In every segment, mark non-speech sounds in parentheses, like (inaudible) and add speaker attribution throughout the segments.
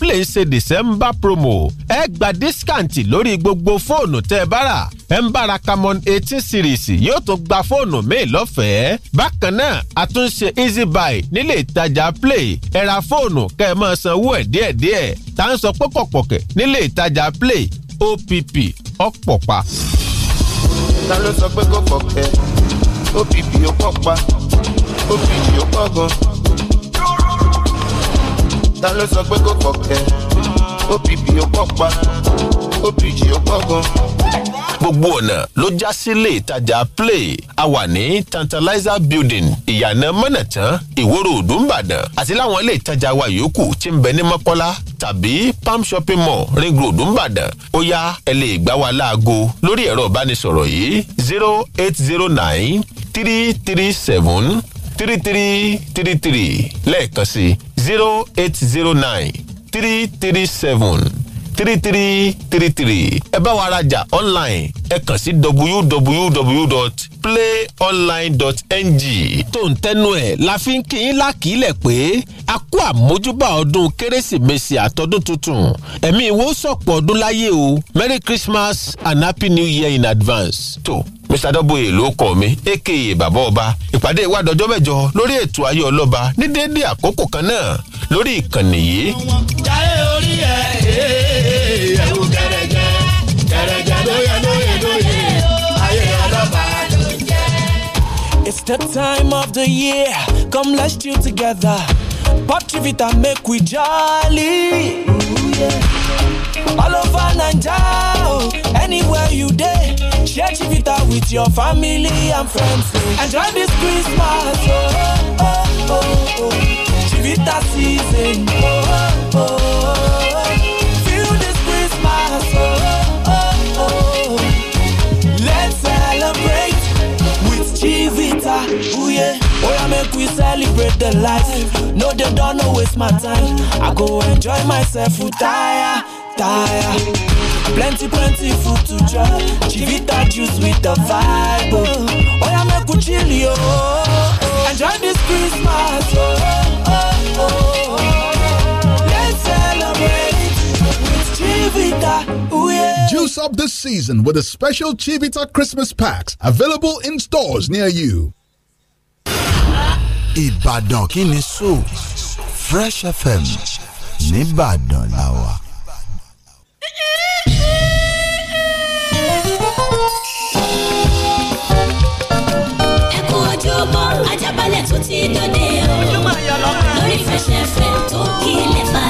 Speaker 1: play ṣe december promo ẹ gba dískàǹtì lórí gbogbo fóònù tẹ́ ẹ bá rà ẹ̀ńbára camon eighteen series yóò tún gba fóònù míì lọ́fẹ̀ẹ́ bákan náà a easy buy nílé ìtajà play ẹ ra fóònù kẹ́ ẹ máa sanwó ẹ̀ díẹ̀díẹ̀ tá à sọ pé pọ̀pọ̀kẹ̀ nílé ìtajà play opp ọ̀pọ̀ pa. ta ló sọ pé kò pọ̀ kẹ́ opp ó pọ̀ pa opp ó pọ̀ gan ta ló sọ pé kò pọ̀kẹ́ OPP ó pọ̀ pa ó pọ̀ gbogbo ọ̀nà ló já sílé ìtajà play a wà ní tantalizer building ìyànà mọ̀nàtán ìwòrò òdùnbàdàn àti láwọn ilé ìtajà wa yòókù tí ń bẹ ní mọ́kọ́lá tàbí palm shopping mall ring road ńbàdàn ó yá ẹ lè gbá wa láago lórí ẹ̀rọ ìbánisọ̀rọ̀ yìí zero eight zero nine three three seven three three three three lẹ́ẹ̀kan sí zero eight zero nine three three seven three three three three ẹ bá wa rajà online ẹ kàn sí www.playonline.ng tó ń tẹnu ẹ̀ la fi ń kín in lákìílẹ̀ pé a kó àmójúbà ọdún kérésìmesì àtọdún tuntun ẹ̀mí ìwọ sọ̀pọ̀ ọdún láyé o merry christmas and happy new year in advance. tó mr dọ́bòye ló kọ́ mi aka bàbá ọba ìpàdé wa dọjọ́ mẹ́jọ lórí ètò ayé ọlọ́ba ní déédéé àkókò kan náà lórí ìkànnì yìí. jáde orí ẹ̀ ẹ́. Eh.
Speaker 2: the time of the year. Come, let's chill together. Party Vita make we jolly. Ooh,
Speaker 3: yeah.
Speaker 2: All over Nigeria, oh, anywhere you day. Share Chivita with your family and friends. Enjoy this Christmas. Oh, oh, oh, oh. Chivita season. Oh, oh, oh. oh. ooh yeah, make we celebrate the life. No, they don't know waste my time. I go enjoy myself, who tire,
Speaker 3: tire.
Speaker 2: Plenty, plenty food to try. Chivita juice with the vibe. Oh. make we chill, yo. Enjoy this Christmas, oh, oh, oh.
Speaker 4: Juice up this season with the special Chivita Christmas packs available in stores near you. Ìbàdàn kí ni so Fresh FM nìbàdàn
Speaker 3: la wà. ẹ kú ojúbọ Ajábalẹ̀ tó ti dòde o lórí Fresh FM tó kílẹ̀ fà.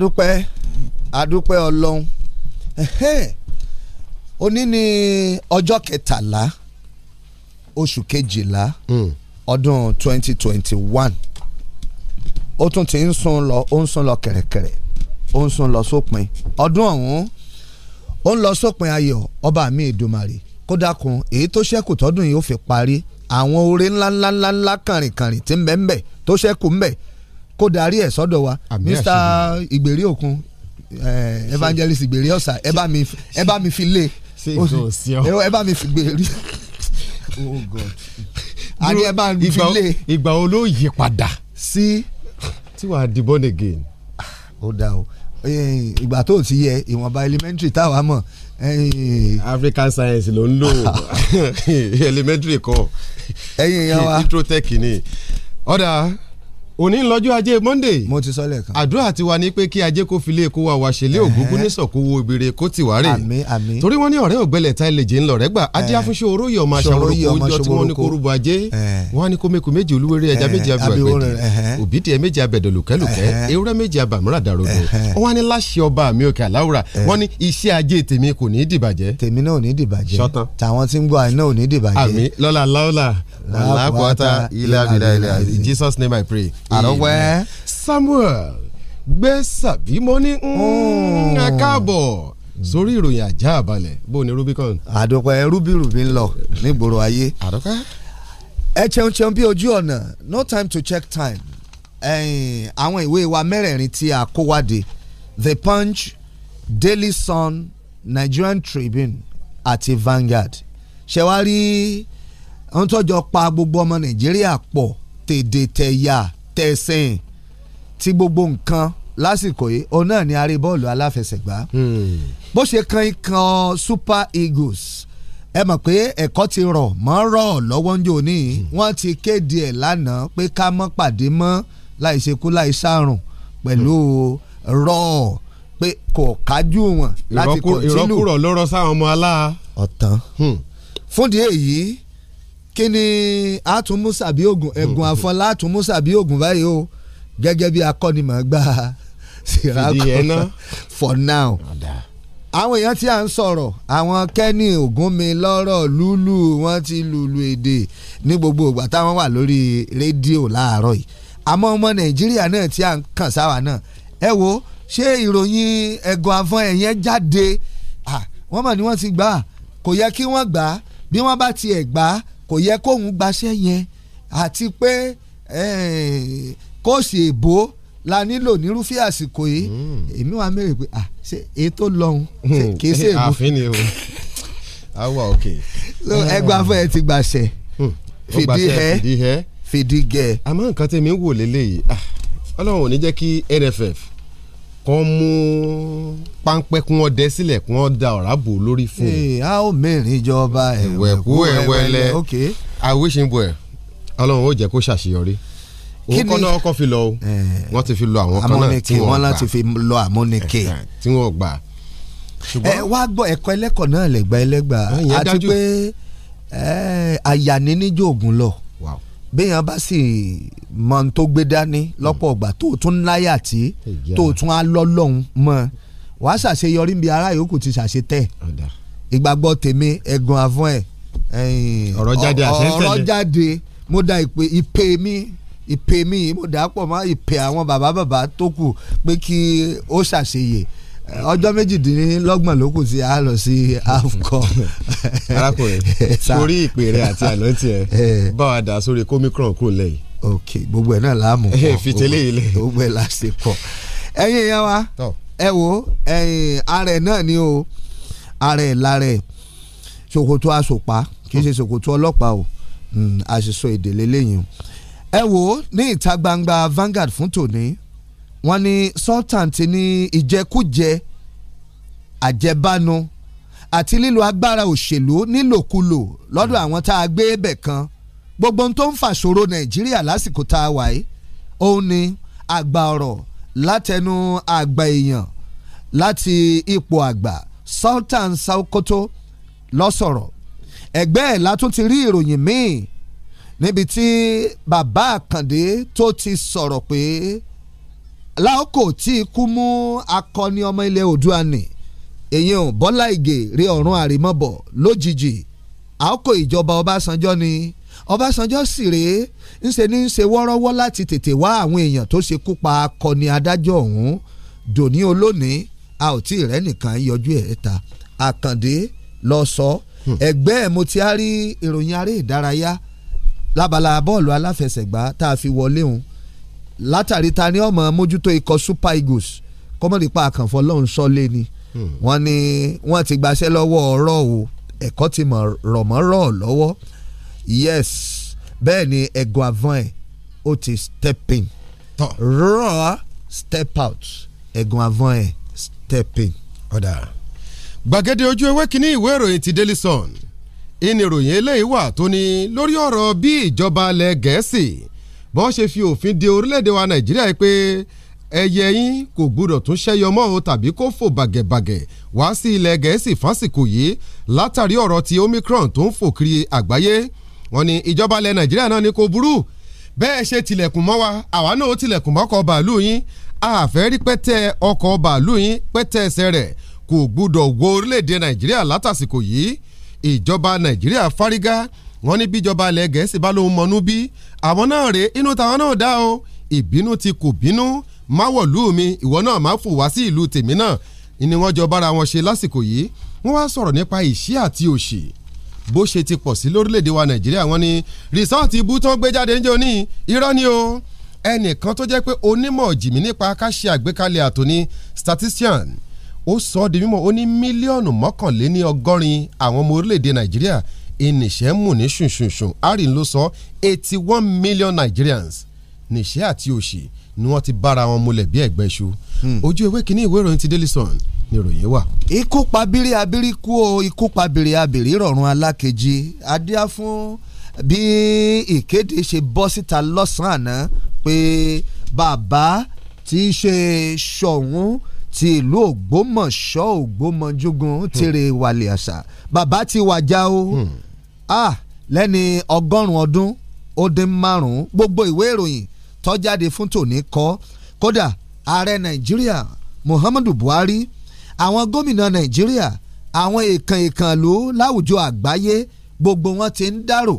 Speaker 5: adúpẹ́ adúpẹ́ ọlọ́run òní ni ọjọ́ kẹtàlá oṣù kejìlá hmm. ọdún twenty twenty one ó tún ti ń sún lọ ó ń sún lọ kẹ̀rẹ̀kẹ̀rẹ̀ ó ń sún lọ sópin ọdún ọ̀hún ó ń lọ sópin ayọ̀ ọba mi Èdùmàrè kó dákun èyí tó ṣẹ́kù tọ́dún yìí ó fi parí àwọn oore ńláńláńlá kàrìnkàrìn tí ń bẹ ń tó ṣẹ́kù ń kó darí ẹ̀ sọ́dọ̀ wa Mr ìgbèrè òkun eh, evangelist ìgbèrè ọ̀sà ẹ bá mi fi
Speaker 6: lé ẹ bá mi fi gbèrè
Speaker 5: àní ẹ bá mi fi e oh lé.
Speaker 6: ìgbà wo ló yí padà. sí. tí wàá di born again.
Speaker 5: ó dá o eh, ìgbà tó ti yẹ ìwọ̀nba elementary táwa mọ̀.
Speaker 6: Eh, African science ló ń lò (laughs) elementary kọ́ ẹ̀yin ìyá wa introtech ni ọ̀dà òní lọ́jọ́ ajé monday mo ti sọ lẹ́ẹ̀kan àdúrà tiwa ni pé kí ajé kó filé kó wa wàṣẹlẹ ògúngún nísọkòwò ìbèrè kó ti wà rè àmín àmín torí wọ́n ní ọ̀rẹ́ ògbẹ́lẹ̀ ta ilẹ̀ jẹ́ ńlọ rẹ gbà ajé afúnṣe oróyè ọmọ aṣàwòrókò ọjọ́ tí wọ́n ní kó rúbọ ajé wọ́n á ní kó mẹkọ méjì olúwerè ẹja méjì abẹgbẹdì òbídìẹ méjì abẹdọ lùkẹlùkẹ ewúrẹ́ méjì abàmúrà dàrọdọ wọ́n ní láṣẹ ọba làákùátà ilé abilà ilé abilà in Jesus name I pray. àdọ́wẹ́ Samuel gbé sàbímọ́ ní mm, oh. káàbọ̀ sórí ìròyìn ajá balẹ̀ bó ni Rubicon. àdùpẹ́ rúbìrúbì ń lọ nígboro ayé. àdùpẹ́. ẹ
Speaker 5: cheun cheun bí ojú ọ̀nà no time to check time àwọn ìwé wa mẹ́rẹ̀ẹ̀rin tí a kó wáde The Punch, Daily Sun, Nigerian Tribune àti Vanguard ṣẹ̀wá rí wọ́n tọ́jọ́ pa gbogbo ọmọ nàìjíríà pọ̀ tèdètẹ̀yà tẹ̀sìn ti gbogbo nǹkan lásìkò yìí òun náà ni aré bọ́ọ̀lù aláfẹsẹ̀gbá hmm. bó ṣe kan ikan Super Eagles ẹ mọ̀ pé ẹ̀kọ́ ti rọ̀ mọ́ rọ̀ lọ́wọ́ ń jò ní hmm. wọ́n ti kéde ẹ̀ lánàá pé ká mọ́ pàdé mọ́ láì ṣekú láì ṣàrùn pẹ̀lú rọ̀ pé kò kájú wọn láti kọ̀tínú ìrọ́kùrọ̀ ló sáwọn ọmọ aláà. ọ̀tán hmm. fúndìí èyí kí ni àtúnmúsàbí ogun hmm. ẹ̀gùn àfọ̀nlá àtúnmúsàbí ogun báyìí o gẹ́gẹ́ bí akọ́nimọ̀ọ́gbà (laughs) sirakọ for now àwọn èèyàn tí a ń sọ̀rọ̀ àwọn kẹ́ni ògúnmi lọ́rọ̀ lúlù wọ́n ti lùlù èdè ní gbogbo ìgbà táwọn wà lórí rédíò láàárọ̀ yìí àmọ́ ọmọ nàìjíríà náà tí a ń kàn sáwà náà ẹ wo ṣé ìròyìn ẹ̀gọ́ afọ́n ẹ̀yẹn jáde wọ́n mọ̀ ni wọ́n ti gbà kò yẹ kí wọ́n gbà bí wọ́n bá tiẹ̀ gbà kò yẹ kóun gbaṣẹ́ yẹn àti pé kóòsì èbó la nílò nírúfẹ́ àsìkò yìí hmm. èmi wàá mẹ́rin pé à ah, ṣe èyí tó lọ́hùn hmm. kì í ṣe (laughs) èbó. àfin ni
Speaker 6: o awa òkè. ẹgbẹ́ afọ ẹ ti gbàṣẹ hmm. fìdí ẹ fìdí gẹ. àmọ́ nǹkan tẹ̀mí wò lélẹ́yìí ah, ọlọ́run ò ní jẹ́ kí NFF kàn mú páńpẹ́ kí wọ́n dẹ sílẹ̀ kí wọ́n da ọ̀rá bò lórí fún un. a ó mẹ́rin ìjọba ẹ̀wẹ̀kú ẹ̀wẹ̀lẹ̀ àwíṣinbó ẹ̀ ọlọ́run ó jẹ́ kó ṣàṣeyọrí òun kọ́ náà kọ́ fi lọ o eh, wọ́n ti fi lọ àwọn kan náà tí wọ́n gbà eh, eh, tí wọ́n gbà. ẹ wá gbọ́ ẹ̀kọ́ ẹlẹ́kọ̀ọ́
Speaker 5: náà lẹ́gbàá ẹlẹ́gbàá àti pé àyànníníjó ògùn lọ. Wow béèyàn bá sì mọ ohun tó gbé dání lọ́pọ̀ ọ̀gbà hmm. tó tún láyà tí tó tún á lọ́ lọ́hùn mọ́ wàá ṣàṣeyọrí bí ará yòókù ti ṣàṣe tẹ̀ ìgbàgbọ́ tèmi ẹ̀gùn àfọ́n ẹ̀ ọ̀rọ̀ jáde àṣẹ́ntẹ̀lẹ̀ ọ̀rọ̀ jáde mo da ìpè ìpè mi ìpè mi mo dà á pọ̀ mọ́ ìpè àwọn bàbá bàbá tó kù pé kí ó ṣàṣeyè ọjọ́ méjìdínlọ́gbọ̀n ló kù sí a lọ sí afcon. (laughs)
Speaker 6: arákùnrin sórí ìpè rẹ àti àlọ́ tiẹ̀ (laughs) eh. bá wa dà sórí comicron kúrò lẹ́yìn. ok gbogbo ẹ̀ náà láàmú kọ́ eh, fìtẹ́lẹ̀ ilẹ̀ gbogbo ẹ̀ láṣẹ kọ́
Speaker 5: ẹ̀yin ìyá wa ẹ wo ẹ̀yin ààrẹ náà ni o ààrẹ làárẹ̀ ṣòkòtò àṣòpá kì í ṣe ṣòkòtò ọlọ́pàá o àṣìṣọ hmm, èdè lélẹ́yìn o ẹ wo ní ìta gbangba Vanguard fún tòní wọ́n ní sultan ti ní ìjẹkújẹ àjẹbánu àti lílo agbára òṣèlú nílòkulò lọ́dọ̀ hmm. àwọn tá a gbé bẹ̀ kan gbogbo ohun tó ń fàṣòro nàìjíríà lásìkò tá a wà yìí òun ni àgbà ọ̀rọ̀ látẹnu àgbà èèyàn láti ipò àgbà sultan Sokoto lọ́sọ̀rọ̀ ẹgbẹ́ ẹ̀ látún ti rí ìròyìn míì níbi tí bàbá àkàndé tó ti sọ̀rọ̀ pé láòkò tí ikú mú akọni ọmọ ilẹ̀ oòdùà nì èyí ò bọ́lá ìgè rí ọ̀run àrímọ́bọ̀ lójijì àókò ìjọba ọbásanjọ́ ni ọbásanjọ́ sì rèé ńṣe ní ṣe wọ́rọ́wọ́ láti tètè wá àwọn èèyàn tó ṣekú pa akọni adájọ́ ọ̀hún dòní olónìí a ò tí ì rẹ́ nìkan yọjú ẹ̀ ta àkàndé lọ sọ hmm. ẹgbẹ́ ẹ̀ mo ti á rí ìròyìn aré ìdárayá lábala bọ́ọ̀lù aláfẹsẹ̀gbá tá a fi wọlé òun látàrí ta ni ọmọ mójútó ikọ̀ super eagles kọ́mọ̀lípa àkànfọ́ lọ́hùn sọ́lé ni hmm. wọ́n ní wọ́n ti gbaṣẹ́ lọ́wọ́ ọ̀rọ̀ o ẹ̀kọ́ ti mọ̀ rọ̀mọ́rọ̀ lọ́wọ́ yes bẹ́ẹ̀ ni ẹ̀gọ́ avọ́n ẹ̀ ó ti step in rọ́ọ̀ step
Speaker 6: out ẹ̀gọ́ avọ́n ẹ̀ step in. ọ̀dà gbàgede ojú ewé kínní ìwé ìròyìn ti Daily Sun ìnìròyìn eléyìí wà tó ní lórí ọ̀rọ̀ bí ìjọba alẹ́ gẹ̀ẹ́sì bọ́n ṣe fi òfin de orílẹ̀-èdè wa nàìjíríà yìí pé ẹyẹ yín kò gbúdọ̀ tún ṣẹ́yọ mọ́ o tàbí kó fò bàgẹ̀bàgẹ̀ wá sí ilẹ̀ gẹ̀ẹ́sì fásìkò yìí látàrí ọ̀rọ̀ ti omicron tó ń fò kiri àgbáyé wọ́n ní ìjọba ilẹ̀ nàìjíríà náà ní kò burú bẹ́ẹ̀ ṣe tilẹ̀kùn mọ́ wa àwa náà ó tilẹ̀kùn mọ́kọ̀ bàálù yín àfẹ́ rí pẹ́tẹ́ ọkọ̀ bàálù yín pẹ́tẹ́ ẹsẹ̀ rẹ̀ kò gbúdọ̀ wọ orílẹ̀-èdè nàìjíríà látàsìkò yìí ìjọba nàìjíríà fárígá wọ́n ní bíjọba ilẹ̀ gẹ̀ẹ́sì bá lóun mọ̀nú bí àwọn náà rèé inú tàwọn náà dá o ìbínú ti kò bínú má wọ̀lú mi ìwọ náà má fò wá sí ìlú tèmi náà ni wọ́n jọ bára wọn ṣe lásìkò yìí wọ́n wá sọ̀rọ̀ nípa ìṣí àti òṣì bó ṣe ti pọ̀ sí lórílẹ̀‐èdè wa nàìjíríà wọ́n ní rìsọ́ọ̀tì ibú tó ń gbé jáde ń jẹ́ òní irọ́ ni o ẹnìkan tó jẹ́ pé onímọ̀ jìmí nípa ká ṣe àgbékalẹ̀ àtò ní statistician ó sọ ọ́ di mímọ̀ ó ní mílíọ̀nù mọ́kànléní ọgọ́rin àwọn ọmọ orílẹ̀‐èdè nàìjíríà ìníṣẹ́ mú ní ṣùnṣùnṣùn arin ló sọ eighty one million Nigerians níṣẹ́ àti òṣì ni wọ́n ti bára wọn múlẹ̀ bí ẹ̀gbẹ́ iṣu hmm. ojú ewé kínní ìwé ìròyìn ti Daily Sun ni ìròyìn wà. ikú pabiri abiri kú o
Speaker 5: ikú pabiri abiri rọ̀rùn alákejì adíá fún bí ìkéde ṣe bọ́ síta lọ́sàn-án àná pé bàbá tí í ṣe ṣọ̀hún ti ìlú ògbómọ̀ṣọ́ ògbómọjúgun hmm. tèrè wàlẹ̀ àṣà bàbá ti wàjà o. Hmm ah lẹ́ni ọgọ́rùn-ún ọdún ó dín márùn-ún gbogbo ìwé ìròyìn tó jáde fún tòní kọ́ kódà ààrẹ nàìjíríà muhammadu buhari àwọn gómìnà nàìjíríà àwọn èèkàn èèkàn ló láwùjọ àgbáyé gbogbo wọn ti ń dárò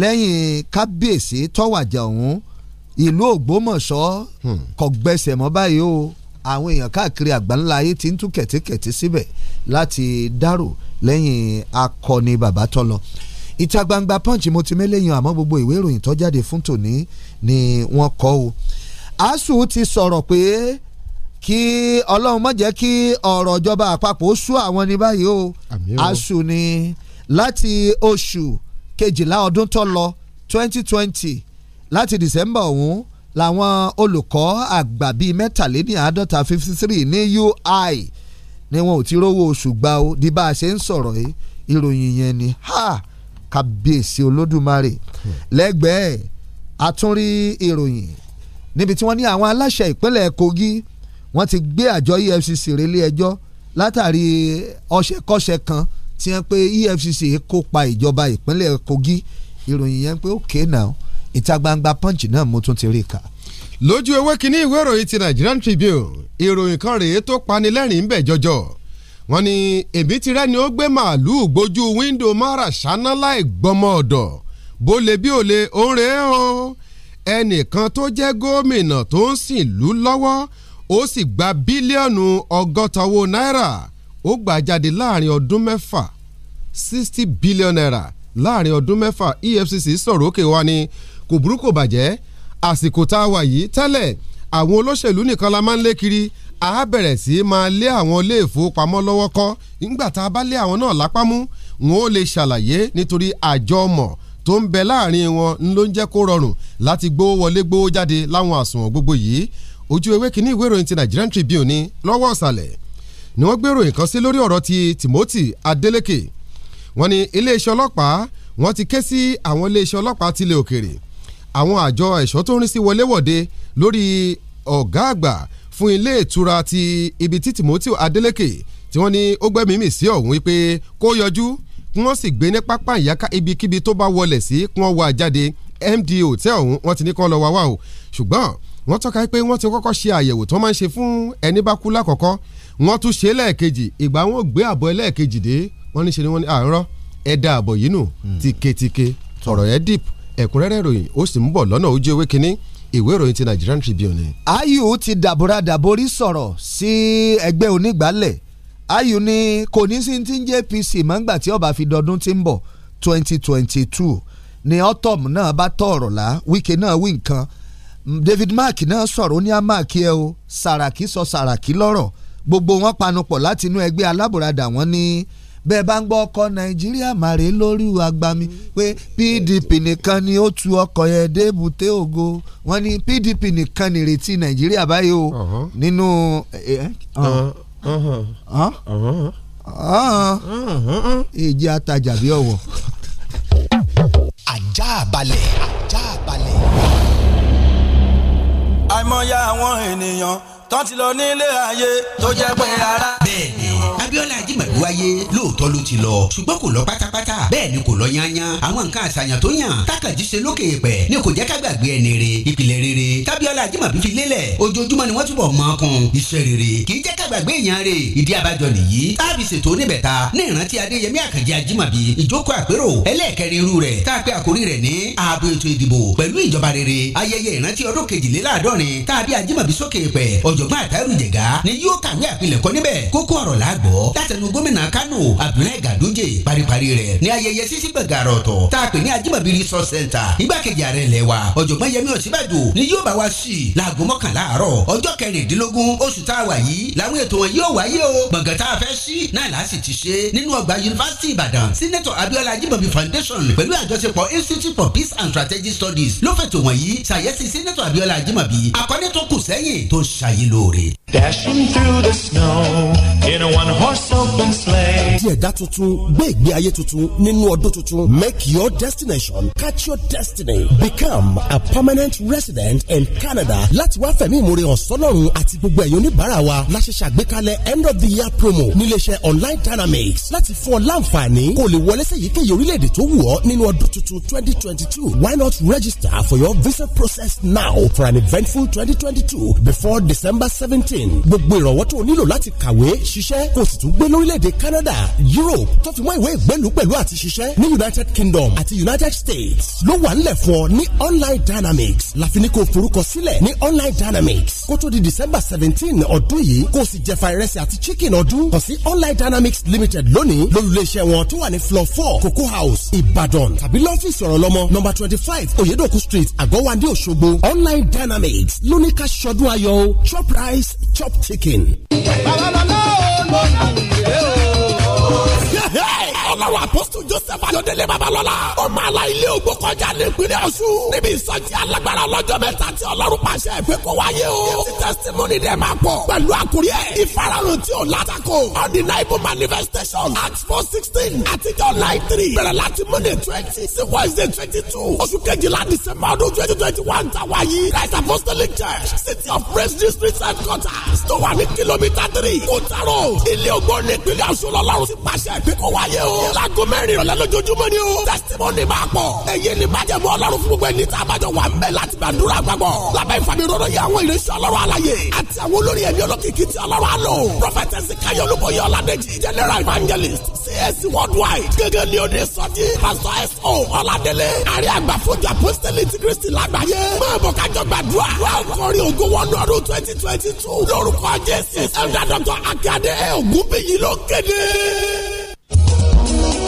Speaker 5: lẹ́yìn kábíyèsí tọ́wàjà ọ̀hún ìlú ògbómọ̀ṣọ́ hmm. kò gbẹsẹ̀ mọ́ báyìí o àwọn èèyàn káàkiri àgbáńlá ayé ti ń tú kẹ̀tíkẹ̀tí síbẹ̀ láti dárò lẹ́yìn akọni bàbá tó lọ ìta gbangba punch mo ti mẹ́lẹ́yìn àmọ́ gbogbo ìwé ìròyìn tó jáde fún tòní ni wọ́n kọ o ASUU ti sọ̀rọ̀ pé kí ọlọ́run má jẹ́ kí ọ̀rọ̀ ìjọba àpapọ̀ sú àwọn ní báyìí o ASUU ni láti oṣù kejìlá ọdún tó lọ twenty twenty láti december ọ̀hún làwọn olùkọ́ àgbà bíi mẹ́tàléníàádọ́ta fifty three ní UI ni wọn ò ti rówó oṣù gba o di bá a ṣe ń sọ̀rọ̀ yìí ìròyìn yẹn ni ha kábíyèsí olódùmarè lẹ́gbẹ̀ẹ́ àtúnrí ìròyìn níbi tí wọ́n ní àwọn aláṣẹ ìpínlẹ̀ Kogi wọ́n ti gbé àjọ EFCC relé ẹjọ́ látàrí ọṣẹkọ́ṣẹ kan tí wọ́n pe EFCC kópa ìjọba ìpínlẹ̀ Kogi ìròyìn yẹn pé ó kéènà
Speaker 6: ìta gbangba punch náà mo tún ti rí i lójú ewé kínní ìwé ìròyìn ti Nigerian Tribune ìròyìn kan rèé tó pani lẹ́rìn-ín bẹ̀ jọjọ wọ́n ní èmi ti rẹ́ni ó gbé màálùú gbójú wíńdò mara ṣáná láì gbọmọ ọ̀dọ̀ bó le bí ò le ó ń rèé o ẹnìkan tó jẹ́ gómìnà tó ń sìn lú lọ́wọ́ ó sì gba bílíọ̀nù ọgọ́ta owó náírà ó gbà jáde láàrin ọdún mẹ́fà sixty billion naira láàrin ọdún mẹ́fà EFCC sọ̀rọ̀ òkè wa ni kò burúkú bàjẹ́ àsìkò tá a wà yìí tẹ́lẹ̀ àwọn olóṣèlú nìkan la máa ń lé kiri a bẹ̀rẹ̀ sí í máa lé àwọn ilé ìfowópamọ́ lọ́wọ́ kọ́ nígbà tá a bá lé àwọn náà lápá mú wọn ò lè ṣàlàyé nítorí àjọmọ̀ tó ń bẹ láàrin wọn ló ń jẹ́ kó rọrùn láti gbówó wọlé gbówó jáde láwọn àsùnwọ̀n gbogbo yìí ojú ewé kínní ìwé ìròyìn ti Nigerian Tribune ní lọ́wọ́ ọ̀sàlẹ̀ ni wọ́n gbé ìròyìn kan sí lórí ọ̀rọ̀ ti Timothy Adeleke wọ́n ní iléeṣẹ́ ọlọ́pàá wọ́n ti ké sí àwọn iléeṣẹ́ ọlọ́pàá tilẹ̀ òkèrè àwọn àjọ ẹ̀ṣọ́ tó ń rí sí wọléwọ̀de lórí ọ̀gá àgbà fún ilé ìtura ti ibi tí Timothy Adeleke tí wọ́n ní ó gbẹ́mí mì sí ọ̀hún wípé kó yọjú kí wọ́n sì gbé ní pápá ìyáká ibikíbi tó bá wọlé sí kí wọ́n wá jáde MD hotel ọ̀hún wọ́n ti ní kí wọ́n lọ wá wá o ṣùgbọ́n wọ́n tọ́ka pé wọ́n ti kọ́kọ́ ṣe àyẹ̀wò tó máa ń ṣe fún ẹni bá kú lákọ̀ọ́kọ́ wọ́n tún ṣe lẹ́ẹ̀kejì ìgbà wọn gbé àbọ̀ ẹlẹ́ẹ̀kejì dé wọ́n ní ṣe ni wọ́n ní àárọ̀ ẹ̀dá àbọ̀ yìí nù hmm. tìketìke ọ̀rọ̀ ẹ̀ dìpọ̀ ẹ̀kúnrẹ́rẹ́ ìròyìn ó sì ń bọ̀ lọ́nà ojú ewé kínní ìwé ìròyìn ti Nigerian Tribune. Ayu ti dàbúrà
Speaker 5: dàborí sọ̀rọ̀ sí ẹgbẹ́ onígbàálẹ̀ Ayu ni kò ní sí ti ń jẹ́ APC mọ́ngbà tí ọba fi dọdún ti ń bọ̀ 2022 ni autumn náà bá tọ̀ ọ̀rọ̀ lá Wike náà wí nǹkan David Mark náà sọ̀rọ̀ ó ní amáàkì ẹ o Sàràkí sọ Sàràkí lọ́rọ̀ gbogbo wọn panupọ̀ látinú ẹgbẹ́ alábùradà wọn ní. Ni bẹ́ẹ̀ bá ń gbọ́ ọkọ̀ nàìjíríà màrè lórí agbami pé pdp nìkan ni ó tu ọkọ̀ yẹn dé èbúté ògo wọ́n ní pdp nìkan nìrètí nàìjíríà báyìí o uh-huh. nínú èjì uh-huh. uh-huh. atajà bí ọ̀wọ̀.
Speaker 7: ajá balẹ̀ ajá balẹ̀. àìmọye àwọn ènìyàn tán ti lọ nílé ayé tó jẹ́ pé ara. bẹ́ẹ̀ni Abíọ́lá Ajímọ̀bí wáyé lóòótọ́ ló ti lọ ṣùgbọ́n kò lọ pátápátá bẹ́ẹ̀ ni kò lọ yányán àwọn nǹkan àṣàyàn tó yàn tákàjí ṣe lókè pẹ̀ ni kò jẹ́ ká gbàgbé ẹni re ìpìlẹ̀ rere tábíọ́lá Ajímọ̀bí fi lélẹ̀ ojoojúmọ́ ni wọ́n túbọ̀ mọ́ kun iṣẹ́ rere kì í jẹ́ ká gbàgbé èèyàn re ìdí abájọ nìyí táàbì ṣètò oníbẹ̀ta ní ìrántí Adéyẹmí Àkànjí Ajímọ̀bí ìjókòó àpérò ẹlẹ́ẹ̀kẹrin irú rẹ̀ tá a pè àkórí rẹ̀ ní ààbò ètò ìdìbò pẹ̀lú ìjọba rere ayẹyẹ ìrántí ọdún kejìléláàádọ́rin táàbí Ajímọ̀bí sókè pẹ̀ ọj ọ̀jọ̀gbọ́n àtàrù jẹ̀gá ni yóò kàwé àpilẹ̀kọ níbẹ̀ kókó ọ̀rọ̀ la gbọ́ látẹnu gómìnà Kano Abdullahi Ganduje paripari rẹ̀ ní ayẹyẹ sisi gbẹ̀gàrà ọ̀tọ̀ tá a pè ní Ajimabi Resource Center igbákejì ààrẹ ilẹ̀ wa ọ̀jọ̀gbọ́n Yẹmí Ọ̀sínbàjò ni yóò bá wa sí i láago mọ́kànlá àárọ̀ ọjọ́ kẹrìndínlógún oṣù tá a wà yìí làwọn ètò wọn yóò wáyé o gbọ̀ngàn tá a fẹ́ sí náà láà sì ti ṣe nínú ọgbà yunifásitì Ìbàdàn sínẹ́tọ̀ Abiola Ajimabi Foundation pẹ̀lú àjọṣepọ̀ Institute for Peace and Strategic Studies ló fẹ̀tọ̀ wọ̀nyí ṣàyẹ́sí sínẹ́tọ̀ Abiola Ajimabi akọ́ni tó kù sẹ́yìn tó ń ṣàyẹ Lori. Dashing
Speaker 4: through the snow
Speaker 7: in a one horse open sleigh.
Speaker 4: ẹ̀dá tuntun gbé ìgbé ayé tuntun nínú ọdún tuntun. Make your destination catch your destiny. Become a permanent resident in Canada. Láti wá fẹ̀mí ìmúre ọ̀sọ́lọ́run àti gbogbo ẹ̀yọ́ oníbàárà wa la ṣe ṣàgbékalẹ̀ end of the year promo níléeṣẹ́ online dynamics láti fún ọ láǹfààní kó lè wọlé sí èyíkéyìí orílẹ̀-èdè tó wù ọ́ nínú ọdún tuntun 2022. Why not register for your visa process now for an eventful 2022 before December 17. Gbogbo ìrànwọ́ tó o nílò láti kàwé ṣ ṣiṣẹ́ kò sì tún gbé lórílẹ̀‐èdè Canada Europe tó fi mọ́ ìwé ìgbélùú pẹ̀lú àti ṣiṣẹ́ ní United Kingdom àti United States ló wà ńlẹ̀ fún ọ ní Online Dynamics láfi ní kò forúkọ sílẹ̀ ní Online Dynamics kó tó di December seventeen ọdún yìí kó sì jẹ̀fà ìrẹsì àti chicken ọdún kàn sí Online Dynamics Limited lónìí lólùléeṣẹ́ wọn tó wà ní floor four Coco House Ìbàdàn tàbí lọ́fíìsì ọ̀rọ̀ lọ́mọ number twenty five Oyedoku Street Àgọ́wandé Òṣogbo Online Dynamics lóníkà ṣọdún ayọ̀ chop rice chop chicken. money. babaláwo apostol joseph ayọ̀délé babalọ́lá ọmọ àlà ilé ògbó kọjá ní ìpínlẹ̀ ọ̀ṣun níbi ìsọjí alágbára ọlọ́jọ́ mẹ́ta tí ọlọ́run pàṣẹ ìpè kó wáyé o ti testimony dẹ̀ máa pọ̀ pẹ̀lú àkúrí ẹ̀ ìfarahàn tí ò látàkó undeniable manifestation acts four sixteen àtijọ́ nine three bẹ̀rẹ̀ láti monday twenty sí wednesday twenty two oṣù kejìlá december ọdún twenty twenty one tàwa yìí christ apostolic church city of praise district headquarters tó wà ní kìlómítà three kò tààrọ̀ ilé ògbó ní ìpínlẹ̀ ọ̀ṣun lọ́lọ́run ti pàṣẹ ìpè kó wáyé o láago mẹ́rin ìrọ̀lẹ́ lójoojúmọ́ ni o. testimony máa pọ̀. èyí ni bàjẹ́mọ́ ọlọ́run fún gbogbo ẹni tí a bá jọ wà ń bẹ̀ láti gbàdúrà gbàgbọ́. lábẹ́ ìfàmì rọrọ yẹ àwọn ìrẹsì ọlọ́run alaye àti àwọn olórí ẹ̀mí ọlọ́kìkí ti ọlọ́run àlọ́. prophetess kayo olúbọyọ ọ̀làdẹ́jì general evangelist cs worldwide gẹ́gẹ́ ni òde sọ́jí pastor so ọ̀làdẹ́lẹ̀ àrí àgbà fojú apostoli ti kristi lágbàáyé. máa bọ̀ kájọ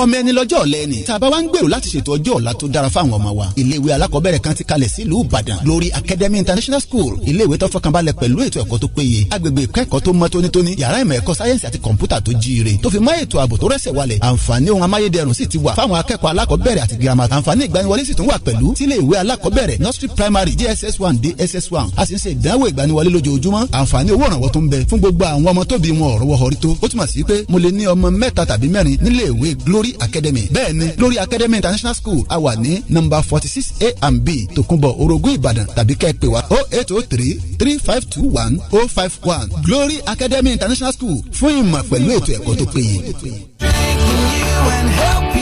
Speaker 4: ọmọ ẹni lọ́jọ́ ọ̀lẹ́ ni tá a bá wá ń gbèrò láti ṣètò ọjọ́ ọ̀la tó dára fáwọn ọmọ wa iléèwé alákọ̀ọ́bẹ̀rẹ̀ kan ti kalẹ̀ sílùú Ìbàdàn lórí Academy International School iléèwé tó fọkànbalẹ̀ pẹ̀lú ètò ẹ̀kọ́ tó péye agbègbè ìkẹ́kọ̀ọ́ tó mọ́ tónítóní yàrá ìmọ̀ ẹ̀kọ́ sáyẹ́nsì àti kọ̀ǹpútà tó jíire tó fi mọ́ ètò ààbò tó rẹ̀sẹ̀ walẹ̀ àǹfààní ohun amáyédẹrùn sì ti wà fáwọn akẹ́kọ̀ọ́ alákọ̀ọ́bẹ̀rẹ̀ nursery primary JSS one DSS one a sì ń ṣe ìdánwò ìgbaniwọlé lójoojúmọ́ àǹfààní owó ìrànwọ́ tó ń bẹ fún gbogbo àwọn ọmọ tóbi wọn ọ̀rọ̀ wọ̀họ̀rí tó ó lórí academy bẹ́ẹ̀ ni lórí academy international school a wà ní number forty six a and b tòkunbọ̀ orogún ìbàdàn tàbí kẹ́ ẹ pè o oh eight o oh three three five two one o oh five one glory academy international school fún ìmọ̀ pẹ̀lú ètò ẹ̀kọ́ tó péye.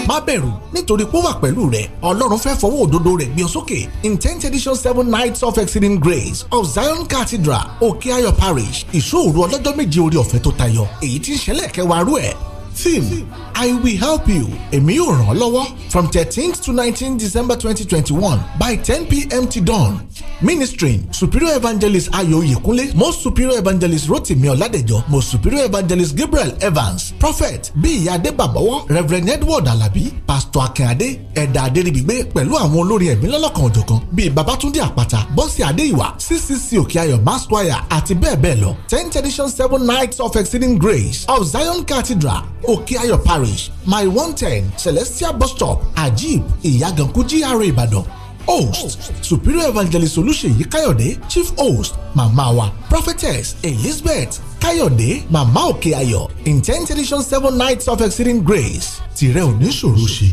Speaker 4: Má bẹ̀rù nítorí pé ó wà pẹ̀lú rẹ̀ Ọlọ́run fẹ́ fọwọ́ òdodo rẹ̀ gbé ọ sókè in tenth edition seven nights of exceeding grace of Zion Cathedral Òkè Ayọ̀ Parish ìṣòro ọlọ́jọ́ méje orí ọ̀fẹ́ tó tayọ èyí tí ń ṣẹlẹ̀ kẹwàá rú ẹ̀ Theme I will help you. Èmi yóò ràn ọ́ lọ́wọ́. From thirteenth to nineteenth December 2021 by 10 pm to dawn. Ministering Superior Evangelist Ayo Yekunle, Most Superior Evangelist Rotimi Oladejo, Most Superior Evangelist Gabriel Evans, Prophet Bíyì Adébàbọ̀wọ́, Reverend Edward Alabi, Pastor Akinade, Ẹ̀dà Adéríbigbé pẹ̀lú àwọn olórí ẹ̀mí lọ́lọ́kan òjọ̀kan bíi Babatunde Àpàtà, Bọ́sì Adéìwà, CCC Òkèayọ̀ Masquire àti bẹ́ẹ̀ bẹ́ẹ̀ lọ. th Edition seven nights of exceeding grace of Zion Cathedral okeayo parish my one ten celestial bus stop ajib ìyàgànkú GRA ìbàdàn host superior evangelist Solution. káyọ̀dé chief host màmá wa prophetess elizabeth káyọ̀dé màmá òkè in ten edition seven nights of exceeding grace tìrẹ ò ní ṣe.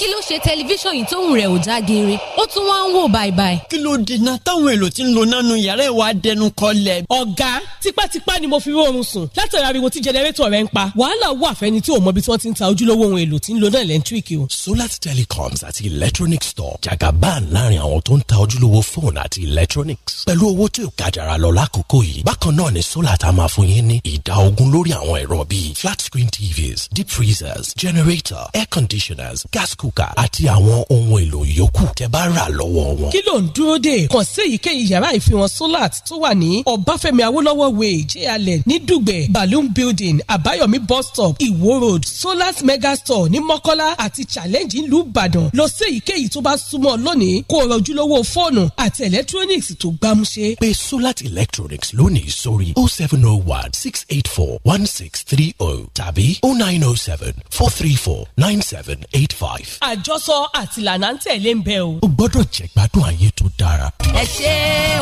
Speaker 8: kí ló ṣe tẹlifíṣàn yìí tóun rẹ̀ ò já ó tún
Speaker 9: wá
Speaker 2: ń wò bàìbàì. kí ló dènà táwọn èlò tí ń lo nánu yàrá ìwà dẹnu kọlẹ̀. ọ̀gá tipátipá ni mo fi rọrùn sùn látara ariwo tí jẹnẹrétọ̀ rẹ̀ ń pa wàhálà wà fẹ́ni tí ò mọ ibi tí wọ́n ti ń ta ojúlówó ohun èlò tí ń lo náà lẹ́ńtíríkì o. solar
Speaker 10: telecoms àti electronic store jagaban láàrin àwọn tó ń ta ojúlówó fóònù àti electronics pẹ̀lú owó tí ò kájàra lọ lákòókò yìí bákan náà ni solar ta máa fún yín ní ìdá ogún lórí àwọn ẹ̀rọ bíi flat screen tvs deep freezers generator, air conditioners gas cool kúkà àti àwọn ohun èlò yòókù tẹ́ bá rà lọ́wọ́
Speaker 2: wọn. kí ló ń dúró dè kàn sí èyíkéyìí yàrá ìfihàn solar tó wà ní ọbáfẹ́mi awólọ́wọ̀ way jayalẹ ní dùgbẹ̀ balloon building àbáyọ̀mí bus stop iwo road solat mega store ní mọ́kọ́lá àti challenge ìlú ìbàdàn lọ sí èyíkéyìí tó bá súnmọ́ lónìí kó rọjú lọ́wọ́ fóònù àti electronics tó gbámúṣé. pé solar electronics lónìí sórí
Speaker 10: oh seven oh one six eight four one six three oh tàbí oh nine oh seven four three four nine seven eight five
Speaker 2: àjọsọ àti ìlànà ń tẹ̀lé ń bẹ o. o gbọ́dọ̀ jẹ́
Speaker 11: gbádùn ayé tó dára.
Speaker 2: ẹ ṣe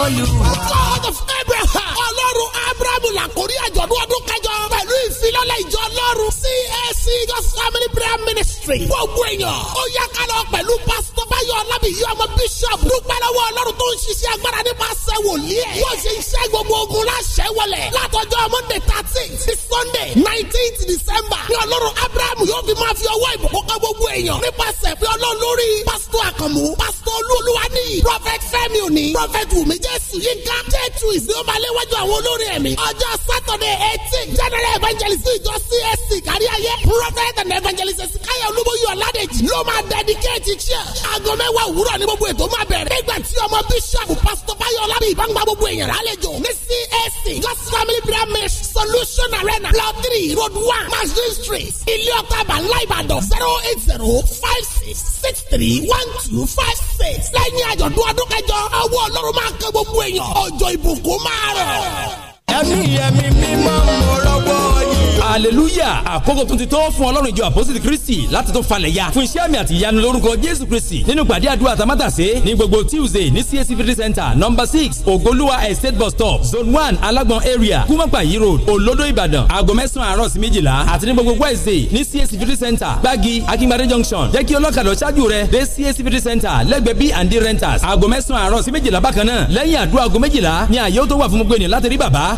Speaker 2: olúwa. God of Abraham ọlọ́run
Speaker 11: Abrahamu làkórí àjọ̀dún ọdún kẹjọ pẹ̀lú ìfilọ́lẹ̀ ìjọ ọlọ́run CAC God's Family Prayer Ministry. gbogbo èèyàn ó yá ká lọ pẹ̀lú pásítọ̀ báyọ̀ ọlábìyí ọmọ bíṣọ̀pù dúpẹ́ lọ́wọ́ ọlọ́run tó ń ṣiṣẹ́ agbára nípasẹ̀ wòlíì ẹ̀. yóò ṣe iṣẹ́ gbogbo ogun láṣẹ wọlé látọjọ́ Monday thirteen sí Sunday nineteenth December ní ọlọ́run Abrahamu yóò fi máa fi ọwọ́ ìbùkún ká nípasẹ̀ pé ọlọ́run lórí pásítọ̀ àkànmú pásítọ̀ olúwa ní prophet fẹ́mi òní prophet wùmí jésù yínká jẹ́tù ìsìnwómaléwájú àwọn olórí ẹ̀mí ọjọ́ sátọ̀dẹ̀ eighteen general evangelist ìjọ csc káríayé prophet and evangelist sikaya olúbóyè ọ̀ládẹ́jì ló máa dedicate church aago mẹ́wàá òwúrọ̀ ní gbogbo ètò máa bẹ̀rẹ̀ nígbà tí ọmọ bishop pastor bayo ọlábí ìbámu gbogbo èèyàn lálejò ní csc god's family pyramid solution arena block three road one mazin street ilé ọ̀tá àbá ńlá ìbàdàn zero eight zero five five six six three one two five six. lẹ́yìn àjọ̀dún ọdún kẹjọ ọwọ́ ọlọ́run máa kẹ́ gbogbo èèyàn ọjọ́ ìbùkún máa rọ̀ ẹ̀mí
Speaker 12: ẹ̀mí mímọ́ mo rọ́wọ́
Speaker 13: yìí. hallelujah àkókò tún ti tó fún ọlọ́run ìjọ àpọ́sítì kristi láti tún falẹ̀ ya fún iṣẹ́ àmì àti ìyanu lórúkọ jésù kristi nínú ìpàdé àdúrà tamátàsé ní gbogbo tuesday ní csc fifty center number six ogoluwa estate bus stop zone one Alagbon area kúmọ̀pàyí road olodo ìbàdàn aago mẹ́sàn-án àárọ̀ sí méjìlá àti ní gbogbo wednesday ní csc fifty center gbági akínbádé junction jẹ́ kí ọlọ́kadà ṣáájú rẹ dé csc fifty center lẹ́gbẹ̀ẹ́ b and d renters aago mẹ́sàn-án àárọ̀ sí méjìlá bákan náà lẹ́yìn àdúrà aago méjìlá ni àyè ó tó wà fún gbogbo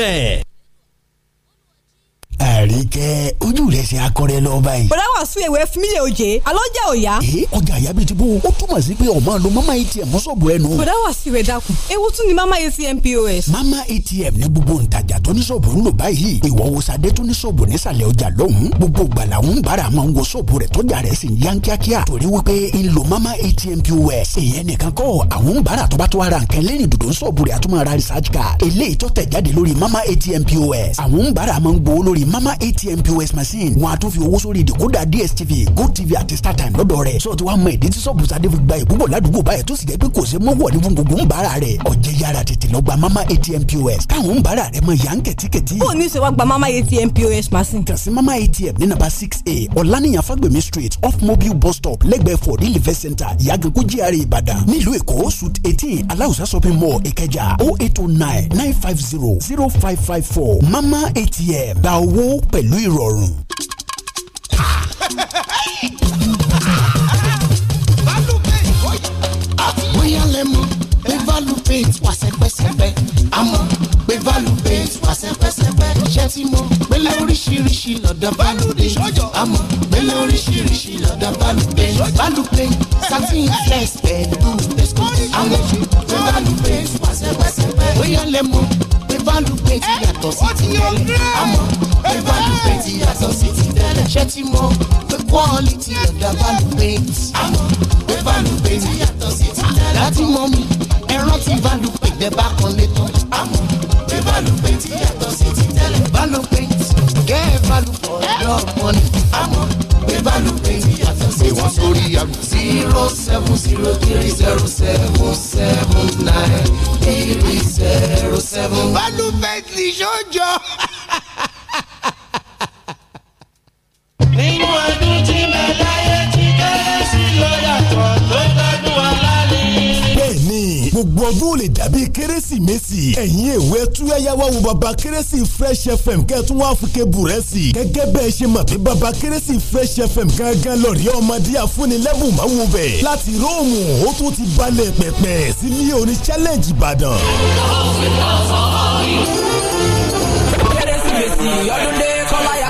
Speaker 13: there.
Speaker 4: àríkẹ́ ojú rẹ̀ ṣe akọrẹ lọ báyìí. bọ̀dá wà sún ewé fún oje alọ́ jẹ́ òya. ee ọjà àyà bíi ti bó o túmọ̀ sí pé ọmọ lo mama atm sọ̀bù ẹnu. bọ̀dá wà sí ìwé dàkún ewu tún ni mama atm pos. mama atm ní gbogbo ntajà tó ní sọ̀bù ń lò báyìí ìwọ wo sadé tó ní sọ̀bù nísàlẹ̀ ọjà lọ́hùn gbogbo gbala ń bára máa ń wo sọ̀bù rẹ̀ tọ́jà rẹ̀ sì ń yá kíákíá lo mama atm pos èèyàn nìkan kọ́ àwọn bára tó bá tó ara nǹkan lẹ́yìn dòdò ń sọ̀bù rẹ̀ àtúmọ̀ ara mama atm pos àwọn bára máa mama atm pos machine wọn a tún fi owó sórí ìdìkúdà dstv gotv àti startime lọ́dọ̀ rẹ̀ sọ ti wá mọ ìdí tí sọ́ọ̀bù sadé fi gba ìbúbọ̀ ládùúgbò báyìí tó sì jẹ́ pé kò ṣe mọ́wọ́ ní gbogbo ń bára rẹ̀ ọ̀jẹ̀ yára tètè lọ gba mama atm pos káwọn ń bára rẹ̀ mọ yà ń kẹ̀tíkẹ̀tí. ó ní sèwá gba mama atm pos machine. kàn sí mama atm ní nàbà six a ọ̀lànìyàn fagbemi street off mobile bus stop lẹ́gbẹ̀ẹ́ for real event center ìyàgànkú gr ìbàdàn nílùú èkó suit eighteen aláùsá shopping mall ìkẹjà o oh eight o oh nine nine five zero zero five five four mama atm gba owó owó pẹ̀lú ìrọ̀rùn.
Speaker 11: bóyá
Speaker 9: lẹ́mu
Speaker 4: pé value paint wà sẹ́pẹ́sẹ́pẹ́ àmọ́ pé value paint wà sẹ́pẹ́sẹ́pẹ́ ṣẹ́ tí mo pélé oríṣiríṣi lọ́dọ̀ value dé àmọ́ pélé
Speaker 9: oríṣiríṣi lọ́dọ̀ value paint value paint evaluate eh, yàtọ̀ sí
Speaker 2: ti tẹ́lẹ̀ àmọ́ evaluate yàtọ̀ sí ti tẹ́lẹ̀ ṣé ti mọ̀ pé quality ọ̀dà evaluate àmọ́ evaluate yàtọ̀ sí ti tẹ́lẹ̀ láti mọ̀
Speaker 4: mi ẹran ti evaluate bẹ́ẹ̀ bá kan lé tán àmọ́ evaluate yàtọ̀ sí ti
Speaker 2: tẹ́lẹ̀ evaluate get evaluate ọ̀dọ́ ọ̀pọ̀ ni àmọ́ evaluate pè sórí àgbà. zero seven zero three zero seven seven nine three zero seven. balùwẹ̀ ní sọ́jọ́. nínú ọdún tí
Speaker 3: mẹ́láyé ti kéré sí lọ́yàtọ̀ ló gbádùn
Speaker 4: gbogbo ọdún ò lè dàbí kérésìmesì ẹ̀yin èwe túyáyáwá wo baba kérésì fresh fm kẹ́tún wá fún kébù rẹ̀ gẹ́gẹ́ bẹ́ẹ̀ ṣe mọ̀ pé baba kérésì fresh fm gángan lọ́ọ̀rì ọmọdé àfúnilẹ́bùn máa wù bẹ̀ láti róòmù ó tún ti balẹ̀ pẹ̀pẹ̀ sílé orin challenge ìbàdàn.
Speaker 3: kérésìmesì ọdún dé kọ́láyà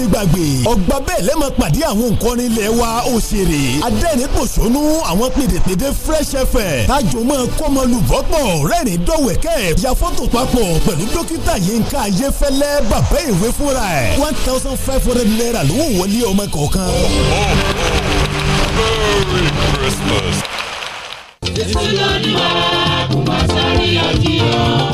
Speaker 4: ní gbàgbé ọgbà bẹ́ẹ̀ lẹ́mọ̀ pàdé àwọn nkọrin ilẹ̀ wa òṣèré adẹ́rìn pòṣónú àwọn pèdèpèdè fresh fm tájò máa kọ́mọ lùbọ́pọ̀ rẹ́rìn dọ́wẹ̀kẹ́ ya fọ́tò papọ̀ pẹ̀lú dókítà yínká ayéfẹ́lẹ́ bàbá ìwé fúnra ẹ̀ one thousand five hundred naira ló ń wọlé ọmọ kọ̀ọ̀kan.
Speaker 11: Merry Christmas.
Speaker 3: Ètò yóò ní wá kó má sáré àjí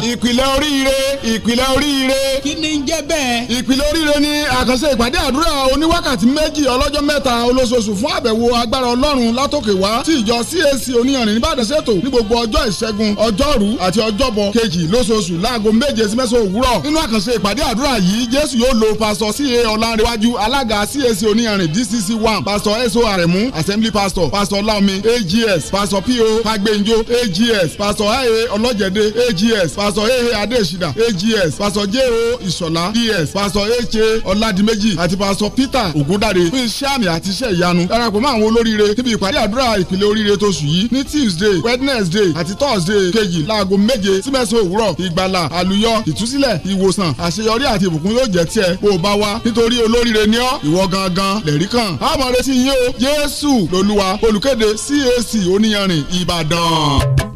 Speaker 4: ìpìlẹ̀ oríire ìpìlẹ̀ oríire. kí ni ń jẹ́ bẹ́ẹ̀. ìpìlẹ̀ oríire ni àkànṣe ìpàdé àdúrà oníwákàtí méjì ọlọ́jọ́ mẹ́ta
Speaker 6: olóṣooṣù fún àbẹ̀wò agbára ọlọ́run látòkè wá tí ìjọ CAC oníyanrìn nìbàdàn ṣètò ní gbogbo ọjọ́ ìṣẹ́gun ọjọ́rú àti ọjọ́bọ̀ kejì lóṣooṣù láago méje sí mẹ́sàn-án òwúrọ̀ nínú àkànṣe ìpàdé
Speaker 4: àdúrà yìí jésù yóò lo pásítọ̀ ca ọlárẹ̀wájú dcc one
Speaker 6: pásítọ̀ eso aremu assembly pastor pásítọ̀ laomi ags pásítọ̀ po fagbenjo ags pásítọ̀ aye ọlọ́jẹ̀dẹ̀ ag ags pásọ ee adesina ags pásọ jo ìṣọ̀lá ds pásọ ha ọládìméjì àti pásọ peter ògúndàre fún iṣẹ́ àmì àti iṣẹ́ ìyanu darapọ̀ mọ́ àwọn olóríire níbi ìpàdé àdúrà ìpìlẹ̀ oríire tóṣù yìí ní tuesday wednesday àti thursday kejì láago méje sí mẹ́sàn-án òwúrọ̀ ìgbàlà àlùyọ ìtúsílẹ̀ ìwòsàn àṣeyọrí àti ìbùkún yóò jẹ́ tiẹ̀ bó o bá wá nítorí olóríire ni ọ́ ìwọ gangan lẹ̀rí kan á máa retí yín o jésù lolúwa olùkéde cac oníyanrìn ìbàdàn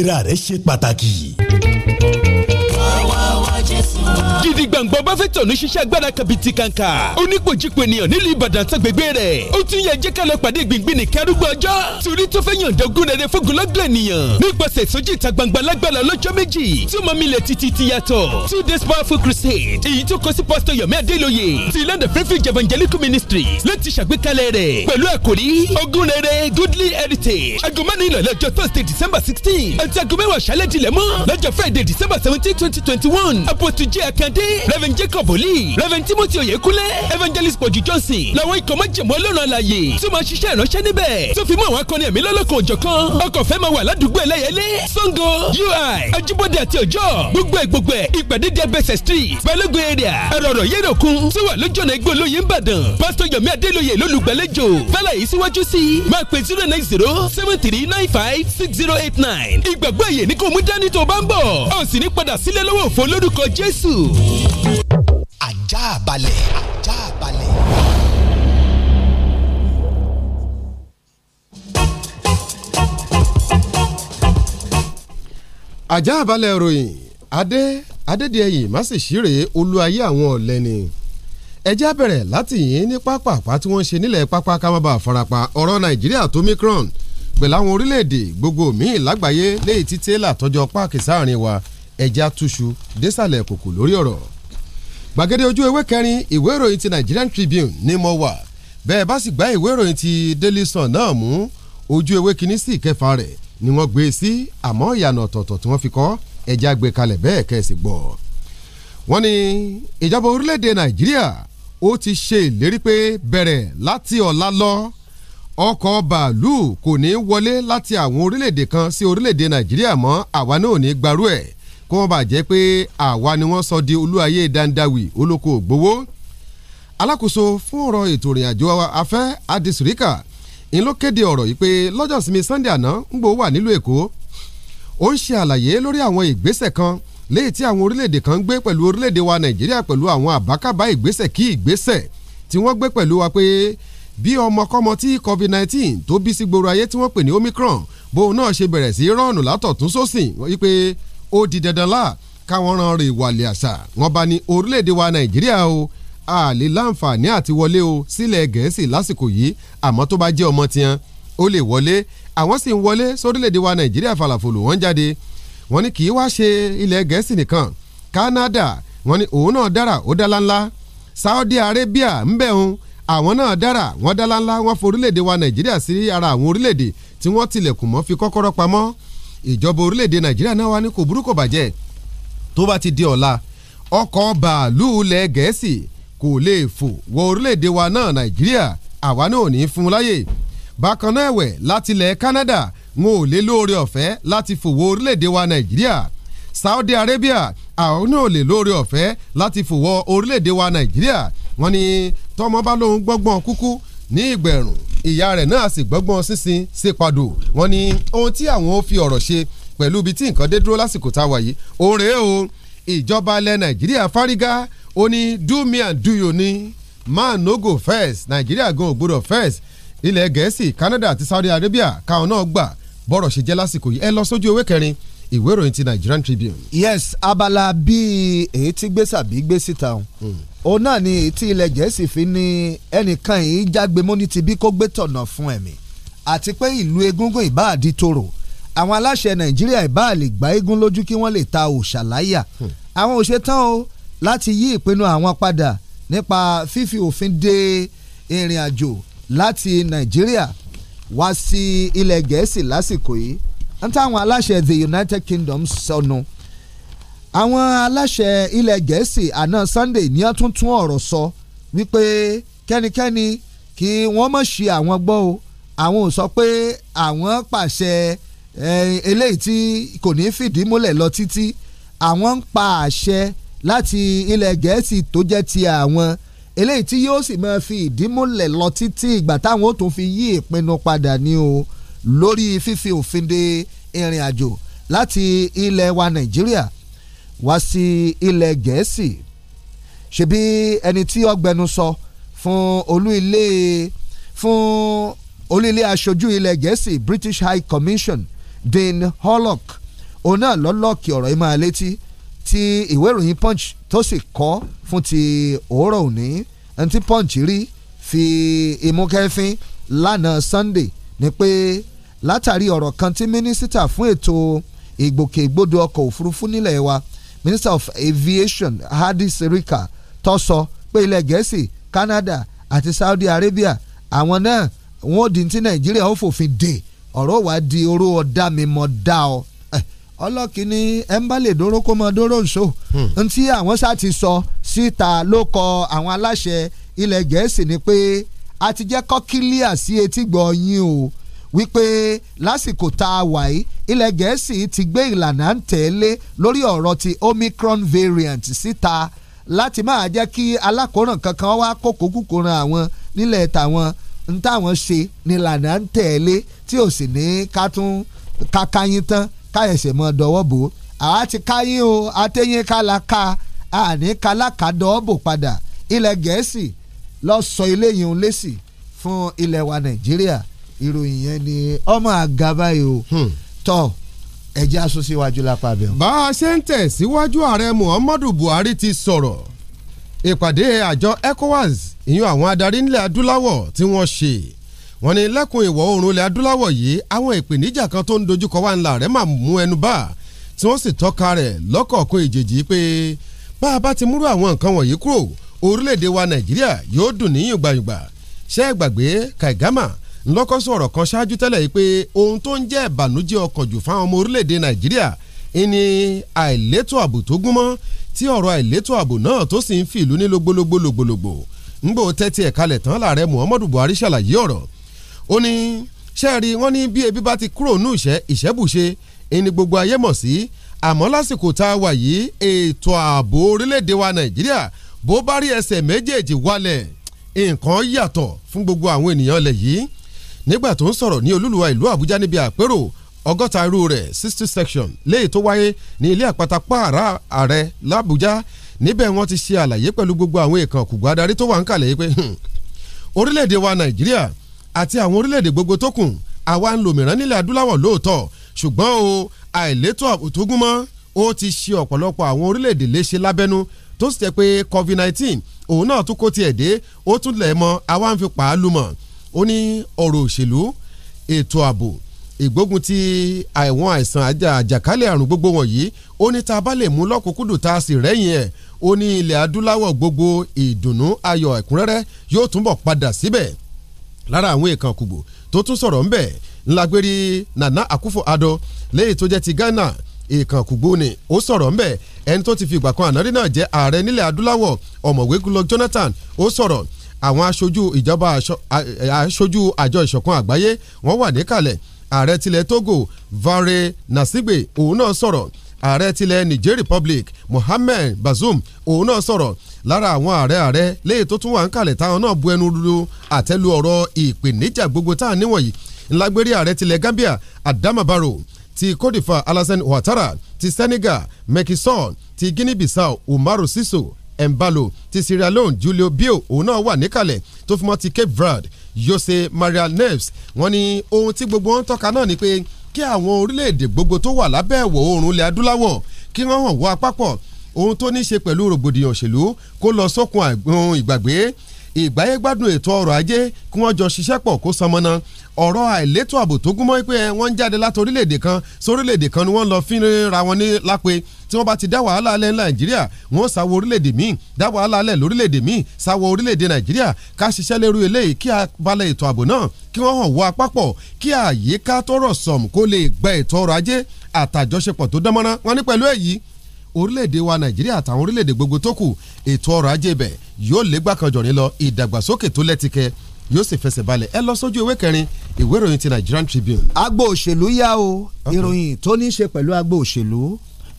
Speaker 4: ìlera rẹ ṣe pàtàkì gidi gbàngbọ́ bá fẹ́ tọ̀nù ṣiṣẹ́ agbára kabiti kanka oníkojìpọ̀ ènìyàn nílùú ìbàdàn àtàgbègbè rẹ̀ ó tún yẹ jẹ́kálẹ̀ pàdé gbìngbìn nìkan arúgbó ọjọ́ torí tó fẹ́ yàn dẹ́gun rẹ̀ fógun lọ́gbọ̀n ènìyàn nípasẹ̀ ìsọjí ìta gbangba lágbára lọ́jọ́ méjì tí ó máa milẹ̀ títí ti yàtọ̀ two days powerful crusade èyí tó kọ sí pásítọ̀ yomi adéloye ti land of refuge evangelical ministry láti ṣàgbékalẹ̀ rẹ̀ pẹ̀lú àkòrí ogun rere goodly heritage aago mẹ́rin ìrọ̀lẹ́ thursday december sixteen àti aago mẹ́wàá ṣálẹ̀ dilẹ̀ mọ́ lọ́jọ́ friday december seventeen twenty twenty reverend j akande reverend jacob oli reverend timothy oyekunle evangelist pọ̀jù johnson làwọn ikọ̀ májèmọ́ ọlọ́run àlàyé tí ó máa ṣiṣẹ́ ìránṣẹ́ níbẹ̀ tó fi mọ́ àwọn akọni ẹ̀mí lọ́lọ́kan òjọ̀kan ọkọ̀ fẹ́ máa wà ládùúgbò ẹlẹ́yẹlé sango ui ajibode àti ọjọ́ gbogbo ìgbogbo ìgbàdédé abẹ́sẹ̀ street balógun
Speaker 13: area ẹ̀rọ̀rọ̀ yẹ́rọ̀kun tí wà lójú ọ̀nà igbó yomi adélóye lólùgbàlejò fẹ́lẹ̀ yìí síwájú sí máa pè zero nine zero seven three nine five six zero eight nine
Speaker 4: ìgbàgbọ́ èyè ní jésù ajá balẹ̀ ajá balẹ̀.
Speaker 6: ajá balẹ̀ ròyìn adé adédèyí má sì ṣíre olú ayé àwọn ọ̀lẹ́ ni ẹjẹ́ bẹ̀rẹ̀ láti yìn ní pápá tí wọ́n ṣe nílẹ̀ pápá ká má bàa farapa ọ̀rọ̀ nàìjíríà tó micron pẹ̀lú àwọn orílẹ̀-èdè gbogbo míì lágbàáyé léyìí tí tẹ́lá tọ́jọ́ páàkì sáàrin wa ẹja túṣu désàlẹ̀ kòkò lórí ọ̀rọ̀ gbàgede ojú ewé kẹrin ìwé ìròyìn ti Nigerian Tribune ni mo wà bẹ́ẹ̀ bá sì gbá ìwé ìròyìn ti Daily Sun náà mú ojú ewé kínní sí ìkẹfà rẹ̀ ni wọ́n gbé e sí àmọ́ ìyànà ọ̀tọ̀ọ̀tọ̀ tí wọ́n fi kọ ẹja gbé e kalẹ̀ bẹ́ẹ̀ kẹ́sì gbọ́ wọ́n ní ìjọba orílẹ̀-èdè Nàìjíríà ó ti ṣe ìlérí pé bẹ̀rẹ̀ láti ọ̀la lọ ọkọ̀ bàálù kò ní wọlé láti àwọn orílẹ̀-èdè kan sí orílẹ̀-èdè Nàìjíríà mọ́ àwa náà ní gbarú ẹ̀ kó wọ́n bàa jẹ́ pé àwa ni wọ́n sọ di olúwayé dandawi olóko ògbówó alákòóso fún ọ̀rọ̀ ètò ìrìnàjò afẹ́ adisirika ń ló kéde ọ̀rọ̀ yìí pé lọ́jọ́ sinmi sunday àná ń gbò wà nílùú èkó ó ń ṣe àlàyé lórí àwọn ìgbésẹ̀ kan léyìí tí àwọn orílẹ̀-èdè kan gbé pẹ̀lú orílẹ̀-èdè wa nàìjíríà pẹ̀lú àwọn àbákàbá ìgbésẹ̀ kí ìgbésẹ̀ tí wọ́n gbé pẹ̀lú wa pé bí ọmọkọ́mọ tí covid nineteen tó bí sí gbòòrò ayé tí wọ́n pè ní omicron bóun náà ṣe bẹ̀rẹ̀ sí rọ́ọ̀nù látọ̀tún sósìn wípé ó di dandan lá káwọn ran rè wàlẹ̀ àṣà wọn bá ní orílẹ̀-èdè wa nàìjíríà o àlè láǹfààní àti wọlé o sílẹ̀ gẹ̀ẹ́sì lásìkò yìí àmọ́ tó bá jẹ́ ọmọ tiẹn ó lè wọlé àwọn sì ń wọlé sórílẹ̀-èdè wa nàìjíríà falàfolò wọ́n jáde wọ́n ní kì í wá ṣe ilẹ̀ gẹ̀ẹ́sì nìkan Canada wọ́n ní òun náà dára ó dá láńlá Saudi Arabia ń bẹ̀ òun àwọn náà dára wọ́n dá láńlá wọ́n forílẹ̀-èdè wa nàìjíríà sí ara àwọn orílẹ̀-èdè tí wọ́n tilẹ̀kùn mọ́ fi kọ́kọ́rọ́ pamọ́ ìjọba orílẹ̀-èdè nàìjíríà náà wà ní kò burúkú bàjẹ́ tó bá ti di ọ̀la ọkọ̀ bàálù ilẹ̀ gẹ̀ẹ́sì kò lè fò wọ orílẹ̀-èdè wa náà nàìjíríà àwa náà ò ní fún un láyè bákan náà ẹ̀wẹ̀ láti ilẹ̀ Canada ń ò lè lóore ọ̀fẹ́ láti fò wọ orílẹ̀-èdè wa nàìjíríà Saudi Arabia àwọn náà ò lè lóore ọ̀fẹ́ láti fò wọ orílẹ̀-èdè wa nàìjíríà wọ́n ní tọmọ bá lóun gbọ́ngbọ́n kúkú ní ìgbẹ̀rùn ìyá rẹ̀ náà sì gbọ́gbọ́n sísin sí padò wọ́n ní ohun tí àwọn ó fi ọ̀rọ̀ ṣe pẹ̀lú ibi tí nǹkan dé dúró lásìkò tá a wà yìí òun rèé o ìjọba ilẹ̀ nàìjíríà fárígá ó ní do me and do you ni man no go first nàìjíríà gan ò first ilẹ̀ gẹ̀ẹ́sì canada àti saudi arabia káwọn náà gbà bọ́rọ̀ ṣe jẹ́ lásìkò yìí ẹ lọ sójú ewé kẹrin ìwé ìròyìn ti Nigerian Tribune. yes abala bíi èyí tí gbèsè àbí gbé
Speaker 5: síta o hmm. òun náà ni èyí tí ilẹ̀ Gẹ̀ẹ́sì fi ní ẹnìkan yìí jágbe mọ́ ní ti bí kó gbé tọ̀nà fún ẹ̀mí àti pé ìlú egúngún ìbáàdì toro àwọn aláṣẹ Nàìjíríà ìbáà lè gba eégún lójú kí wọ́n lè ta òṣàláyà hmm. àwọn ò ṣetán o láti yí ìpinnu àwọn padà nípa fífi òfin de ìrìn àjò láti Nàìjíríà wá sí ilẹ̀ Gẹ̀ẹ́sì lásìkò yìí ń táwọn aláṣẹ the United Kingdom sọnù àwọn aláṣẹ ilẹ̀ gẹ̀ẹ́sì àná Sunday ní ọ̀tún tún ọ̀rọ̀ sọ wípé kẹ́nikẹ́ni kí wọ́n mọ̀ ṣe àwọn gbọ́ o àwọn ò sọ pé àwọn pàṣẹ eléyìí tí kò ní fìdí múlẹ̀ lọ títí àwọn ń pa àṣẹ láti ilẹ̀ gẹ̀ẹ́sì tó jẹ́ ti àwọn eléyìí tí yóò sì máa fi ìdí múlẹ̀ lọ títí ìgbà táwọn ó tún fi yí ìpinnu padà ní o lórí fífi òfin de ìrìn àjò láti ilẹ̀ wa nàìjíríà wá sí ilẹ̀ gẹ̀ẹ́sì ṣebí ẹni tí ọgbẹnusọ fún olú ilé fún olú ilé aṣojú ilẹ̀ gẹ̀ẹ́sì British High Commission Dean Horlock òun náà lọ́lọ́ọ̀kì ọ̀rọ̀ ìmọ̀ àlétí tí ìwé ìròyìn Punch tó sì kọ́ fún ti òórọ̀ òní ẹni tí Punch rí fi imú kẹfín lánàá Sunday ni pé látàrí ọ̀rọ̀ kan tí mínísítà fún ètò ìgbòkègbodò ọkọ̀ òfurufú nílẹ̀ wa minister of aviation Hadi Sirika tó sọ pé ilẹ̀ gẹ̀ẹ́sì Canada àti Saudi Arabia àwọn náà wọn ò di ti Nàìjíríà ó fòfin dè ọ̀rọ̀ wa di oró ọ̀dá mi mọ̀ dá ọ eh, ọlọ́kìnní ẹ̀ńbálẹ̀ dóró kó mọ dóró nṣó hmm. ntí àwọn sá ti sọ síta ló kọ àwọn aláṣẹ ilẹ̀ gẹ̀ẹ́sì ni pé a ti jẹ́ kọ́ sí etí gbọ̀ọ́yìn o. Hmm wípé lásìkò tá a wà yìí ilẹ̀ gẹ̀ẹ́sì ti gbé ìlànà ń tẹ̀lé lórí ọ̀rọ̀ ti omicron variant síta láti máa jẹ́ kí alákòóràn kankan wá kókó kúkòrán àwọn nílẹ̀ tàwọn ń táwọn ṣe nílànà ń tẹ̀lé tí ò sì ní ká tún kákáyín tán káyẹ̀sẹ̀ mọ́ dọwọ́ bò ó àwa ti káyín o àtẹ̀yìn kálákà àní kálákà dọwọ́ padà ilẹ̀ gẹ̀ẹ́sì lọ́ọ́ sọ ilé yìí fún ilẹ̀ wa nàìjíríà ìròyìn yẹn ni ọmọ àga báyìí o hmm. tọ́ ẹjẹ́
Speaker 6: aṣọ síwájú lápá bẹ́ẹ̀. bá a ṣe ń tẹ̀síwájú ààrẹ Muhammadu Buhari ti sọ̀rọ̀ ìpàdé àjọ ECOWAS ìyún àwọn adarí nílẹ̀ adúláwọ̀ tí wọ́n ṣe wọ́n ní lẹ́kùn ìwọ̀ oòrùn ilẹ̀ adúláwọ̀ yìí àwọn ìpèníjà kan tó ń dojúkọ wá ńlá rẹ̀ máa mú ẹnu bá tí wọ́n sì tọ́ka rẹ̀ lọ́kọ̀ọ̀kan ìjèjì pé bá a bá ti múrú àwọn nǹkan wọ̀nyí kúrò orílẹ̀-èdè wa Nàìjíríà yóò dùn níyùngbàyùngbà ṣẹ́ gbàgbé Kaigama ńlọ́kọ́sọ ọ̀rọ̀ kan ṣáájú tẹ́lẹ̀ yìí pé ohun tó ń jẹ́ ìbànújẹ́ ọkàn jù fáwọn ọmọ orílẹ̀-èdè nàìjíríà ìní àìlétò ààbò tó gúnmọ́ tí ọ̀rọ̀ àìlétò ààbò náà tó sì ń fi ìlú ní logbologbo logbologbo ńgbò tẹ́tí ẹ̀ kalẹ̀ tán láàrẹ muhammadu buhari ṣàlàyé ọ̀rọ̀ ó ní sẹ́ẹ̀rí wọ́n ní bí ebi bá ti kúrò nù ìṣẹ́ ìṣẹ́bùṣe ẹni gbogbo ayé mọ̀ sí àmọ́ lásìkò tá a wà yìí ètò ààbò orílẹ̀-èdè wa nàìjíríà bó bá rí ẹsẹ̀ méjèèjì wálẹ̀ nǹkan yàtọ̀ fún gbogbo àwọn ènìyàn lẹ̀ yìí nígbà tó ń sọ̀rọ̀ ní olúluwa ìlú àbújá níbi àpérò ọgọ́ta irú rẹ̀ sixty section léyìí tó wáyé ní ilé àpáta pààrà ààrẹ làbújá níbẹ̀ wọ́n ti ṣe àlàyé pẹ̀lú gbogbo àwọn èèkàn kùgbà adarí tó wà ń kàlẹ̀ yìí pé hmm, orílẹ̀-èdè wa nàìjíríà àti àwọn orílẹ̀-èdè gbogbo tó kù àwa ń lò mìíràn nílẹ̀ adúláwọ̀ lóòótọ́ ṣùgbọ́n o àìlétò ààbò tó gún mọ́ ó ti ṣe ọ̀pọ̀lọpọ̀ àwọn orílẹ̀-èdè léṣe lábẹ́nú tó sì jẹ́ pé covid-19 òun náà tún kó tiẹ̀ dé ó tún lẹ̀ mọ́ àwa ń fi pàá mọ́ ó ní ọ̀rọ̀ òṣèlú ètò ààbò ìgbógun ti àìwọ̀n àìsàn àjàkálẹ̀ àrùn gbogbo wọ̀nyí ó ní tá a bá lè mú lọ́kùnkúndùn tá a sì rẹ́yìn ẹ̀ ó ní ilẹ̀ adúláwọ̀ gbogbo ìdùnnú ayọ̀ ẹ̀kúnrẹ́rẹ́ yóò túnbọ̀ padà síbẹ̀ lára àwọn èèkàn kùgbò tó tún sọ̀rọ̀ ńbẹ̀ ńlágbérí Nana akufo ado, lẹ́yìn tó jẹ́ ti Ghana èèkàn kùgbò ni ó sọ̀rọ̀ ńbẹ̀ ẹni tó ti fi ìgbà kan ànárí náà jẹ́ ààrẹ nílẹ̀ adúláwọ̀ ọ̀mọ̀wé Goodluck Jonathan ó sọ̀rọ̀ àwọn aṣojú ìjọba aṣojú àjọ ìṣọ̀kan àgbáyé wọ́n wà níkàlẹ̀ ààrẹ tilẹ̀ Togo Vare Nasigbe òun náà sọ̀rọ̀ ààrẹ tilẹ̀ Niger Republic Mohammed Bazoum òun náà sọ̀rọ̀ lára àwọn ààrẹ ààrẹ léyìí tó tún wà ń kalẹ̀ táwọn náà bu ẹnu lulu àtẹ́lu ọ̀rọ̀ ìpèníjà gbogbo tá à níwọ̀nyí ńlágbérí ààrẹ tilẹ̀ Gambia Adama Barrow ti Cote d'Ivoire Alassane Ouattara ti Senegal Macky ti Guinea-Bissau Umaru Sissoco Embalo ti Sierra Leone Julio Bio òun náà wà níkàlẹ̀ tó fi mọ́ ti Cape Verde Jose Maria Neves wọ́n ní ohun tí gbogbo wọn tọ́ka náà ni pé kí àwọn orílẹ̀-èdè gbogbo tó wà lábẹ́ ìwọ̀ oòrùn ilẹ̀ adúláwọ̀ kí wọ́n hàn wọ́ apápọ̀ ohun tó ní í ṣe pẹ̀lú rògbòdìyàn òṣèlú kó lọ sókun àgbọn ìgbàgbé ìgbáyégbádùn ètò ọrọ̀ ajé kí wọ́n jọ ṣiṣẹ́ pọ̀ kó sanmọ́nà ọ̀rọ̀ àìlétò ààbò tó gúnmọ́ pé wọ́n ń jáde láti orílẹ̀-èdè kan sórílẹ̀-èdè kan ni wọ́n lọ fínra wọn ní lápè tí wọ́n bá ti dá wàhálà alẹ́ nàìjíríà wọ́n sáwọ orílẹ̀-èdè míì dá wàhálà alẹ́ lórílẹ̀-èdè míì sáwọ orílẹ̀-èdè nàìjíríà ká ṣiṣẹ́ lérú eléyìí kí abalẹ̀ ètò ààbò náà kí wọ́n hàn wọ apápọ̀ kí àyíká tọrọ sọ̀m kó lè gba ètò ọrọ̀ ajé àtàjọṣepọ̀ tó dánmọ́rán wọn ní pẹ̀lú èyí orílẹ̀-èdè wa nàìjíríà àtàwọn orílẹ̀-èdè gbogbo tó kù ètò ọrọ̀ ajé bẹ̀ yóò lé gbàkanjọ̀rin lọ ìdàgbàsókè tó lẹ́tìkẹ́ yóò sì fẹsẹ̀ balẹ̀ ẹ lọ sójú ewé kẹrin ìwé ìròyìn ti Nigerian Tribune. agbo òṣèlú yá o ìròyìn tó ní í ṣe pẹ̀lú
Speaker 5: agbo òṣèlú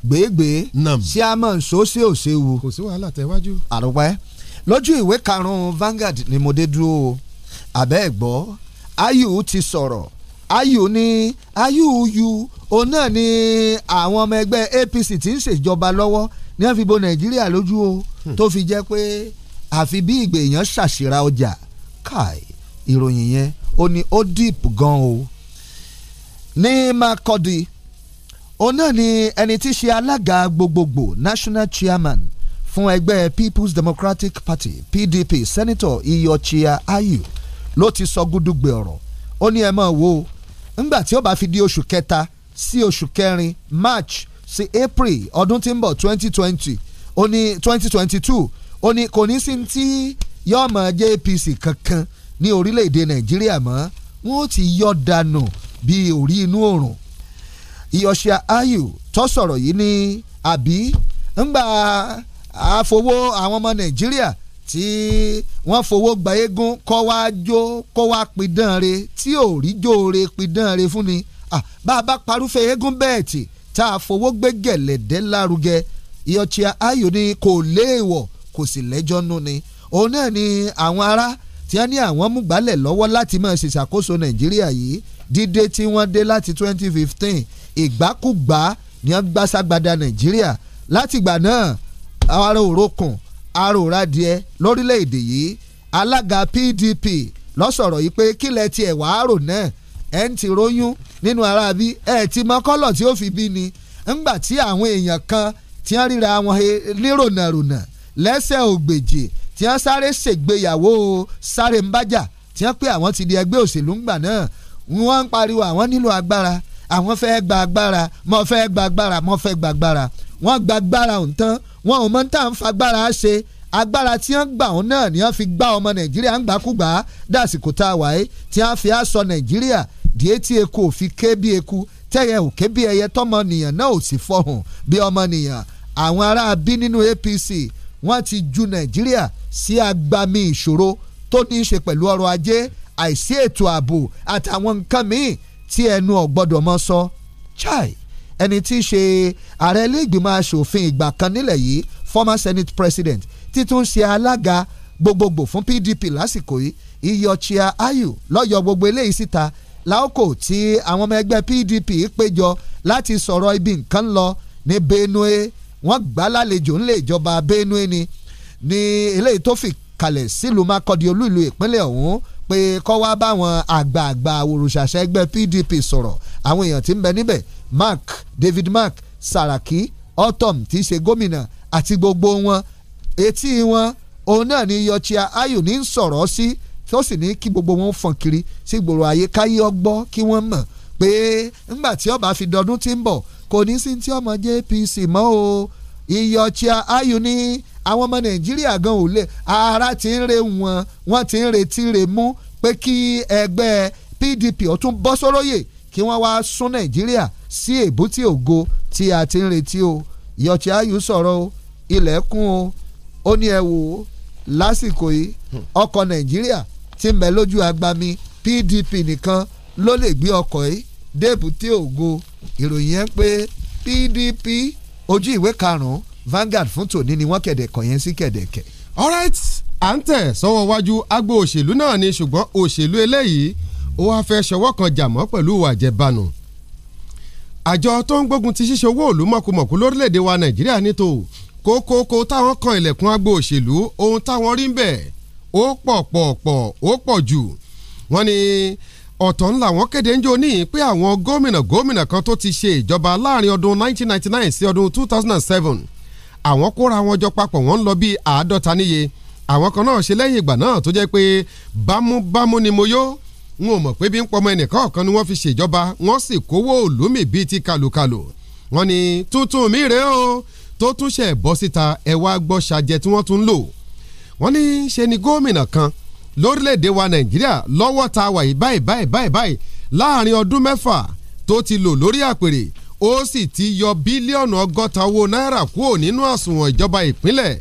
Speaker 5: gbèégbèé chairman sose osewu. kò sí wàhálà tẹ̀wájú. àrùpá lójú ìwé karùn-ún Vanguard ni mo dé dúró o àbẹ́ gbọ́ ayu ti sọ̀rọ̀ ayu ni ayuuyu òun náà ni àwọn ọmọ ẹgbẹ́ APC ti ń ṣèjọba lọ́wọ́ ní wọ́n bo Nàìjíríà lójú o hmm. tó fi jẹ́ pé àfi bí ìgbèyàn ṣàṣìra ọjà kai ìròyìn yẹn ó ní ó deep gan o ní Makurdi òun náà ni ẹni tí í ṣe alága gbogbogbò national chairman fún ẹgbẹ́ People's Democratic Party PDP Senator Iyorchia Ayu ló ti sọ gúdúgbẹ ọ̀rọ̀ ó ní ẹ máa wo ńgbà tí ó bá fi di oṣù kẹta sí oṣù kẹrin March sí April ọdún tí ń bọ̀ 2020 ó ní 2022 ó ní kò ní sí ti yóò mọ jẹ́ APC kankan ní orílẹ̀-èdè Nàìjíríà mọ́ wọn ó ti yọ dànù bíi orí inú òrùn Iyorchia Ayu tó sọ̀rọ̀ yìí ní àbí ńgbà àfowó àwọn ọmọ Nàìjíríà tí wọ́n fowó gba eégún kọ́ wá jó kọ́ wá pidán re tí ò rí jóore pidán re fún ni bá a bá parúfẹ́ eégún bẹ́ẹ̀ tá a fowó gbé gẹ̀lẹ́dẹ́ lárugẹ Iyorchia Ayu ni kò léèwọ̀ kò sì lẹ́jọ́ nú ni òun náà ni àwọn ará tí wọ́n ní àwọn mú gbálẹ̀ lọ́wọ́ láti máa ṣèṣàkóso nàìjíríà yìí dídé tí wọ́n dé láti 2015 ìgbákùgbà ni wọ́n gbàṣàgbàdà nàìjíríà látìgbà náà ara òrokùn ara òradìẹ lórílẹ̀‐èdè yìí alága PDP ló sọ̀rọ̀ yìí pé kílẹ̀ tiẹ̀ wàá rò náà ẹ̀ ń ti róyún nínú ara bí ẹ̀ ti mọ kọ́lọ̀ tí ó fi bí ni ńgbà tí àwọn èèyàn kan ti ń ríra wọn nírònàrònà lẹ́sẹ̀ ògbèjì tí wọ́n sáré ṣègbéyàwó sáré ń bájà tí wọ́n pé àwọn ti di ẹgbẹ́ òṣèlú ńgbà náà wọ́n ń pariwo àwọn nílò agbára àwọn fẹ́ gba agbára mo fẹ́ gba agbára mo fẹ́ gba agbára wọ́n gba agbára ọ̀hún tán wọn ò mọ ní tàn fa agbára ṣe agbára tí wọ́n gbà ọ̀hún náà ni wọ́n fi gbá ọmọ nàìjíríà ń gbàkúgbà dàsìkò tá a wáyé tí wọ́n fi á sọ nàìjíríà di etí eku òfin ké bí eku tẹ́yẹ ò ké bí ẹyẹ tọ́mọnìyàn náà ò sì fọhùn bí ọmọnìyàn àwọn ará bí nínú APC wọ́n ti ju nàìjíríà sí agbami ìṣòro tó ní í ṣe pẹ̀lú ọrọ̀ ajé àìsí ètò ààbò àtàwọn nǹkan míì tí ẹnu ọ̀gbọ́dọ̀ mọ́ sọ chai ẹni tí í ṣe ààrẹ ilé ìgbìmọ̀ asòfin ìgbà kan nílẹ̀ yìí former senate president títún ṣe alága gbogbogbò fún pdp lásìkò yìí iyọ̀chia ayu lọ́yọ̀ gbogbo eléyìí síta láòkò tí àwọn ọmọ ẹgbẹ́ pdp péjọ láti sọ̀rọ̀ ibi nǹkan lọ ní benue wọ́n gbà lálejò ńlẹ̀ ìjọba Benue ni ní eléyìí tó fi kalẹ̀ sílùú Makurdi olú ìlú ìpínlẹ̀ ọ̀hún pé kọ́ wá báwọn àgbààgbà òrùṣàṣẹ́ ẹgbẹ́ PDP sọ̀rọ̀ àwọn èèyàn tí ń bẹ níbẹ̀ Mark David Mark Saraki Otom tí í ṣe gómìnà àti gbogbo wọn etí wọn òun náà ni Yọchia Ayu ní ń sọ̀rọ̀ sí tó sì ní kí gbogbo wọn fọn kiri sí gbòòrò ayé káyé ọgbọ́ kí wọ́n mọ̀ pé ńgbà tí ọba fi dọdún tí ń bọ̀ kò ní sí tí ọmọ JPC mọ́ o iyọ̀chia ayù ní àwọn ọmọ Nàìjíríà gan ò lè ara ti ń re wọn wọn ti ń retí re mú pé kí ẹgbẹ́ PDP ó tún bọ́ sóróyè kí wọ́n wá sún Nàìjíríà sí èbúté ògo tí a ti ń retí o iyọ̀chia ayù sọ̀rọ̀ o ilẹ̀kùn o ó ní ẹ wò ó lásìkò yìí ọkọ̀ Nàìjíríà ti ń lójú agbami PDP nìkan ló lè gbé ọkọ̀ yìí débùté ògo ìròyìn yẹn pé
Speaker 6: PDP ojú ìwé karùn-ún fún tòní ni wọ́n kẹ̀dẹ̀kọ̀ yẹn sí kẹ̀dẹ̀kẹ̀. all right à ń tẹ̀ sọ́wọ́ wájú agbo òṣèlú náà ni ṣùgbọ́n òṣèlú eléyìí ó wáá fẹ́ ṣọwọ́ kan jà mọ́ pẹ̀lú ìwà àjẹbánu àjọ tó ń gbógun ti ṣíṣe owó òòlù mọ̀kùmọ̀kù lórílẹ̀‐èdè wa nàìjíríà nítò kókókó táwọn kan ilẹ̀kùn agbo òṣèlú ohun táwọn rí ń bẹ̀ ó pọ̀ pọ̀ pọ̀ ó pọ̀ jù wọ́n ní ọ̀tọ̀ ńlá wọn kéde ńjọ ní pé àwọn gómìnà gómìnà kan tó ti ṣe ìjọba láàrin ọdún 1999 sí ọdún 2007 àwọn kóra wọn jọ papọ̀ wọ́n ń lọ bíi àádọ́ta níye àwọn kan náà ṣe lẹ́yìn ìgbà náà tó jẹ́ pé bámúbámú ni mo yó n ò mọ̀ pé bí ń pọmọ ẹnìkan kan ni wọ́n fi ṣèjọba wọ́n sì kówó òlùmí bíi ti kàlùkàlù wọ́n ní tuntun mi rèé o tó tún ṣe bọ́ síta ẹ̀ wá tí wọ́n tún lò wọ́n ní ṣe ni gómìnà kan lórílẹ̀‐èdè wa nàìjíríà lọ́wọ́ ta wà yìí báyìí báyìí báyìí báyìí láàrin ọdún mẹ́fà tó ti lò lórí àpèrè ó sì ti yọ bílíọ̀nù ọgọ́ta owó náírà kúrò nínú àsùnwọ̀n ìjọba ìpínlẹ̀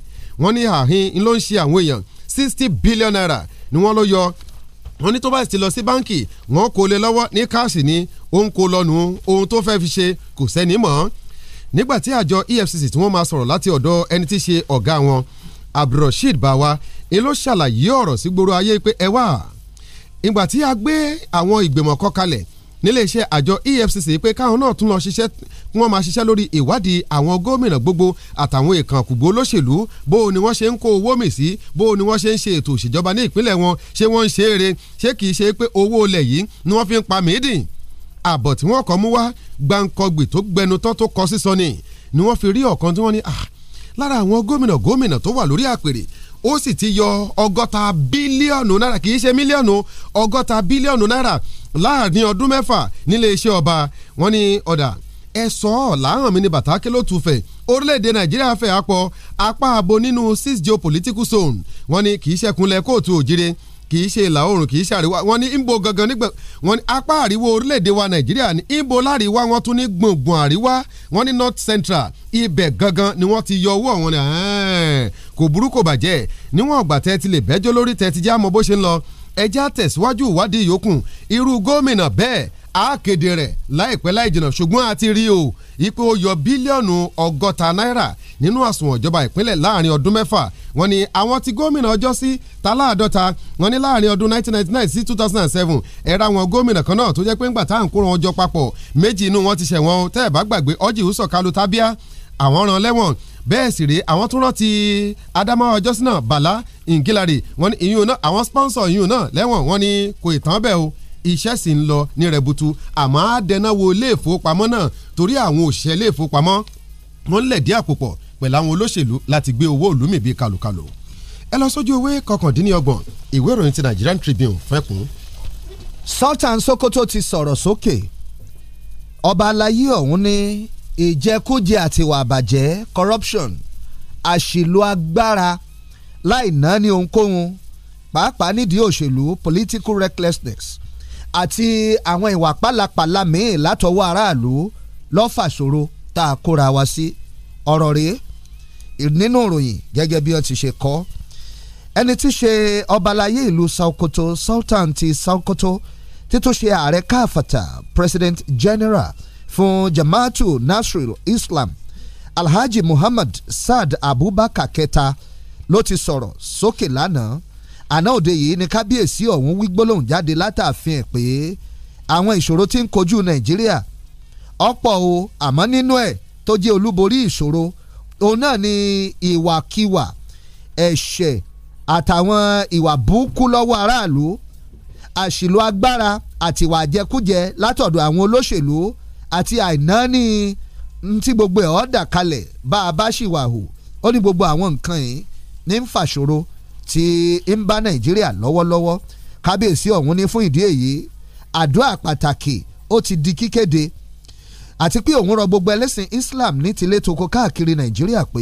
Speaker 6: wọ́n ní àhín ló ń ṣe àwọn èèyàn sixty billion naira ni wọ́n ló yọ wọ́n ní tó bá ti lọ sí báǹkì wọ́n kò lè lọ́wọ́ ní káàsì ni òun kò lọ́nu ohun tó fẹ́ fi ṣe kò sẹ́ni mọ́ nígbà tí àjọ EFCC tí wọ́n máa sọ̀rọ̀ láti ọ̀dọ̀ ẹni tí ṣe ọ̀gá wọn Abdulrasheed Bawa ń ló ṣàlàyé ọ̀rọ̀ sí gbòòrò ayé pé ẹ wá ìgbà tí a gbé àwọn ìgbìmọ̀ kan kalẹ̀ nílé iṣẹ́ àjọ EFCC pé káwọn náà tún lọ ṣiṣẹ́ kí wọ́n máa ṣiṣẹ́ lórí ìwádìí àwọn gómìnà gbogbo àtàwọn ìkànkùgbó olóṣèlú bó o ni wọ́n ṣe ń kó owó mì sí bó o ni wọ́n ṣe ń ṣe ètò òṣèjọba ní ìpínlẹ̀ wọn ṣé wọ́n ń ṣe é re ṣé kì í ṣe pé owó olẹ̀ yìí ni wọ́n fi ń pa mìídìn àbọ̀ tí wọ́n kọ́ mú wá gbàǹkọ̀gbì tó gbẹnu tán tó kọ sísọ ni ni wọ́n fi rí ọ̀kan tí wọ́n ní ah lára àwọn gómìnà gómìnà tó wà lórí àpèrè ó sì ti yọ ọgọ́ta bílíọ̀nù náírà kì í ṣe mílíọ̀nù ọgọ́ta bílíọ̀nù náírà láàrin ọdún mẹ́fà nílé iṣẹ́ ọba wọn ni ọ̀dà ẹ sọ mi ní bàtàkì ló tù fẹ̀ orílẹ̀-èdè nàìjíríà fẹ̀ àpọ̀ apá abo nínú six geopolitical zone wọn ni kì í ṣẹkùnlẹ̀ kóòtù òjire kì í ṣe ìlà oòrùn kì í ṣe àríwá wọ́n ní ìbò gangan nígbà wọ́n ní apá àríwá orílẹ̀-èdè wa nàìjíríà ní ìbò láríwá wọ́n tún ní gbùngbùn àríwá wọ́n ní north central ibẹ̀ gangan ni wọ́n ti yọ owó àwọn ní kò burú kò bàjẹ́ níwọ̀n ọ̀gbà tẹ́ ti lè bẹ́jọ́ lórí tẹ́ ti já mọ bó ṣe ń lọ ẹjẹ́ àtẹ̀síwájú ìwádìí yòókù irú gómìnà bẹ́ẹ̀ a kéde rẹ̀ láìpẹ́ láì jìnnà ṣùgbọ́n a ti rí o ipò ó yọ bílíọ̀nù ọgọ́ta náírà nínú àsùnwọ̀n ìjọba ìpínlẹ̀ láàrin ọdún mẹ́fà wọ́n ní àwọn tí gómìnà ọjọ́ sí taláàdọ́ta wọ́n ní láàrin ọdún 1999 sí 2007 ẹ̀rá wọn gómìnà kan náà tó jẹ́ pé ńgbà tá à ń kó wọn jọ papọ̀ méjì inú wọn ti ṣẹ̀wọ̀n tẹ́ ẹ̀ bá gbàgbé ọjì ìhùsọ̀kalu tábíà àwọn rán lẹ́wọ̀n bẹ́ẹ̀ sì rèé àwọn tó rántí Adamawa ọjọ́sí náà Bala Ngilari wọ́n ní ìyún náà àwọn sponsor ìyún náà lẹ́wọ̀n wọ́n ní kò ì tán bẹ́ẹ̀ o iṣẹ́ sì ń lọ ní rẹ̀butu àmọ́ á dẹná wo ilé ìfowópamọ́ náà torí àwọn òṣìṣẹ́ ilé ìfowópamọ́ wọ́n ń lẹ̀dí àpòpọ̀ pẹ̀lú àwọn olóṣèlú láti gbé owó ìlú bíi kàlùkàlù ẹ lọ sójú ewé kọkàndínlọ́gbọ̀n ìwé ìròyìn ti Nigerian Tribune fẹ́kùn. Sultan Sokoto ti sọ̀rọ̀ sókè ọba alayé ọ̀hún ní
Speaker 5: ìjẹkújẹ àtiwà àbàjẹ́ corruption àṣìlò agbára láì náání ohunkóhun pàápàá nídìí òṣèlú political recklessness àti àwọn ìwà pálapàla míì látọwọ́ aráàlú lọ́fàṣòro tá a kóra wa sí ọ̀rọ̀ rèé nínú ìròyìn gẹ́gẹ́ bí wọ́n ti ṣe kọ́ ẹni tí ṣe ọbalayé ìlú Sokoto Sultan ti Sokoto títún ṣe ààrẹ káfàtà President General fún Jamaatu Nasrul Islam Alhaji Muhammad Saad Abubakar kẹta ló ti sọ̀rọ̀ sókè lánàá àná òde yìí ni kábíyèsí ọ̀hún wí gbólóhùn jáde látàfin ẹ̀ pé àwọn ìṣòro tí ń kojú nàìjíríà ọ̀pọ̀ o àmọ́ nínú ẹ̀ tó jẹ́ olúborí ìṣòro òun náà ni ìwàkiwà ẹ̀ṣẹ̀ àtàwọn ìwà burúkú lọ́wọ́ aráàlú àṣìlò agbára àti ìwà àjẹkújẹ látọ̀dọ̀ àwọn olóṣèlú àti àìnáání tí gbogbo ẹ̀ ọ́ dà kalẹ̀ bá a bá ṣì wà hù ó ní gbogbo àwọn nǹkan yìí ní ń fàṣòro tí ń bá nàìjíríà lọ́wọ́lọ́wọ́ kábíyèsí ọ̀hún ní fún ìdí èyí àdúrà pàtàkì ó ti di kíkéde àti pé òun rọ gbogbo ẹlẹ́sìn islam ní tilé toko káàkiri nàìjíríà pé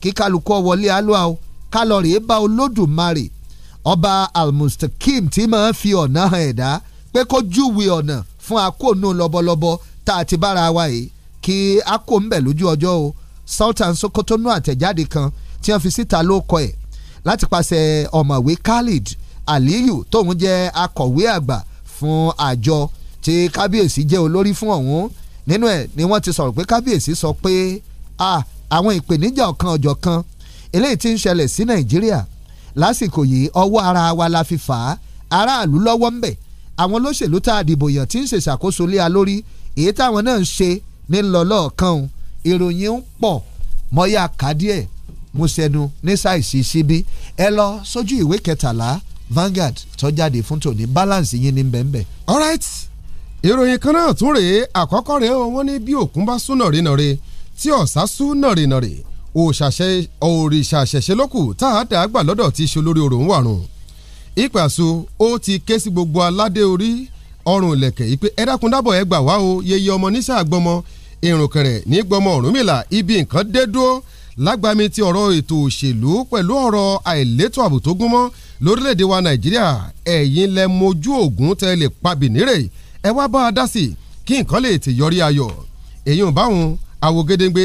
Speaker 5: kí kálukú wọlé alúwa o kálọ̀rì bá olódùmarè ọba almustakim tí máa fi ọ̀nà hàn ẹ̀dá pé kó júwe ọ̀nà fún akóònù lọ́bọ̀lọ́bọ̀ tá a ti bára wa yìí kí akó ń bẹ̀ lójú ọjọ́ o sultan sokoto nú àtẹ̀jáde kan tí wọ́n fi síta ló kọ ẹ̀ láti pàṣẹ ọ̀mọ̀wé Khalid Aliyu tóun jẹ́ akọ̀wé àgbà fún àjọ tí kábíyèsí jẹ́ olórí fún ọ̀hún nínú ẹ̀ ni wọ́n ti sọ̀rọ̀ pé kábíyèsí sọ pé àwọn ìpèníjà ọ̀kan ọ̀jọ̀ kan eléyìí ti ń ṣẹlẹ̀ sí Nàìjíríà lásìkò yìí ọwọ́ ara wa la fi fà á aráàlú lọ́wọ́ ń bẹ̀ àwọn olóṣèlú tá a dìbò yàn tí ń ṣèṣàkóso lé a lórí èyí táwọn náà ń ṣe ní lọ́lọ́ọ̀kan ìròyìn ń pọ̀ mọ́yà ká díẹ̀ musenu nísàìsí síbí
Speaker 6: ẹ lọ sójú ìwé kẹtàlá Vanguard tó jáde fún tòní balance yín ní bẹ́ẹ̀nbẹ́ẹ̀. all right ìròyìn kan náà tún rèé àkọ́kọ́ rèé wọ́n ní bí òkun bá sún nàrínàre tí ọ̀sá sún nàrínàre òrìṣà ṣẹ̀ṣẹ̀ lókù tá a dà á gbà lọ́dọ̀ tí í ṣe olórí orò ń wàrùn ìpè àṣọ ó ti ké sí gbogbo aládé orí ọrùn ìlẹ̀kẹ̀ ìpè ẹ dákun dábọ̀ ẹ wá o yeye ọmọ níṣà gbọmọ ní gbọmọ Ọ̀rúnmìlà ibi nǹkan dé dúró lágbàmí ti ọ̀rọ̀ ètò òṣèlú pẹ̀lú ọ̀rọ̀ àìlétò ààbò tó gúnmọ́ lórílẹ̀‐èdè wa nàìjíríà ẹ̀yin lẹ mojú ògùn tẹ́ lè pa bìnírè ẹ wá bá a dá sí kí nǹkan lè ti yọrí ayọ̀ èyí ò báwọn àwògedengbe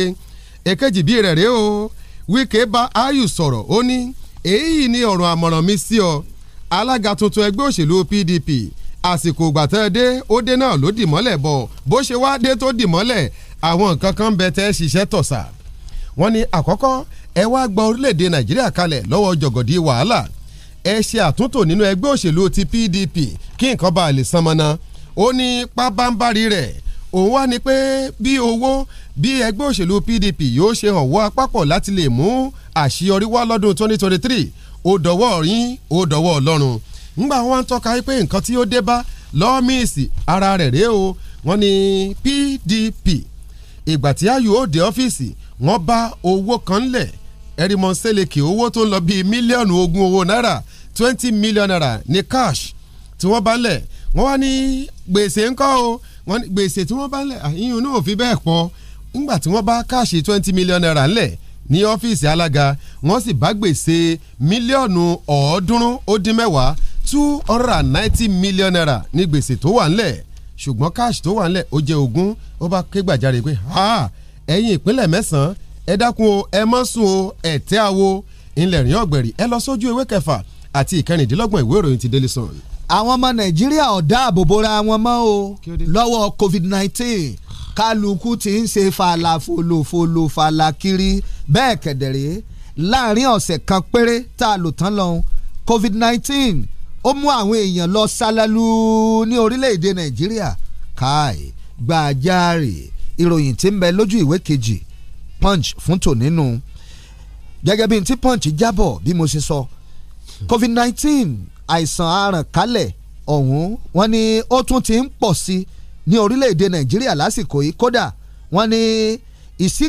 Speaker 6: èkejì bíi rẹ̀ rèé o Wike bá Ayù sọ̀rọ̀ ó ní èyí ni ọ̀rọ̀ àmọ̀ràn mi sí ọ alága tuntun ẹgbẹ́ òṣèlú PDP àsìkò ìgbà tẹ́ ẹ dé ó dé náà ló dìmọ́lẹ̀ bọ̀ bó ṣe wá dé tó dìmọ́lẹ̀ àwọn nǹkan bẹ tẹ́ ṣiṣẹ́ tọ̀sà wọ́n ní àkọ́kọ́ ẹ wá gba orílẹ̀-èdè nàìjíríà kalẹ̀ lọ́wọ́ jọ̀gọ̀dì wàhálà ẹ ṣe àtúntò nínú ẹgbẹ́ òṣèlú ti PDP kí nǹkan bá lè san mọ́nà ó ní pábánbárì rẹ̀ òun wá ní pé bí owó bí ẹgbẹ́ òṣèlú PDP yóò ṣe ọ̀wọ́ apapọ̀ láti lè mú àṣeyọrí wá lọ́dún 2023 ó dọ̀wọ́ yín ó dọ̀wọ́ ọlọ́run ńgbà wọn ń tọ́ka pé nǹkan tí ó dé bá lọ́ọ́mìsì ara rẹ̀ rèé o wọ́n ní PDP ìgbà tí ayò ó dé ọ́fíìsì wọ́n bá owó kan lẹ̀ ẹ̀rìmọ̀ sẹ́lẹ̀kì owó tó ń lọ bíi mílíọ̀nù ogún owó náírà twenty million naira ní cash tí wọ́n bá lẹ̀ wọ́n wá ní gbèsè ńkọ́ o wọ́n ní gbèsè tí wọ́n bá lẹ̀ àyíyún ah, náà fi bẹ́ẹ̀ pọ̀ ńgbà tí wọ́n bá cash twenty million naira ńlẹ̀ ní ọ́fíìsì alága wọ́n sì bá gbèsè mílíọ̀nù ọ̀ọ́dúnrún ó dín mẹ́wàá two hundred and ninety million naira ní gbèsè tó wà ńlẹ̀ ṣùgbọ́n cash tó wà ńlẹ̀ ó jẹ́ ogún ó bá ké gbàjarè pé ha ẹ̀yin ìpínlẹ̀ mẹ́sàn-án ẹ dákun o ẹ mọ́ sùn o ẹ tẹ́ àwo ńlẹ̀ rìn ọ̀gbẹ̀rì ẹ lọ sójú ewé kẹfà àti ìkẹrìndínlọ́gbọ̀n ìwé ìròyìn ti Daily Sun. àwọn ọmọ nàìjíríà ọ̀dà
Speaker 5: àbòbóra wọn mọ́ o lọ́wọ́ COVID-19 kálukú ti ń ṣe falafolo falakiri bẹ́ẹ̀ kẹ̀dẹ̀rẹ́ láàrin ọ̀sẹ̀ kan péré tá a lò tán lọ́hùn COVID-19 ó mú àwọn èèyàn lọ sálálú ní orílẹ̀-èdè nàìjíríà káì gbàjáre ìròyìn tí ń bẹ lójú ìwé kejì punch fún tònínú gẹ́gẹ́ bí n tí punch jábọ̀ bí mo ṣe sọ covid nineteen àìsàn aràn kálẹ̀ ọ̀hún wọ́n ní ó tún ti ń pọ̀ sí ní orílẹ̀-èdè nàìjíríà lásìkò yìí kódà wọ́n ní ìsí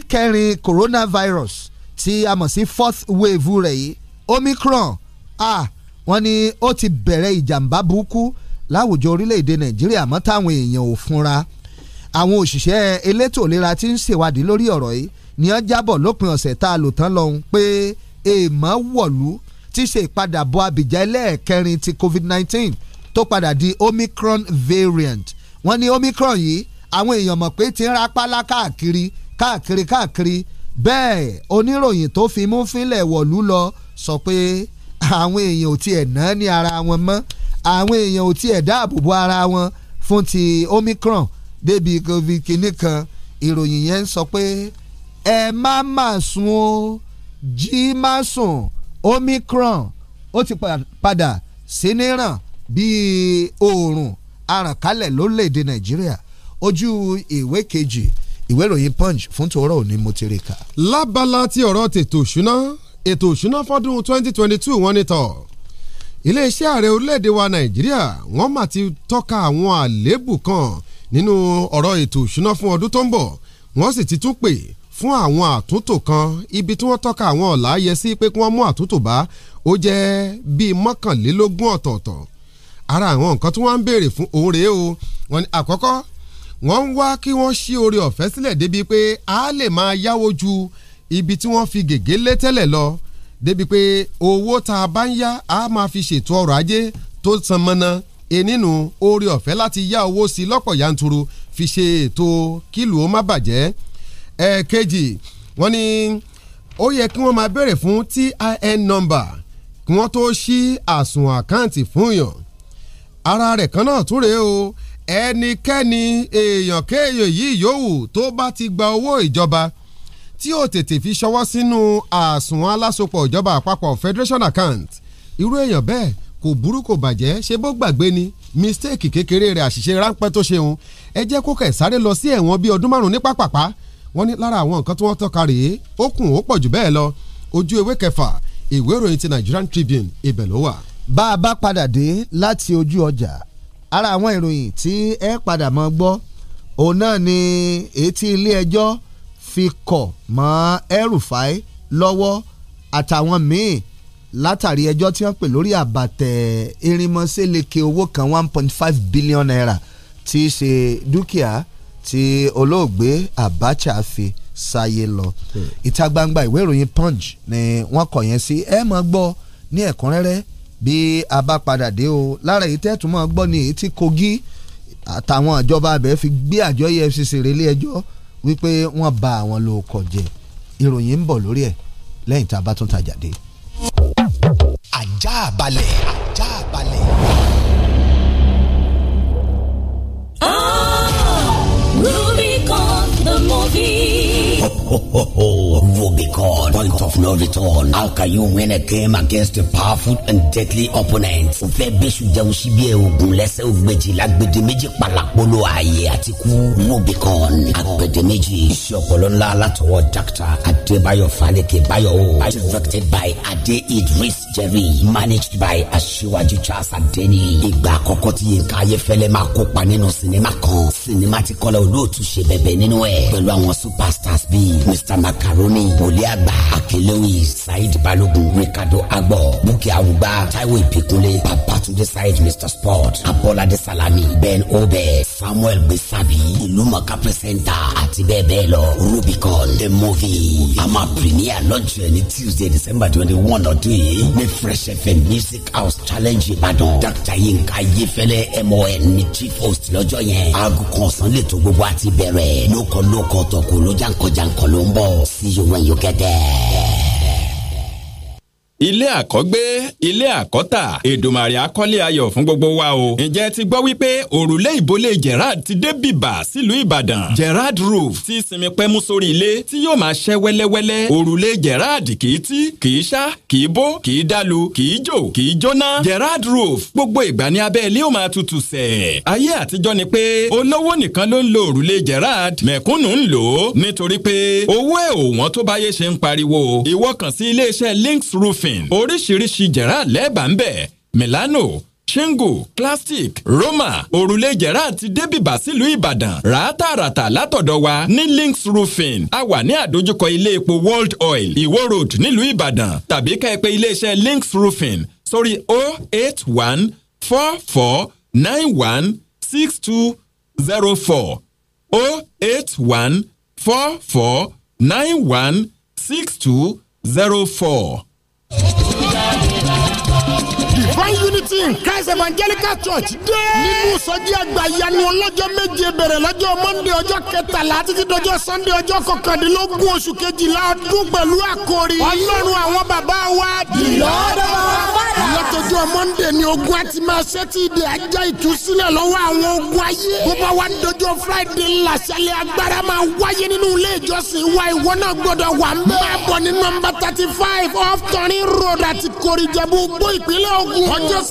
Speaker 5: coronavirus tí a mọ̀ sí fourth wave rẹ̀ yìí omicron ah wọ́n ní ó ti bẹ̀rẹ̀ ìjàmbá burúkú láwùjọ orílẹ̀-èdè nàìjíríà mọ́ táwọn èèyàn ò fúnra àwọn òṣìṣẹ́ elétò ìlera tí ń ṣèwádìí lórí ọ̀rọ̀ yìí ni wọ́n jábọ̀ lópin ọ̀sẹ̀ tá a lò tán lọ́hùn pé èèmọ̀ wọ̀lú ti ṣe ìpadàbọ̀ àbíjà ẹlẹ́ẹ̀kẹrin ti covid-19 tó padà di omicron variant wọ́n ní omicron yìí àwọn èèyàn mọ̀ pé ti ń rapálá káàkiri káàkiri káàkiri bẹ́ẹ̀ oníròyìn tó fi mú fínlẹ̀ wọ̀lú lọ sọ pé àwọn èèyàn ò tiẹ̀ ná ní ara wọn mọ́ àwọn èèyàn ò tiẹ̀ dáàbò ara wọn fún ti omicron débi covid kìíní kan ìròyìn yẹn ń sọ pé ẹ má má sùn o jí má sùn omicron ó ti padà sí níran bíi oòrùn arànkálẹ̀ lórílẹ̀‐èdè nàìjíríà ojú ìwé kejì ìwé ìròyìn punch fún
Speaker 6: tòórọ́ òní mo ti rí kà. lábala tí ọ̀rọ̀ tètò òṣùná ètò òṣùná fọ́dún 2022 wọ́n ní tọ̀ iléeṣẹ́ ààrẹ orílẹ̀‐èdè wa nàìjíríà wọ́n mà ti tọ́ka àwọn àléébù kan nínú ọ̀rọ̀ ètò ìṣúná fún ọdún tó ń bọ̀ wọ́n sì ti tún pè fún àwọn àtúntò kan ibi tí wọ́n tọ́ka àwọn ọ̀la yẹ sí pé kí wọ́n mú àtúntò bá ó jẹ́ bíi mọ́kànlélógún ọ̀tọ̀ọ̀tọ̀ ara àwọn nǹkan tí wọ́n ń béèrè fún òun rèé o wọ́n ní àkọ́kọ́ wọ́n ń wá kí wọ́n ṣí oore ọ̀fẹ́ sílẹ̀ débi pé a lè máa yáwó ju ibi tí wọ́n fi gègé lé tẹ́lẹ̀ lọ débi pé owó tá a bá ń yá a máa fi ṣètò ọrọ̀ ajé tó san mọ́nà enínú oore ọ̀fẹ́ láti yá owó sí lọ́pọ̀ yanturu fi ṣe ètò kílù ó má bàjẹ́ ẹ̀ẹ̀kejì wọ́n ní ó yẹ kí wọ́n máa béèrè fún TIN number kí wọ́n tó ṣí àsùnwọ̀n àkáǹtì fún yàn ara rẹ̀ kan náà tún rèé o ẹnikẹ́ni èèyàn kéèyàn yìí yòówù tó bá ti gba owó ìjọba tí ó tètè fi ṣọwọ́ sínú àsùnwọ̀n alásopọ̀ ìjọba àpapọ̀ federation account irú èèyàn bẹ́ẹ̀ kò burú kò bàjẹ́ ṣé bó gbàgbé ni mistake kékeré rẹ̀ àṣìṣe ráńpẹ́ tó ṣe òun ẹ jẹ́ kó kẹ̀ sáré lọ sí ẹ̀wọ̀n bíi ọdún márùn-ún ní pápápá wọ́n ní lára àwọn nǹkan tí wọ́n tọ́ka rèé ó kùn ó pọ̀ jù bẹ́ẹ̀ lọ ojú ewé kẹfà ìwé ìròyìn ti Nigerian Tribune ibẹ̀ ló wà. bá a bá padà dé láti ojú ọjà ara àwọn
Speaker 5: ìròyìn tí ẹ padà mọ́ gbọ́ òun náà ni etí ilé ẹjọ́ fi kọ̀ mọ́ El-Rufai lọ́wọ́ àtàwọn míì látàrí ẹjọ́ tí wọ́n pè lórí àbàtẹ̀ irinmọ́sẹ́lẹ̀kẹ̀ owó kan one point five billion naira tí í ṣe dúkìá tí olóògbé Abacha fi sáyé lọ. Hmm. ìta gbangba ìwé ìròyìn Punch ni wọ́n kọ yẹn sí ẹ máa gbọ́ ní ẹ̀kúnrẹ́rẹ́ bí a bá padà dé o lára èyí tẹ́tù máa gbọ́ ní èyí tí Kogi àtàwọn ìjọba abẹ fi gbé àjọ EFCC relé ẹjọ́ wípé wọ́n ba àwọn lóko jẹ́ ìròyìn ń bọ̀ lórí ẹ̀ lẹ́yìn tá a bá tún tajà dé
Speaker 4: ajá balẹ̀ ajá balẹ̀.
Speaker 3: Ah, Rubicon the movie.
Speaker 14: Ho, ho, ho, Point of no return. How can you win a game against a powerful and deadly opponent? O fẹ́ bẹ́sù jẹ́ o síbi ẹ̀ ogun lẹ́sẹ̀ ògbèjì lágbèdè méjì palàpolo ààyè àti kú. Rubicon. Àgbèdè méjì. Iṣẹ́ ọpọlọ ńlá látọwọ́ Dr. Adébáyọ̀ Fálékè Báyọ̀wò. Directed by Adé Idris Jerry. Managed by Aṣíwájú Charles Adéni. Ìgbà àkọ́kọ́ tí Yinka Ayéfẹ́lẹ́ máa kópa nínú sinimá kan. Sinimá ti kọ́lá olóòtú ṣe bẹ̀bẹ̀ nínú ẹ̀. Pẹ̀lú àwọn superstars bíi mr macaroni wòlíì àgbà akelewi saheed balogun ricardo agbo bukki arugba taiwo ìpèkúnlé babatunde saheed mr sport abolade salami ben obe samuel gbèsàbí ìlúmọ̀ká pẹ̀sẹ̀ntà àti bẹ́ẹ̀ bẹ́ẹ̀ lọ rubicon the movie a máa pìrìníà lọ́jọ́ ní tuesday december twenty one ọdún yìí ní fresh fm music house challenge ìbàdàn dr yinka yefẹlẹ mon ní chief host lọ́jọ́ yẹn aago kan ọ̀sán lè tó gbogbo àti bẹ̀rẹ̀ lóko lóko tọkọ lójà ń see you when you get there. ilé àkọ́gbé
Speaker 12: ilé àkọ́tà Èdùmàrè akọ́lé ayọ̀ fún gbogbo wa o. ǹjẹ́ ti gbọ́ wípé òrùlé ìbólé Gerard ti dé bìbà sílùú Ìbàdàn Gerard roof ti sinmi pẹ́mú sórí ilé tí yóò máa ṣẹ́ wẹ́lẹ́wẹ́lẹ́ òrùlé Gerard kì í tí kì í ṣá kì í bó kì í dalu kì í jò kì í jóná Gerard roof gbogbo ìgbà ní abẹ́ ilé ó máa tutù sẹ̀. ayé àtijọ́ ni pé olówó nìkan ló ń lo òrùlé Gerard mẹ̀kúnnù ń lò ó nítorí pé owó ẹ̀ Links Roofing Wine oríṣiríṣi jẹ̀rá lẹ́ẹ̀bà ń bẹ̀ Milano shingle plastic roma òrùlé jẹ̀rá àti débìbà sílùú ìbàdàn ràátàràtà látọ̀dọ̀ wa ní links roofing a wà ní àdójúkọ ilé epo world oil ìwó road nílùú ìbàdàn tàbí ká ẹ pè iléeṣẹ́ links roofing sórí oh zero four
Speaker 11: Divine meeting Christ Evangelical Church dé. nínú sọjí àgbà
Speaker 4: yanu ọlọ́jọ́ méje bẹ̀rẹ̀ lọ́jọ́ Monday ọjọ́ kẹtàlá títí dọjọ́ Sunday ọjọ́ kọkàndínlógún oṣù kejìlá ọdún pẹ̀lú àkòrí ọlọ́run àwọn bàbá wa dì lọ́dọ̀
Speaker 11: fàdà. lọ́tọ́jọ́ Monday ni ogun àti máa ṣe tí ìdè ajá ìtúsílẹ̀ lọ́wọ́ àwọn
Speaker 4: ogun ayé. bó bá wá dọjọ́ Friday làṣálẹ̀ agbára máa wáyé nínú ilé ìjọsìn wa ìwọ náà gbọ́dọ̀ wà ń máa bọ̀ ní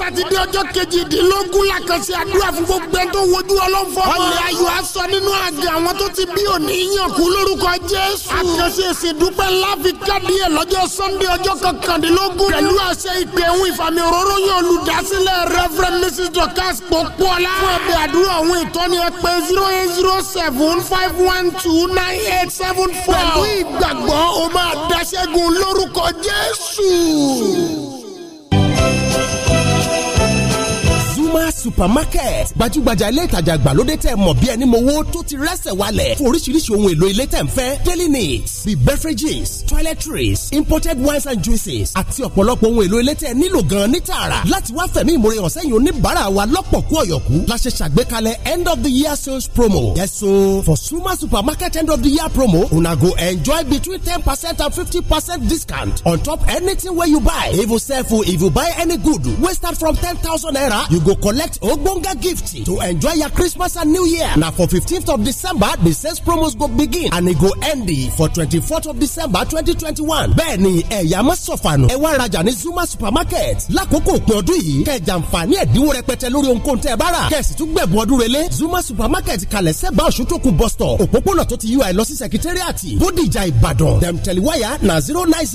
Speaker 4: sátidé ọjọ́ kejìdínlógún làkànṣe àdúrà fún gbogbo ẹni tó wojú ọlọ́fọ́. ọlẹ́ ayọ̀
Speaker 11: aṣọ nínú àgẹ̀ àwọn tó ti bí òní yàn lórúkọ jésù. àkànṣe ìsìndúpẹ́ ńlá fi káàdì ẹ̀ lọ́jọ́ sunday ọjọ́ kọkàndínlógún. pẹ̀lú àṣẹ ìpè ìfàmì òróró yan olùdásílẹ̀ reverend mrs dorcas popola. fún ẹbí àdúrà
Speaker 4: ohun ìtọ́ni ẹ pè zero eight zero seven five one two nine eight seven four. pẹ̀lú ìgbàgbọ́ o máa daṣẹ́gun lórúkọ jésù. Puma supermarket gbajúgbajà ilé ìtajà ìgbàlódé tẹ́ mọ̀ bí ẹni mowó tó ti rẹ́sẹ̀ wálẹ̀ fún oríṣiríṣi ohun èlò ilé tẹ́ ń fẹ́ daily needs bíi beverages toiletries imported wines and juices àti ọ̀pọ̀lọpọ̀ ohun èlò ilé tẹ́ nílò gan ní tààrà láti wá fẹ̀mí ìmoore hàn sẹ́yìn oníbàárà wa lọ́pọ̀ kú ọ̀yọ̀kú la ṣe ṣàgbékalẹ̀ end of the year sales promo yes for Suma supermarket end of the year promo una go enjoy between ten percent and fifty percent discount on top anything wey you buy if you sell food if you buy any good wey start from ten thousand naira you go collect ogbonga gift to enjoy your christmas and new year Now for 15th of december the sales promos go begin and it e go end for 24th of december 2021 bẹ́ẹ̀ni ẹ̀yà má sọ̀fànù ẹ wá rajà ní zuma supermarket lákòókò òpin ọdún yìí kẹjà nfààní ẹ̀dínwó rẹpẹtẹ lórí ohunkóhun tẹ́ ẹ bá rà zuma supermarket kalese sẹ́gbà ọ̀ṣuntókun bus stop òpópónà tó ti yú ẹ lọ sí sẹkítẹ́rìàtì bódìjà ìbàdàn dem tẹ̀líwáyà na 090 nine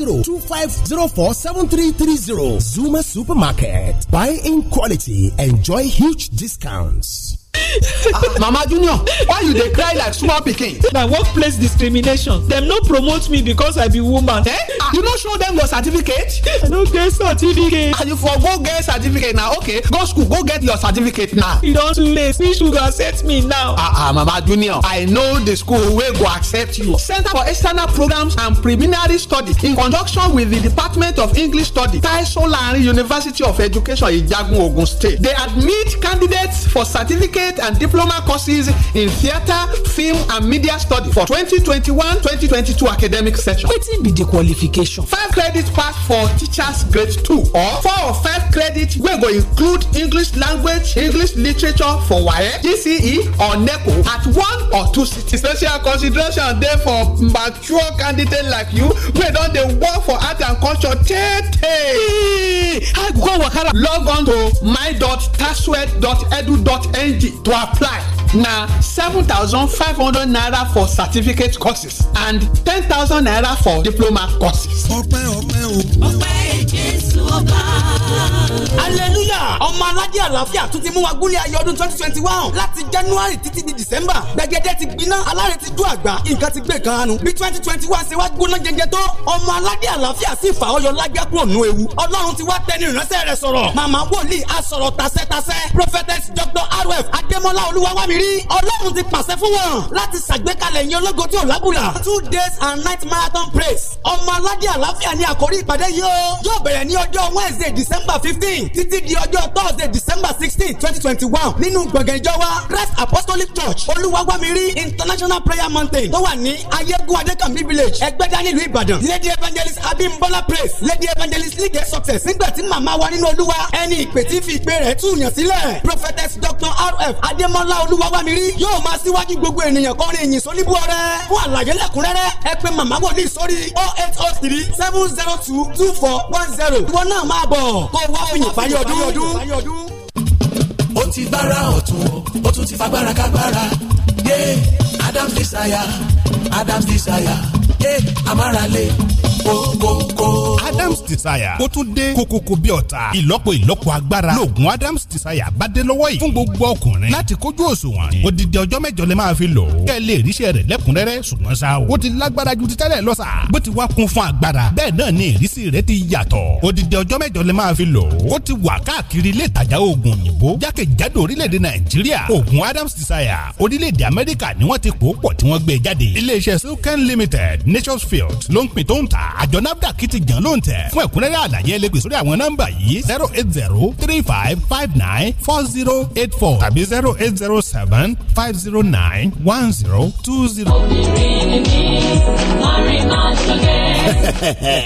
Speaker 4: zero zuma supermarket buy in quality and enjoy huge discounts. (laughs) mama junior why you dey cry like small pikin na workplace discrimination dem no promote me because i be woman eh ah, you no show dem your certificate i no get certificate and ah, you for go get certificate na okay go school go get your certificate now e don too late which school accept me now ah ah mama junior i know the school wey go accept you center for external programs and preliminary studies in conjunction with the department of english studies taisolari university of education ijagun ogun state dey admit candidates for certificate certificate and diploma courses in theatre film and media studies for 2021-2022 academic session. wetin be di qualification? five credit pass for teachers grade two or four or five credit wey go include english language english literature for waye gce or neco at one or two cities. special consideration dey for mature candidates like you wey don dey work for art and culture tey tey. i go wakala. log on to my.tasweb.edu.ng to apply na seven thousand five hundred naira for certificate courses and ten thousand naira for diploma courses.
Speaker 3: ọpẹ́ ọpẹ́ o. ọpẹ́ ìjésù ọba hallelujah
Speaker 9: ọmọ aládé àlàáfíà tún ti mú wa gúnlẹ̀ ayé ọdún twenty twenty one láti january títí di december gbẹgẹdẹ ti gbiná alárẹ̀ ti dún àgbà nǹkan ti gbé kan anu bí twenty twenty one ṣe wá gbóná jẹjẹ tó ọmọ aládé àlàáfíà sì fà ọyọ lágbá kúrò nù ewu ọlọ́run ti wá tẹni ìránṣẹ́ rẹ̀ sọ̀rọ̀ màmá wòlíì asọ̀rọ̀ tasẹ́tasẹ́ prophetess dr rf adémọlá olúwawámírí ọlọ́run ti pàṣẹ fún wọn láti ṣàgbékalẹ̀ ìyẹn ológo tí ò lábùlà two days and night marathon praise ọmọ aládé àlàáfíà ni àkórí ìpàdé yìí o yóò bẹ̀rẹ̀ ní ọjọ́ wednesday december december fifteen títí di ọjọ́ thursday december sixteen twenty twenty one nínú gbọ̀ngàn ìjọ wa christ apostolic church olúwàwámírí international prayer mountain tó wà ní ayégún adékànmí village ẹgbẹ́dá nílùú ìbàdàn lady evangelist abimbola praise lady evangelist league success nígbà tí màmá wa nínú olúwa ẹni ìpè tí fi ìpè rẹ̀ túyàn sílẹ̀ prophetess dr rf adémọlá olúwàwámírí yóò máa síwájú gbogbo ènìyàn kọrin ìyìn sólíbù ọrẹ fún àlàyé lẹ́kùnrẹ́rẹ́ ẹ pè màmá wòlíì sórí oh eight oh three seven zero two two four one zero ìwọ náà máa bọ̀
Speaker 4: ọ̀sán kó wá fìyìn parí ọdún. ó ti gbára ọ̀tún ó tún ti fagbára kágbára yé Adam's Desire Adam's Desire yé amárale kókókó. Adams Desire ó tún dé kókókó bí ọ̀tá ìlọ́po ìlọ́po agbára lóògùn Adams Desire bá dé lọ́wọ́ yìí fún gbogbo ọkùnrin láti kójú òṣùwọ̀n odidi ọjọ́ mẹ́jọ lè máa fi lò ó kẹ́ lè ríṣẹ́ rẹ̀ lẹ́kùnrẹ́rẹ́ ṣùgbọ́n ṣá o ó ti lágbára ju ti tẹ́lẹ̀ lọ sà bó ti wá kún fún agbára bẹ́ẹ̀ náà ni ìrísí rẹ̀ ti yàtọ̀ odidi ọjọ́ mẹ́jọ lè máa fi lò ó ti wà káàkiri ilé ìtajà oògùn òyìnbó jákèjádò orílẹ̀-èdè Nàìjíríà oògùn Adams Desire orílẹ̀-èdè Amẹ́ríkà ni wọ́n ti pò ó pọ̀ tí wọ́n gbé e jáde iléeṣẹ́ silken limited nature's field ló ń pin tó ń ta àjọ lóǹtẹ̀ fún ẹ̀kúnrẹ́rẹ́ àlàyé ẹ sórí àwọn nọ́mbà yìí zero eight zero three five five nine four zero eight four tàbí zero eight zero seven five zero nine one zero two zero.
Speaker 3: (laughs)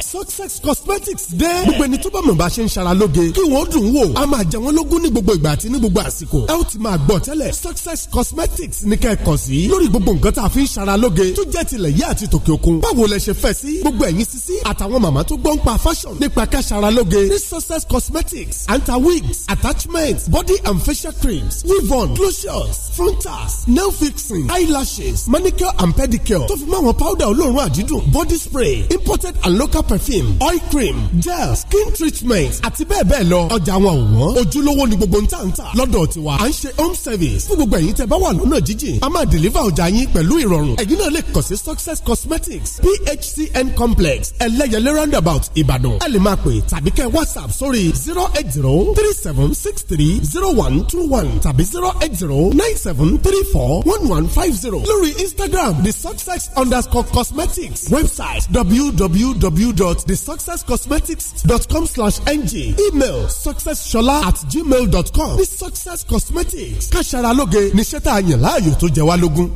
Speaker 3: success cosmetics dé. gbogbo
Speaker 4: ẹni tó bá mọ̀ bá ṣe ń ṣara lóge kí wọ́n dùn wò a máa jẹ wọ́n lógún ní gbogbo ìgbà àti ní gbogbo àsìkò ẹ ó ti máa gbọ́ tẹ́lẹ̀ success cosmetics ní kẹ́ẹ̀kan sí lórí gbogbo nǹkan tá a fi ń ṣara lóge tó jẹ́ tilẹ̀ yé àti tòkè òkun báwo lẹ ṣe fẹ́ sí gbogbo ẹ̀yin sisi àtàwọn màmá tó gbọ́ pa fashion nípa ká ṣara lóge ní success cosmetics anti wigs attachments body and facial creams weave on closures frontals nail fixing eyelashes manicure and pedicure tó fi mọ́ àwọn powder olóòórùn àdídùn body spray imported and local perfume oil cream gel skin treatment àti bẹ́ẹ̀ bẹ́ẹ̀ lọ ọjà wọn ò wọ́n ojúlówó ni gbogbo ń tà ń tà lọ́dọ̀ tiwa à ń ṣe home service fún gbogbo ẹ̀yin tẹ́ bá wà lọ́nà jíjìn a máa deliver ọjà yín pẹ̀lú ìrọ̀rùn ẹ̀yin náà lè kàn sí success cosmetics phcn complex ẹlẹ́yẹlé roundabout Road Ìbàdàn ẹ lè máa pè tàbí kẹ́ WhatsApp sórí zero eight zero three seven six three zero one two one tàbí zero eight zero nine seven three four one one five zero lórí Instagram the success underscore cosmetics website www.thesuccesscosmetics.com ng email successshola at gmail.com. The success cosmetics káṣaralóge níṣẹ́ tá a yàn láàyò tó jẹ wá lógún.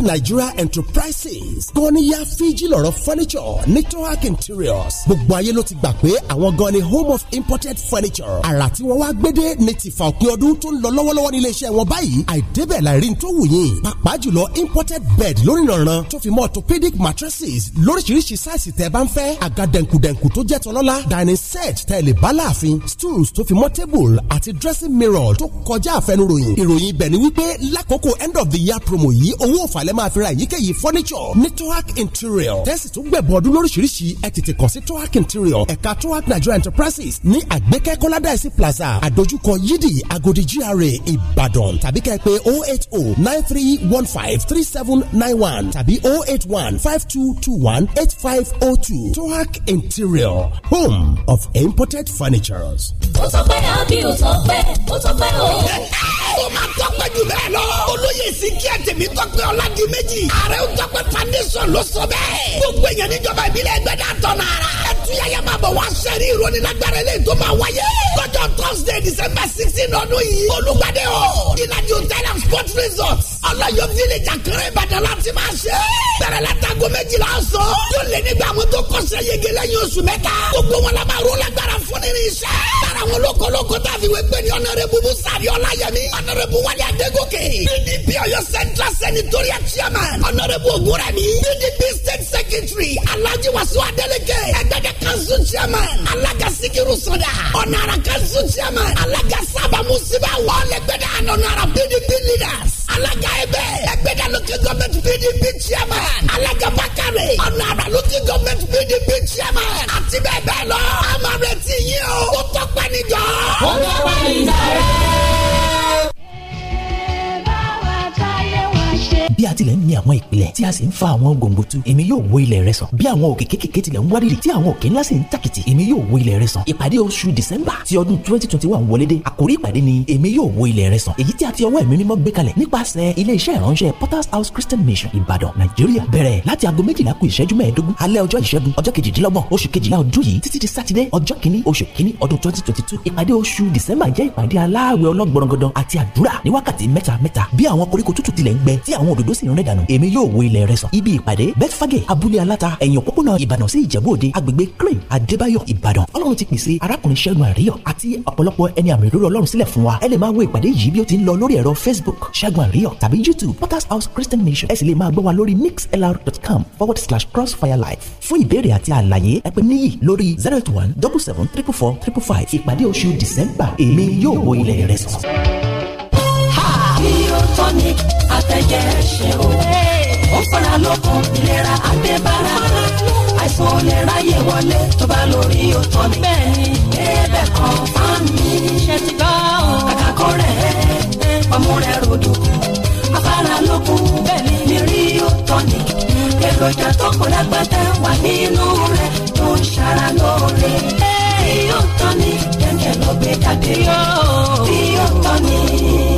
Speaker 4: Nigeria Enterprises gọ́níyà Fiji lọ́rọ̀ furniture network Interiors gbogbo ayé ló ti gbà pé àwọn gan ni home of imported furniture àrà tí wọ́n wá gbédé ní tìfà òpin ọdún tó ń lọ lọ́wọ́lọ́wọ́ ní iléeṣẹ́ wọn báyìí àìdébẹ̀ láìrí tó wù yín pàápàá jùlọ imported bed lórí ìrànràn tó fi mọ́ orthopedic mattresses lóríṣiríṣi sáìsì tẹ́ bá ń fẹ́ àga dẹ̀nkùdẹ̀nkù tó jẹ́ tọ́lọ́lá dining set tẹ̀lé báláàfin stools tó fi mọ́ table àti dressing mirror tó kọjá àfẹnuròyìn ìròyìn ibẹ̀ ni wípé lákòókò end of the year promo yìí owó òfàl lẹ́ máa fi ra èyíkéyìí furniture ní tohac interior tẹ́sí tó gbẹ̀bọ̀ ọdún lóríṣiríṣi ẹ̀ tètè kàn sí tohac interior ẹ̀ka tohac nigeria enterprises ní àgbẹ̀kẹ́ kọ́ládàísí plaza àdójúkọ yídì agodi gra ìbàdàn tàbí kẹ́ pé oh eight oh nine three one five three seven nine one tàbí oh eight one five two two one eight five oh two tohac interior home of imported furniture.
Speaker 3: ó sọ pé àbí ó sọ pé ó sọ pé ó. ó máa tọ́pẹ́
Speaker 11: jù bẹ́ẹ̀ lọ olóyè sí kí ẹ tèmi tọ́pẹ́ ọ̀làjì di méjì ààrẹ òjọpẹ foundation ló sọ bẹ́ẹ̀ gbogbo èèyàn níjọba ìbílẹ̀ ẹgbẹ́dá tọ̀nà ara ẹtúyàyà máa bọ̀ wá sẹ́rí ìrónilágbára ilé tó máa wáyé lọ́jọ́ thursday december sixteen ọdún yìí olùgbàdé o ìlàjì hotel and sports resort ọlọ́yọ̀ village àkẹrẹ ìbàdàn láti máa ṣe bẹ̀rẹ̀ látago méjìlá sọ tó lé nígbà àwọn tó kọ́sẹ̀ yege lẹ́yìn oṣù mẹ́ta gbogbo wọn la máa ró lágbára fún nínú iṣẹ́ bára wọn lókòlókò tá a fi wé pé ní ọ̀nà rẹ̀ bubu sàrí ọ̀la yẹmi ọ̀nà rẹ̀ buwálé adégòkè pdp ọ̀yọ́ central senatorial chairman honourable ogurami pdp state secretary alhaji wasu adeleke ẹgbẹdẹ council chairman alaga sikiru sọdà ọ̀nàrà council chairman alaga sábàmù síbáwò ọ̀lẹ́gbẹ̀dẹ̀ ànọ̀nàrà pdp leaders alaga ẹgbẹ́ ẹgbẹ̀dẹ̀ local government pdp chairman alaga bakare ọ̀nàrà local government pdp chairman àti bẹ́ẹ̀ bẹ́ẹ̀ lọ. a máa retí yín o. ó tọ́pẹ́ níjọ́. ó tọ́pẹ́ níjọ́ rẹ̀.
Speaker 15: bí a tilẹ̀ ń mi àwọn ìpìlẹ̀ tí a sì ń fa àwọn gbòǹgbòtu èmi yóò wo ilẹ̀ rẹ sàn bí àwọn òkè kékèké tilẹ̀ ń wárìrì tí àwọn òkè ńlá sì ń tàkìtì èmi yóò wo ilẹ̀ rẹ sàn ìpàdé oṣù december ti ọdún twenty twenty one wọlé dé àkórí ìpàdé ni èmi yóò wo ilẹ̀ rẹ sàn èyí tí a ti ọwọ́ ẹ̀mí mímọ́ gbé kalẹ̀ nípasẹ̀ ilé iṣẹ́ ìránṣẹ́ Potter's House Christian Mission Ìbàdàn Nàìjíríà bẹ̀rẹ̀ láti aago méjìlá kù ìṣẹ́jú mẹ́ẹ̀ẹ́dógún alẹ́ ọjọ́ ìṣẹ́gun ọjọ́ kejìdínlọ́gbọ̀n oṣù kejìlá ọdún yìí títí di sátidé ọjọ́ kìíní oṣù kìíní ọdún twenty twenty two december jẹ́ ìpàdé aláàwẹ̀ ọlọ́gbọ̀nrọ̀gọ̀dọ̀ àti àdúrà ní wákàtí mẹ́ta mẹ́ta bí àwọn koríko tútù tilẹ̀ ń gbẹ tí àwọn òdòdó sì ń rẹ̀ dànù èmi yóò wo ilẹ̀ rẹ sàn ibi ìpàdé betfage abúlé aláta ẹ̀yìn òpópónà ìbàdàn sí ìjẹ̀bú òde agbègbè crane adébáyọ̀ ìbàdàn ọlọ́run ti pèsè arákùnrin ṣẹ́gun àríyọ̀ àti ọ̀pọ̀lọpọ̀ ẹni àmì ìróró ọlọ́run sílẹ̀ fún wa ẹ lè máa wo ìpàdé yìí bí ó ti ń lọ lórí ẹ̀rọ facebook ṣẹ́gun àríyọ̀ tàbí youtube potters house christian nation ẹ sì lè máa gbọ́ wa lórí mixlr.com forward slash crossfirelife fún ìbéèrè àti àlàyé ẹ pè níyì lórí zero eight one double seven triple four triple five ìpàdé oṣù december èmi yóò wo ilẹ̀ rẹ sàn
Speaker 3: tonic àtẹ̀jẹ́ ṣe o. ó fara lókun ìlera àtẹ̀bára. àìsàn ò lè ráyè wọlé tó bá lo Rio tonic. bẹ́ẹ̀ni ẹ̀bẹ̀ kan fún mi. ṣe ti gbọ́ o. kàkà rẹ̀ ọmú rẹ̀ rodo. afara lókun bẹ́ẹ̀ni ni Rio tonic. èròjà tó kọ́ lágbàtà wà nínú rẹ̀ tó ń ṣara lóore. Rio tonic kẹ̀kẹ́ ló gbé jáde. Rio tonic.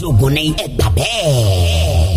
Speaker 11: ṣoògùn ni
Speaker 4: ẹgbà bẹ́ẹ̀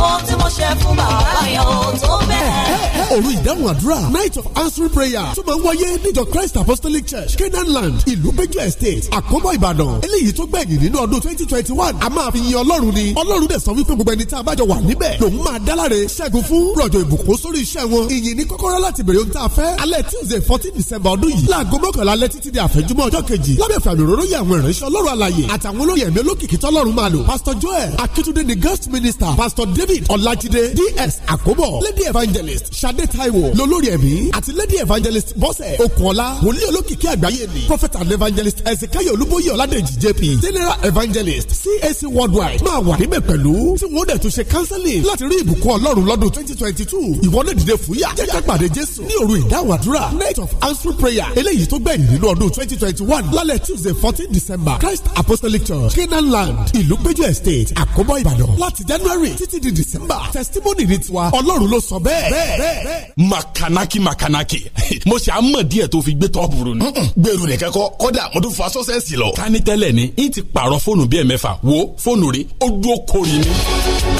Speaker 3: ohun tí mo ṣe fún bàbá mi ò tó
Speaker 4: bẹ́ẹ̀. òru ìdáhùn àdúrà night of answering prayer tó máa ń wáyé níjọ christ apostolic church canaan land ìlú péjú estate àkóbọ̀ ìbàdàn eléyìí tó gbẹ̀yìn nínú ọdún twenty twenty one a máa fi yin ọlọ́run ni ọlọ́run dẹ̀ sọ wípé gbogbo ẹni tá a bá jọ wà níbẹ̀ lòun máa dáláre ṣẹ́gun fún rọ̀jò ìbùkún sórí iṣẹ́ wọn ìyìn ní kọ́kọ́rọ́ láti bèrè ohun tá a fẹ́ alẹ́ tuesday fourteen december ọdún yìí láago mọ́kànlá alẹ́ títí di àfẹ́júmọ́ ọjọ́ kejì lábẹ́ fàmì òróró yẹ àwọn ìránṣẹ́ ọlọ́run àlàyé àtàwọn olóyè ẹ̀mí olókìkí tọ́lọ́run máa lò pastor joel akitunde the guest minister pastor david david ọlájídé ds àkóbọ̀ lady evangelist sade taiwo lolórí ẹ̀mí àti lady evangelist bọ́sẹ̀ okunola wòlíì olókìkí àgbáyé ni prophet and evangelist ezekiel olúbóyè ọládèjì jp general evangelist cac worldwide máa wà níbẹ̀ pẹ̀lú tí wọ́n dẹ̀ tún ṣe counseling láti rí ìbùkún ọlọ́run lọ́dún twenty twenty two ìwọ lè dìde fúyà jẹ́ ká pàdé jésù ní òru ìdáwàdúrà night of answer prayer eléyìí tó gbẹ̀yìn nínú ọdún twenty twenty one lálẹ́ tuesday fourteen december christ apostolic church canaan land ìlú péjú estate àkóbọ̀ ìbàdàn láti january títí di December testimony ni tiwa ọlọ́run ló sọ bẹ́ẹ̀. makanaki makanaki mo ṣe àmọ̀ díẹ̀ tó fi gbé tọ́pùrù ni. gbèrú nìkan kọ kọ́dà mo tún fa sọ́sẹ́sì lọ. kání tẹ́lẹ̀ ni n ti pààrọ̀
Speaker 12: fóònù bíi ẹ̀mẹ́fà
Speaker 4: wo fóònù rí ó dúró kori ni.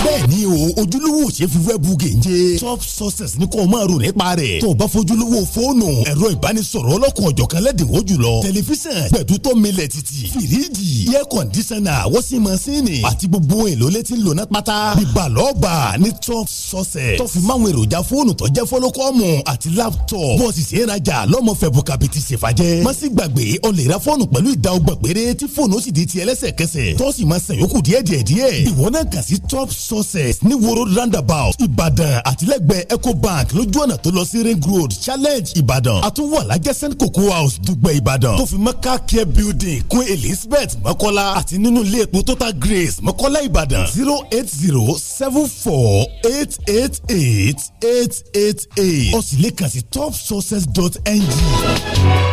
Speaker 4: bẹ́ẹ̀ni o ojúlówó ṣe fi wẹ́ẹ̀bù gèje top success ní kò máa rò nípa rẹ̀ tó o bá fojúlówó fóònù ẹ̀rọ ìbánisọ̀rọ̀ ọlọ́kùn ọ̀jọ̀kan lẹ́dínwó jùlọ tẹlifíṣàn gbẹ̀dútọ́ milẹ̀ títì fìríjì air conditioner wọ́sí masínì àti gbogbo èlò létí lónà pátá bíbalọ́ gbà ní top success tó fi máwọn èròjà fóònù tó jẹ́ fọlọ́kọ́mù àti laptop bọ́ọ̀sì sí ìrajà lọ́mọ fẹ́ bùkàbìtì ṣèfàjẹ́ má sì gbàgbé o lè ra fóònù pẹ̀lú ìdá ọgbà péré tí fóònù ó sì di tiẹ̀ lẹ́sẹ̀kẹsẹ̀ tó sì máa san yòókù díẹ̀díẹ̀ díẹ̀ ìwọ náà kà sí top success ní woro roundabout ìbàdàn àtìlẹ́gbẹ̀ẹ́ ecobank lójú ọ̀nà tó lọ road challenge ìbàdàn àtúwọ̀ alájẹsẹ́ni cocoa house dùgbẹ̀ ìbàdàn tó fi mẹ́ka building kún elizabeth mọ́kọ́lá àti nínú ilé epo grace mọ́kọ́lá ìbàdàn zero eight zero seven seven four eight eight eight eight eight eight ó sì lè kàn sí topsources.ng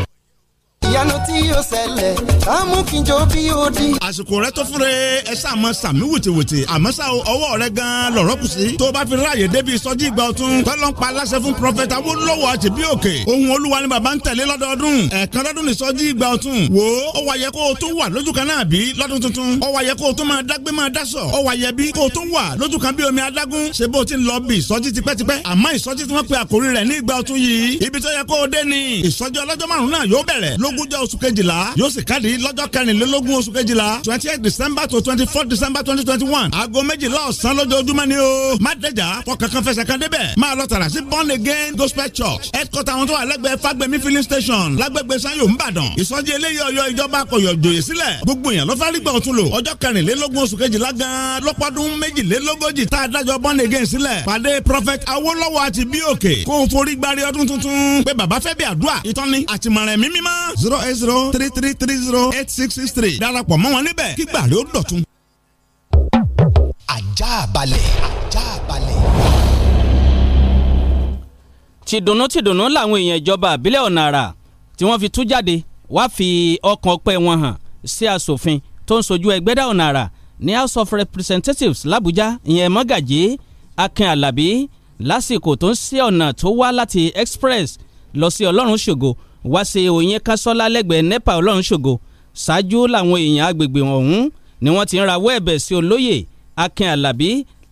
Speaker 7: ìyanu tí yóò ṣẹlẹ̀ á mú kí n jó bí ó di. àsìkò
Speaker 4: rẹ tó fúnre ẹ ṣàmọ sàmí wùtìwùtì àmọ́ ṣá o ọwọ́ rẹ gan-an lọ̀rọ̀ kù sí. tó o bá fi ráàyè débi ìsọjí ìgbà ọ̀tun tọ́lọ́ ń pa aláṣẹ fún prọfẹ̀tà Awólọ́wọ̀ àti bí òkè ohun olúwa ni bàbá ń tẹ̀lé lọ́dọọdún ẹ̀ẹ̀kan lọ́dún ní ìsọjí ìgbà ọ̀tun wò ó ó wà yẹ kó o tún wà lójú kan náà bí lọ́dún tuntun ó wà yẹ kó o tún máa dágbé máa dáṣọ ó wà yẹ bí kó o tún wà lójú kan bí omi adágún ṣe bó o ti lọ bí ìsọjí tipẹ́tipẹ́ àmọ́ ìsọjí tí wọ́n pe àkórí rẹ̀ ní ìgbà ọ̀tun yìí ibi tó o dé ni ìsọjí ọlọ́jọ́ márùn kẹrìnlélógúnjọ́ oṣù kejìlá yóò sì kádìí lọ́jọ́ kẹrìnlélógún oṣù kejìlá twenty eight december to twenty four december twenty twenty one aago méjìlá ọ̀sán lójoojúmọ́ ni o má dẹjà kọ kankan fẹsẹ̀ kan débẹ̀ máa lọ tààrà sí born again gospel church headquarter àwọn tó wà lẹ́gbẹ̀ẹ́ fagbemi filling station lágbègbè sanyo nìbàdàn ìsọjí eléyìí ọ̀yọ́ ìjọba akọ̀yọ̀ joyè sílẹ̀ gbogbo èèyàn ló fẹ́ rí gbà ọ̀tún lò ọjọ́ kẹrìnlélógún oṣù kejìlá gan lọ́pọ̀dún méjìlélógójì tá a dájọ́ born again sílẹ̀ pàdé prophet awolowo àti bíòkè kó o forí gbárí ọdún tuntun pé bàbá fẹ́ bí àdúrà ìtọ́ni àtìmọ̀ràn mímímọ́ zero eight zero three three three zero eight six six three darapọ̀ mọ́ wọn níbẹ̀ kí
Speaker 16: gbàlè ó dọ̀tun. ajá balẹ̀ ajá balẹ̀. tìdùnnú tìdùnnú làwọn èèyàn ìjọba àbílẹ̀ ọ̀nà àrà tí wọ́n fi tú jáde wá fi ọkàn ọpẹ́ wọn hàn sí asòfin tó ń sojú Ẹgbẹ́dá ọ̀nà àrà ní House of Representatives làbújá ìyẹn mọ́gàjì Akin Àlàbí lásìkò tó ń ṣí ọ̀nà tó wá láti express lọ sí Ọlọ́run ṣògo wá sí òyìn kásọ́lá lẹ́gbẹ̀ẹ́ nepa ọlọ́run ṣògo ṣáájú làwọn èèyàn agbègbè ọ̀hún ni wọ́n ti ń rawọ́ ẹ̀bẹ̀ sí olóyè akin alabi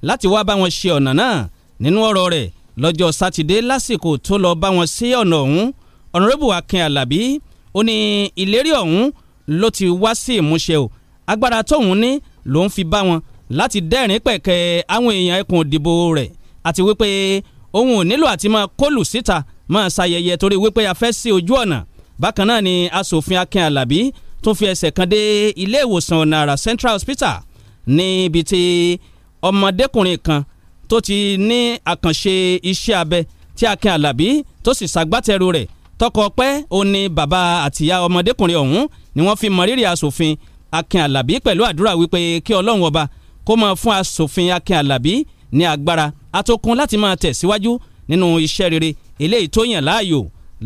Speaker 16: láti wá bá wọn ṣe ọ̀nà náà nínú ọ̀rọ̀ rẹ̀ lọ́jọ́ sátidé lásìkò tó lọ bá wọn sí ọ̀nà ọ̀hún ọ̀nàrẹ́bù akin alabi ó ní ìlérí ọ̀hún ló ti wá sí ìmúṣẹ o agbára tóun ní ló ń fi bá wọn láti dẹ́rìn pẹ̀kẹ́ àwọn èèyàn ẹkùn ìdìbò rẹ̀ àti wípé òun ò nílò àti máa kólù síta máa ṣayẹyẹ torí wípé a fẹ́ sí ojú ọ̀nà bákan náà ni asòfin Akin Alabi tó fi ẹsẹ̀ kan dé ilé ìwòsàn ọ̀nà Central Hospital níbi tí ọmọdékùnrin kan tó ti ní àkànṣe iṣẹ́ abẹ tí Akin Alabi tó sì ṣàgbátẹrù rẹ̀ tọkọ pẹ́ òní bàbá àtìyá ọmọdékùnrin ọ̀hún ni wọ́n fi mọrírì asòfin Akin Alabi pẹ̀lú àdúrà wípé kí Ọlọ́run ọba kó máa fún asòfin Akin Alabi ní agbára àtòkun láti máa tẹ̀síwájú si nínú iṣẹ́ rere eléyìí tó yàn láàyò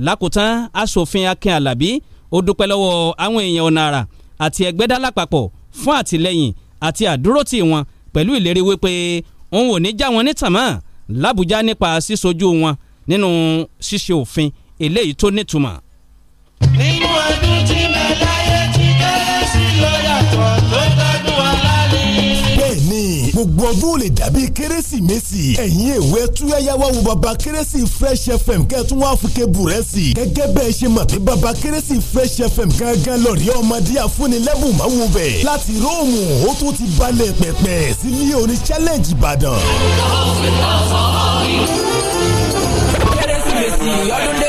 Speaker 16: lákòótán asòfin akin alábí ó dúpẹ́ lọ́wọ́ àwọn èèyàn ọ̀nà àrà àti ẹgbẹ́dá lápapọ̀ fún àtìlẹ́yìn àti àdúrótì wọn pẹ̀lú ìlérí wípé òun ò ní já wọn nítàmọ́ làbújá nípa sísojú wọn nínú ṣíṣe òfin eléyìí tó nítumọ̀.
Speaker 2: nínú ọdún tí mẹ́lá
Speaker 4: gbogbo ọdún ò lè dàbí kérésìmesì ẹ̀yin èwe túyáyá wá wo baba kérésì fresh fm kẹ́tún wá fún kébù rẹ̀ sí gẹ́gẹ́ bẹ́ẹ̀ ṣe mọ̀ pé baba kérésì fresh fm gángan lọ́ọ̀rì ọmọdé àfúnilẹ́bùn máa wù bẹ̀ láti róòmù ó tún ti balẹ̀ pẹ̀pẹ̀ sílé oní challenge ìbàdàn.
Speaker 3: kérésìmesì ọdún dé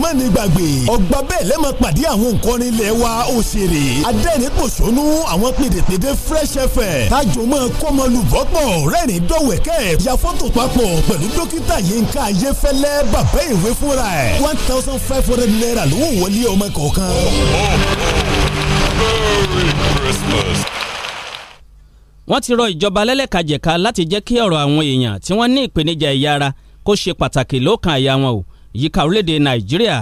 Speaker 4: má ní gbàgbé ọgbà bẹ́ẹ̀ lẹ́mọ̀ pàdé àwọn nǹkan ilẹ̀ wa òṣèré adẹ́rìnpòṣónú àwọn pèdèpèdè fresh fm tájò máa kọ́mọ dọ́wẹ̀kẹ́ ya fọ́tò papọ̀ pẹ̀lú dókítà yínká ayéfẹ́lẹ́ bàbá ìwé fúnra ẹ̀ one thousand five hundred naira ló wọlé ọmọ kọ̀ọ̀kan.
Speaker 16: wọ́n ti rọ ìjọba lẹ́lẹ́kajẹ̀ka láti jẹ́ kí ọ̀rọ̀ àwọn èèyàn tí wọ́n ní ìpèníjà ẹ̀yà ara kó ṣe pàtàkì lọ́kàn àyà wọn o yíká orílẹ̀-èdè nàìjíríà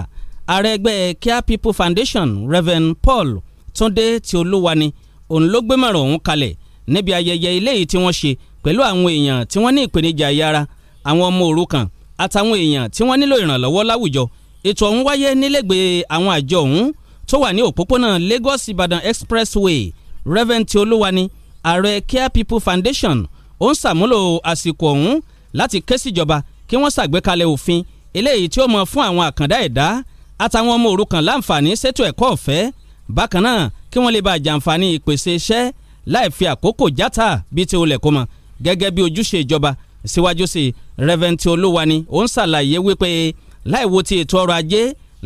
Speaker 16: ààrẹ ẹgbẹ́ care people foundation reverend paul túndé tí olúwa ni òun ló gbé mọ̀ràn ọ̀hún kalẹ̀ níbi ayẹyẹ eléyìí tí wọ́n ṣe pẹ̀lú àwọn èèyàn tí wọ́n ní ìpèníjà yára àwọn ọmọ òrukàn àtàwọn èèyàn tí wọ́n nílò ìrànlọ́wọ́ láwùjọ ètò ọ̀hún wáyé nílẹ̀gbẹ́ àwọn àjọ ọ̀hún tó wà ní òpópónà Lagos Ibadan expressway Reverend tí olúwa ni ààrẹ care people foundation ó ń ṣàmúlò àsìkò ọ̀hún láti ké síjọba kí wọ́n ṣàgbékalẹ̀ òfin eléyìí tí ó mọ fún àwọn àkàndá ẹ̀dá àtàwọn ọmọ òrukàn láǹfààní ṣètò ẹ̀kọ́ ọ̀fẹ́ bákan náà kí wọ́n lè bá jàǹfààní ìpèsè iṣẹ́ láì fi àkókò játa bíi ti olè kó mọ gẹ́gẹ́ bí ojúṣe ìjọba síwájú sí rẹ́vẹ́ntì olúwani ó ń ṣàlàyé wípé láì wo ti ètò ọrọ̀ ajé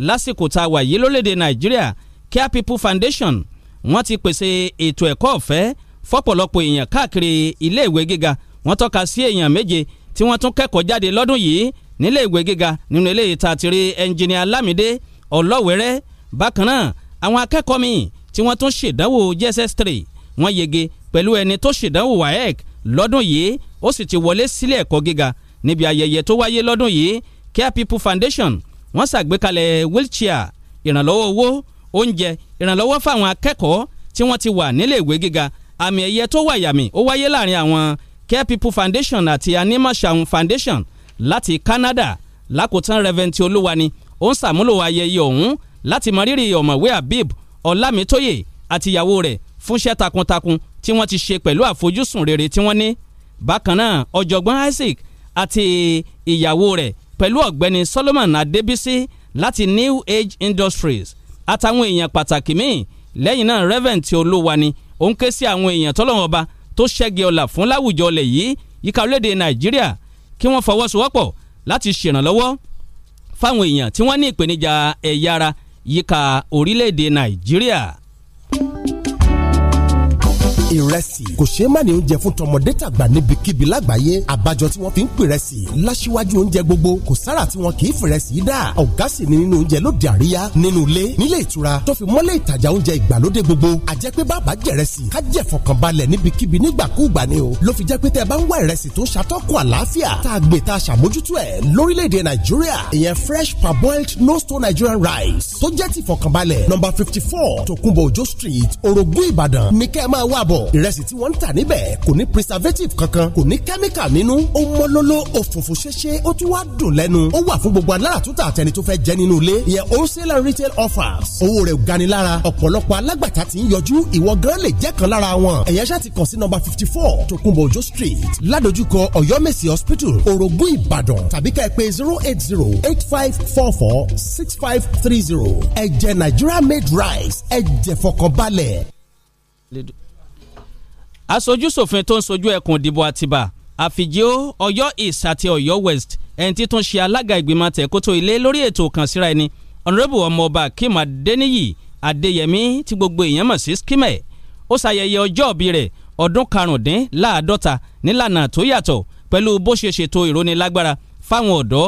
Speaker 16: lásìkò tá a wà yìí lórílẹ̀‐èdè nàìjíríà care people foundation wọ́n ti pèsè ètò ẹ̀kọ́ ọ̀fẹ́ fọ́pọ̀lọpọ̀ èèyàn káàkiri iléèwé gíga wọ́n tọ́ka sí èèyàn méje tí wọ́n tún kẹ́kọ̀ọ́ jáde lọ́dún yìí nílé ìwé gíga nínú eléyìí tá a ti rí ẹnjìnìà Lámídé Ọlọ́wẹ̀rẹ́ bákan náà àwọn akẹ́kọ̀ọ́ míì tí wọ́n tún ṣèdánwò JSS3 wọ́n yege pẹ̀lú ẹni tó ṣèdánwò WAEC lọ́dún yìí ó sì ti wọlé sílé ẹ̀kọ́ gíga níbi ayẹyẹ tó wáyé lọ́dún yìí Care People Foundation wọ́n ṣàgbékalẹ̀ wheelchair ìrànlọ́wọ́ owó oúnjẹ ìrànlọ́wọ́ fáwọn akẹ́kọ̀ọ́ tí wọ́n ti wà nílé ìwé gíga àmì ẹ̀yẹ tó wà yàmì ó wáyé láàrin àwọn Care People Foundation àti Animashaun Foundation láti Canada lákòótán rẹ́fẹ̀ntì olúwani ó ń sàmúlò ayẹyẹ ọ̀hún láti mọrírì ọ̀mọ̀wé Habib Ọlámitóyè àtìyàwó rẹ̀ fúnṣẹ́ takuntakun tí wọ́n ti ṣe pẹ̀lú àfojúsùn rere tí wọ́n ní bákan náà ọ̀jọ̀gbọ́n Isaac àti ìyàwó rẹ̀ pẹ̀lú ọ̀gbẹ́ni Solomon Adébísí láti New Age Industries àtàwọn èèyàn pàtàkì míì lẹ́yìn náà Reverend tí olúwa ni ó ń ké sí àwọn èèyàn tọ́lọ́wọ́n ọba tó ṣẹ́gi ọ̀la fún láwùjọ ọlẹ̀ yìí yíká orílẹ̀-èdè Nàìjíríà kí wọ́n fọwọ́sowọ́pọ̀ láti ṣèrànlọ́wọ́ fáwọn èèyàn tí wọ́n ní ìpèníjà ẹ̀yà ara yíká orílẹ̀-èdè Nàìjíríà
Speaker 4: ìrẹsì kò ṣeé má ní oúnjẹ fún tọmọdé tàgbà níbikíbi lágbàáyé àbájọ tí wọ́n fi ń pìrẹsì láṣíwájú oúnjẹ gbogbo kò sára tí wọn kì í fìrẹsì dà ọ̀gá sì ni nínú oúnjẹ lóde àríyá nínú ilé nílé ìtura tó fi mọ́lẹ̀ ìtajà oúnjẹ ìgbàlódé gbogbo àjẹ́ pé bàbá jẹ̀rẹsì ká jẹ́ fọkànbalẹ̀ níbikíbi nígbàkúùgbà ni o ló fi jẹ́ pé tẹ́ bá ń wá ìrẹsì tó ń àlàáfíà tá a gbé tá a ṣàmójútó ẹ̀ lórílẹ̀‐èdè nàìjíríà ìyẹn fresh parboiled no stone nigerian rice tó jẹ́ ti fọkànbalẹ̀ number fifty four tòkunbọ̀ òjò street orogún ìbàdàn ní kẹ́ ẹ máa wá bọ̀ ìbàdàn ìrẹsì tí wọ́n ń tà níbẹ̀ kò ní preservative kankan kò ní kẹ́míkà nínú ó mọ́lóló ó funfun ṣeéṣe ó tún wá dùn lẹ́nu ó wà fún gbogbo aláràtúntà àtẹni tó fẹ́ jẹ nínú ilé ìyẹn wholesale and retail offers owó rẹ̀ gani lára ọ̀pọ̀lọpọ̀ alágbàtà tí ń yọjú ìwọ gan lè jẹ́ kan lára wọn ẹ̀yẹ́ ṣáà ti kàn sí number fifty four tokunbo ojo street ládojúkọ ọ̀yọ́mèsì hospital orogún ìbàdàn tàbí ká ẹ pè zero eight zero eight five four four six five three zero ẹ jẹ Nigeria made rice ẹ jẹ fọkànbalẹ̀
Speaker 16: aṣojúṣòfin tó ń sojú ẹkùn ìdìbò àtìbà àfìjíò ọ̀yọ́ east àti ọ̀yọ́ west ẹni títún ṣe alága ìgbìmọ̀ tẹ̀kótó ilé lórí ètò kan síra ẹni ọ̀nàrẹ́bù ọmọọba kim adeniyi adeyemi tí gbogbo èèyàn mọ̀ sí skimẹ̀ ó ṣayẹyẹ ọjọ́ òbí rẹ̀ ọdún karùndínláàádọ́ta nílànà tó yàtọ̀ pẹ̀lú bó ṣe ṣètò ìrónilágbára fáwọn ọ̀dọ́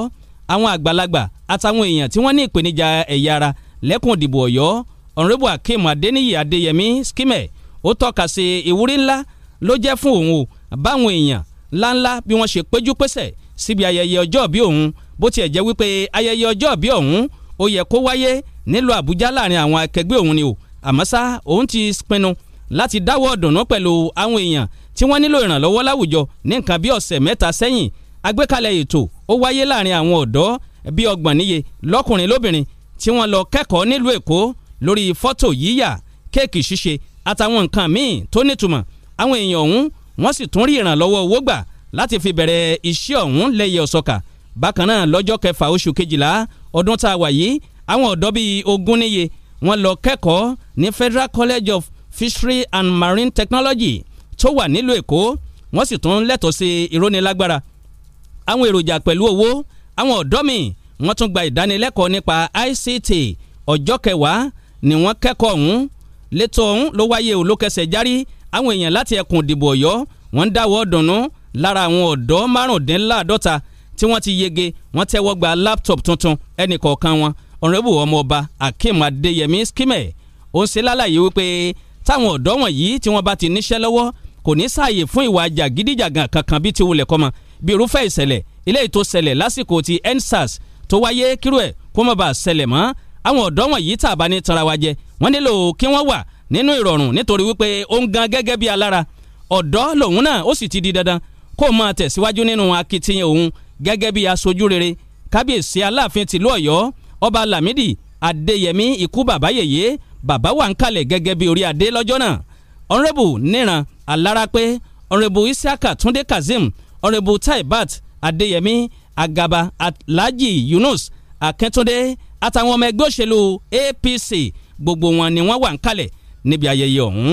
Speaker 16: àwọn àgbàlagbà àtàwọn èèyàn tí wọ́n ní ìpèníjà ẹ̀yà ara lẹ́kùn ìdìbò ọ̀yọ́ ọ̀nàrẹ́bù akim adeniyi adeyemi skimẹ̀ ó tọ́ka sí ìwúrí ńlá ló jẹ́ fún òun o báwọn èèyàn ńláńlá bí wọ́n ṣe péjú pésẹ̀ síbi ayẹyẹ ọjọ́ bí òun bó tiẹ̀ jẹ́ wípé ayẹyẹ ọjọ́ bí òun ó yẹ kó wáyé nílùú Àbújá láàrin àwọn akẹgbẹ́ òun ni o àmọ́ ṣá òun ti pinnu láti dáwọ́ ọ̀dùnnú pẹ̀lú àwọn èèyàn tí wọ́n nílò ìrànlọ́wọ́ láwùjọ ní nǹkan bí ọ̀sẹ̀ mẹ́ta sẹ́yìn àgbékalẹ̀ ètò ó wáyé láàrin àwọn ọ̀dọ́ bí ọgbọ̀n níye lọ́kùnrin lóbìnrin tí wọ́n lọ kẹ́kọ̀ọ́ nílùú Èkó lórí fọ́tò yíyà kéèkì ṣíṣe àtàwọn nǹkan míì tó nítumọ̀ àwọn èèyàn ọ̀hún wọ́n sì tún rí ìrànlọ́wọ́ owó gbà láti fi bẹ̀rẹ̀ iṣẹ́ ọ̀hún lẹ́yẹ ọ̀sọ́kà bákan náà lọ́jọ́ kẹfà oṣù kejìlá ọdún tá a wà yìí àwọn ọ̀dọ́ bíi ogún níye wọ́n lọ kẹ́kọ̀ọ́ ní Federal College of Fishery and Marine Technology tó wà nílùú Èkó wọ́n sì tún lẹ́tọ̀ọ́ sí ìrónilágbára àwọn èròjà pẹ̀lú owó àwọn ọ̀dọ́ mi wọ́n tún gba ìdánilẹ́kọ̀ọ́ nípa ICT ọjọ́ kẹwàá ni wọ́n kẹ́kọ̀ọ́ ọ̀hún létò ọ̀hún ló wáyé olókẹsẹ̀ járí àwọn èèyàn láti ẹkùn ìdìbò ọ̀yọ́ wọ́n ń dáwọ́ dùnú lára àwọn ọ̀dọ́ márùndínláàdọ́ta tí wọ́n ti yege wọ́n tẹ́wọ́ gba laptop tuntun ẹnìkọ̀ọ̀kan wọn ọ̀rẹ́bù ọmọọba akeem adeyemi skimẹ̀ ó ń ṣe lálàyé wípé táwọn ọ̀dọ́ wọ̀nyí tí wọ́n bá ti níṣẹ́ lọ́wọ́ kò ní sáàyè fún ìwà jàgídíjàgàn kankan bí ti wulẹ̀ kọ́mọ bí irúfẹ́ ìṣẹ̀lẹ̀ eléyìí tó ṣẹlẹ̀ lásìkò ti endsars tó wáyé kírú ẹ̀ kó má bàa ṣẹlẹ̀ mọ́ àwọn ọ̀dọ́ wọ̀nyí tàbá ní tanra wa jẹ wọ́n nílò kí wọ́n wà nínú ìrọ̀rùn nítorí wípé ó ń gan gẹ́gẹ́ bí alára ọ̀dọ́ lòun náà ó sì ti di dandan kó máa tẹ̀síwájú nínú akitiyan òun gẹ́gẹ́ bí aṣojú rere kábíyèsí aláàfin tìlú ọ̀yọ́ ọba lámìdí adéyẹmí ikú bàbá yèyé bàbá wà ń kalẹ̀ gẹ́gẹ́ bí orí adé lọ́jọ́ náà ọ̀nrẹ́bù níran alárápé ọ̀nrẹ́bù isiaka túndé kazeem ọ̀nrẹ́bù taibat adéyẹmí agaba alhaji yunus akíntúndé àtàwọn ọmọ ẹgbẹ́ òṣèlú apc gbogbo wọn ni wọ́n wà ń kalẹ̀ níbi ayẹyẹ ọ̀hún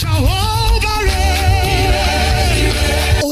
Speaker 11: Jehovah.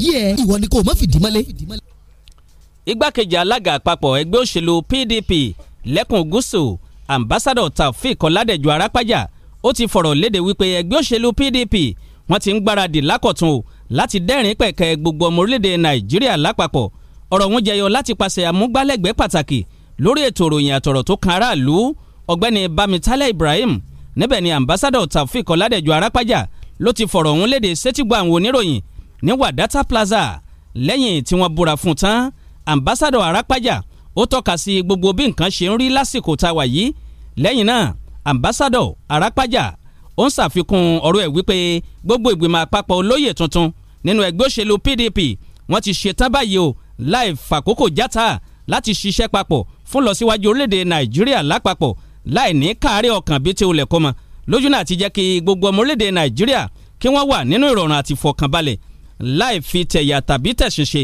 Speaker 8: ayé ẹ ìwọ ni kò mọ́ fìdí mọ́lé.
Speaker 16: igbákejì alága àpapọ̀ ẹgbẹ́ òṣèlú PDP lẹ́kùn gúúsù ambassadọ Taofik Ọládẹ̀jọ Arápájà ó ti fọ̀rọ̀ léde wípé ẹgbẹ́ òṣèlú PDP wọ́n ti ń gbáradì lákọ̀tún o láti dẹ́rìn pẹ̀kẹ́ gbogbo ọmọ orílẹ̀-èdè Nàìjíríà lápapọ̀ ọ̀rọ̀ wọn jẹyọ láti pàṣẹ àmúgbálẹ́gbẹ̀ẹ́ pàtàkì lórí ètò ìròyìn àtọ̀rọ̀ tó kan aráàlú ọ̀gbẹ́ni Bámitálẹ̀ Ibrahim níbẹ̀ ni ambassadọ Taofik Ọládẹ̀jọ Arápájà ló ti fọ̀rọ̀ ọ̀hún léde sétígbọ̀ àwọn oníròyìn ní Wadata Plaza lẹ́yìn tí wọ́n búra fún tán ambassadọ̀ Arápájà ó tọ́ka sí gbogbo bí nǹkan ṣe ń rí lásìkò tá a wà yìí lẹ́yìn náà ambassadọ̀ Arápájà ó ń ṣàfikún ọ̀rọ̀ ẹ̀ wípé gbogbo ìgbìmọ̀ àpapọ̀ olóyè tuntun nínú ẹgbẹ́ òṣèlú PDP wọ́n ti ṣetán báyìí o láì fàkókò játa láti ṣiṣẹ́ papọ̀ fún lọ síwájú orílẹ̀-èdè Nàìjíríà lápapọ̀ láì ní káàárẹ̀ ọkàn bíi tí olè kọ́ mọ́ lójú náà ti jẹ́ kí gbogbo ọmọ orílẹ̀-èdè Nàìjíríà kí wọ́n wà nínú ìrọ̀rùn àti ìfọ̀kànbalẹ̀ láì fi tẹ̀yà tàbí tẹ̀sùn ṣe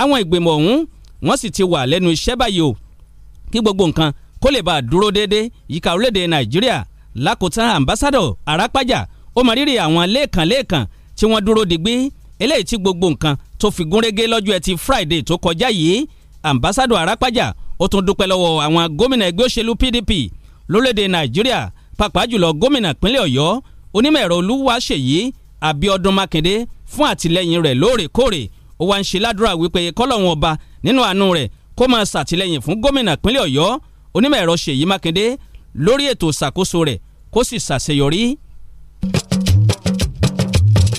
Speaker 16: àwọn ìgbìmọ̀ ọ̀hún wọ́n sì ti wà lẹ́nu iṣẹ́ báyìí o kí gbogbo nǹkan kó lè bá a dúró déédéé yíká orílẹ̀-èdè nàìjíríà lákòótán ambassadọ̀ arápájà ó mọ rírì àwọn lẹ́ẹ̀kan lẹ́ẹ̀kan tí wọ́n dúró digbí eléyìí tí gbogbo nǹkan tó fi gúnrégé lọ́jọ́ ẹtì friday tó kọjá yìí ambassadọ̀ arápájà ó tún dúpẹ́ lọ́wọ́ àwọn gómìnà ẹgbẹ́ òṣèlú pdp lórílẹ̀-èdè nàìjíríà pàápàá jùlọ gómìnà ìpínlẹ̀ ọ̀yọ́ onímọ̀ ẹ̀rọ olúwaṣèyí abíọ́dún mákindé fún àtìlẹ́yìn rẹ̀ lóòrèkóòrè ó wá ń ṣe ládùúrà wípé kọ́lọ́hún ọba nínú àánú rẹ̀ kó máa ṣàtìlẹ́yìn fún gómìnà pínlẹ̀ ọ̀yọ́ onímọ̀ ẹ̀rọ ṣèyí mákindé lórí ètò ìṣàkóso rẹ̀ kó sì ṣàṣeyọrí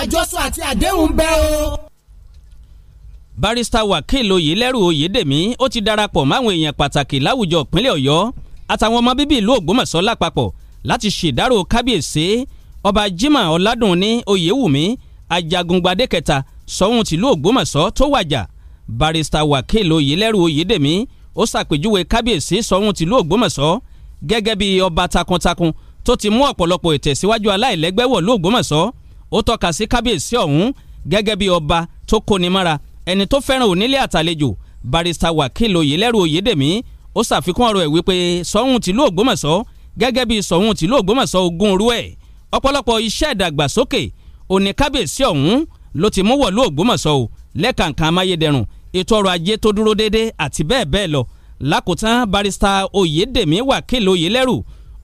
Speaker 4: àjọsọ àti àdéhùn bẹ́ o.
Speaker 16: barista wakil oyelẹ́rù oyedemi ó ti darapọ̀ máwọn èèyàn pàtàkì láwùjọ ìpínlẹ̀ ọ̀yọ́ àtàwọn ọmọ bíbí ìlú ògbómọ̀ṣọ́ lápapọ̀ láti ṣèdárò kábíyèsí ọba jimoh ọládùnní oyewumi ajagungbadé kẹta sọ́hun tìlú ògbómọ̀ṣọ́ tó wàjà barista wakil oyelẹ́rù oyedemi ó ṣàpèjúwe kábíyèsí sọ́hun tìlú ògbómọ̀ṣọ́ gẹ́gẹ́ bí ọba takuntakun tó ti mú ọ̀pọ̀lọpọ̀ ìtẹ̀síwájú aláìlẹ́gbẹ́wọ̀ lóògbómọ̀ṣọ́ ó tọ́ka sí kábíyèsí ọ̀hún gẹ́gẹ́ bí ọba tó kóni mọ́ra ẹni tó fẹ́ràn onílé àtàlejò barista wakil oyelẹ́rù oyèdèmí ó ṣàfikún ọ̀rọ̀ ẹ̀ wípé sọ́hún tìlú ògbómọ̀ṣọ́ gẹ́gẹ́ bí sọ́hún tìlú ògbómọ̀ṣọ́ ogún orú ẹ̀ ọ̀pọ̀lọpọ̀ iṣẹ́ ìdàgbàsókè òní kábíyèsí ọ̀hún ló ti mú wọ̀lú ògbómọ̀ṣọ́ o lẹ́kàǹkà amáyédẹrùn ètò ọrọ̀ ajé tó dúró déédéé àti bẹ́ẹ̀ bẹ́ẹ̀ lọ lákòótán barista oyedemi wakil oyelẹ́rù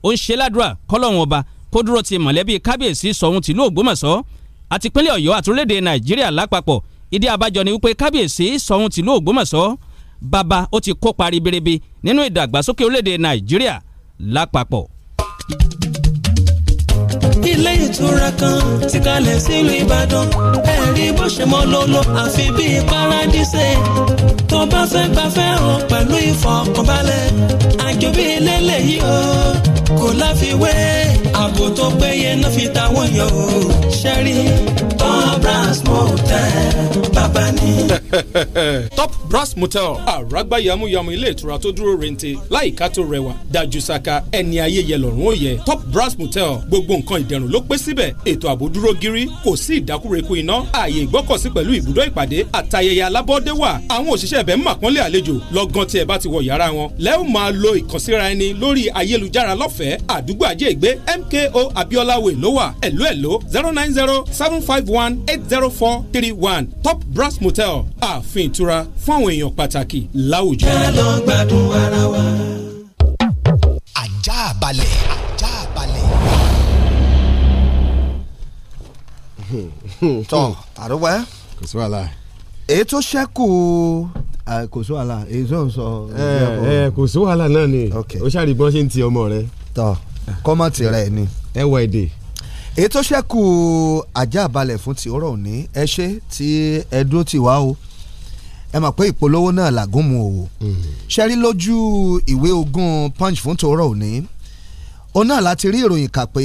Speaker 16: ó ń ṣe ládùúrà kọ́lọ́hún kó dúró ti mọ̀lẹ́bí kábíyèsí sọ̀hún tìlú ògbómọ̀ṣọ́ àti pínlẹ̀ ọ̀yọ́ àtúrédè nàìjíríà lápapọ̀ ìdí abájọ ni wípé kábíyèsí sọ̀hún tìlú ògbómọ̀ṣọ́ bàbá ó ti kópa ribiribi nínú ìdàgbàsókè orílẹ̀-èdè nàìjíríà lápapọ̀.
Speaker 2: ilé ìtura kan ti kalẹ̀ sílùú ìbàdàn ẹ̀rí bó ṣe mọ́ ló lọ àfi bíi párádísè tó bá fẹ́ gbafẹ́ o pẹ̀lú ìfọkànbalẹ̀ àjò bíi lélẹ̀ yìí o kò láfiwé ààbò tó péye náà fi táwọn yọ
Speaker 12: o ṣẹ́rí top brass motel bàbá ni. (laughs) top brass motel àràgbá yamuyamu ilé ìtura tó dúró rente láìka tó rẹwà dájú saka ẹni ayé yẹ lọ́rùn ó yẹ top brass motel gbogbo nǹkan ìdẹ̀rùn ló pé síbẹ̀ ètò ààbò dúró gírí kò sí ìdákúrekú iná ààyè ìgbọ́kọ̀sí pẹ̀lú ibùdó ìpàdé àtayẹyẹ alábọ́dé wà àwọn òṣìṣẹ́ ibẹ̀ ń màpọ́nlé àlejò lọ́gán tí ẹ bá ti wọ yàrá wọn lẹ́ẹ̀ máa lo ìkànsíra ẹni lórí ayélujára lọ́fẹ̀ẹ́ àdúgbò ajé ìgbé mt ko abiolawe ló wà ẹ̀lú ẹ̀ló zero nine zero seven five one eight zero four three one top brass motel ààfin ìtura fún àwọn èèyàn pàtàkì láwùjọ. ká lọ gbádùn ara wa. ajá balẹ̀ ajá balẹ̀.
Speaker 5: Hmm. tọ́ àdúgbò. kò sí wàhálà. èyí ṣẹ́kù kò sí wàhálà èyí tó ń sọ. Eh, eh,
Speaker 6: kò sí wàhálà náà ni ó ṣàrìbọn ṣe ń ti ọmọ rẹ. tọ́ kọ́mọ̀tì rẹ̀ ni. ẹ wọ èdè. ètò
Speaker 5: ṣẹ́kù ajá balẹ̀ fún ti ọ̀rọ̀ òní ẹ ṣe tí ẹ dúró tì wá o ẹ mọ̀ pé ìpolówó náà làgùn mu òwò hmm. ṣẹ́rí lójú ìwé ogún punch fún tòórọ̀ òní òun náà láti rí ìròyìn kà pé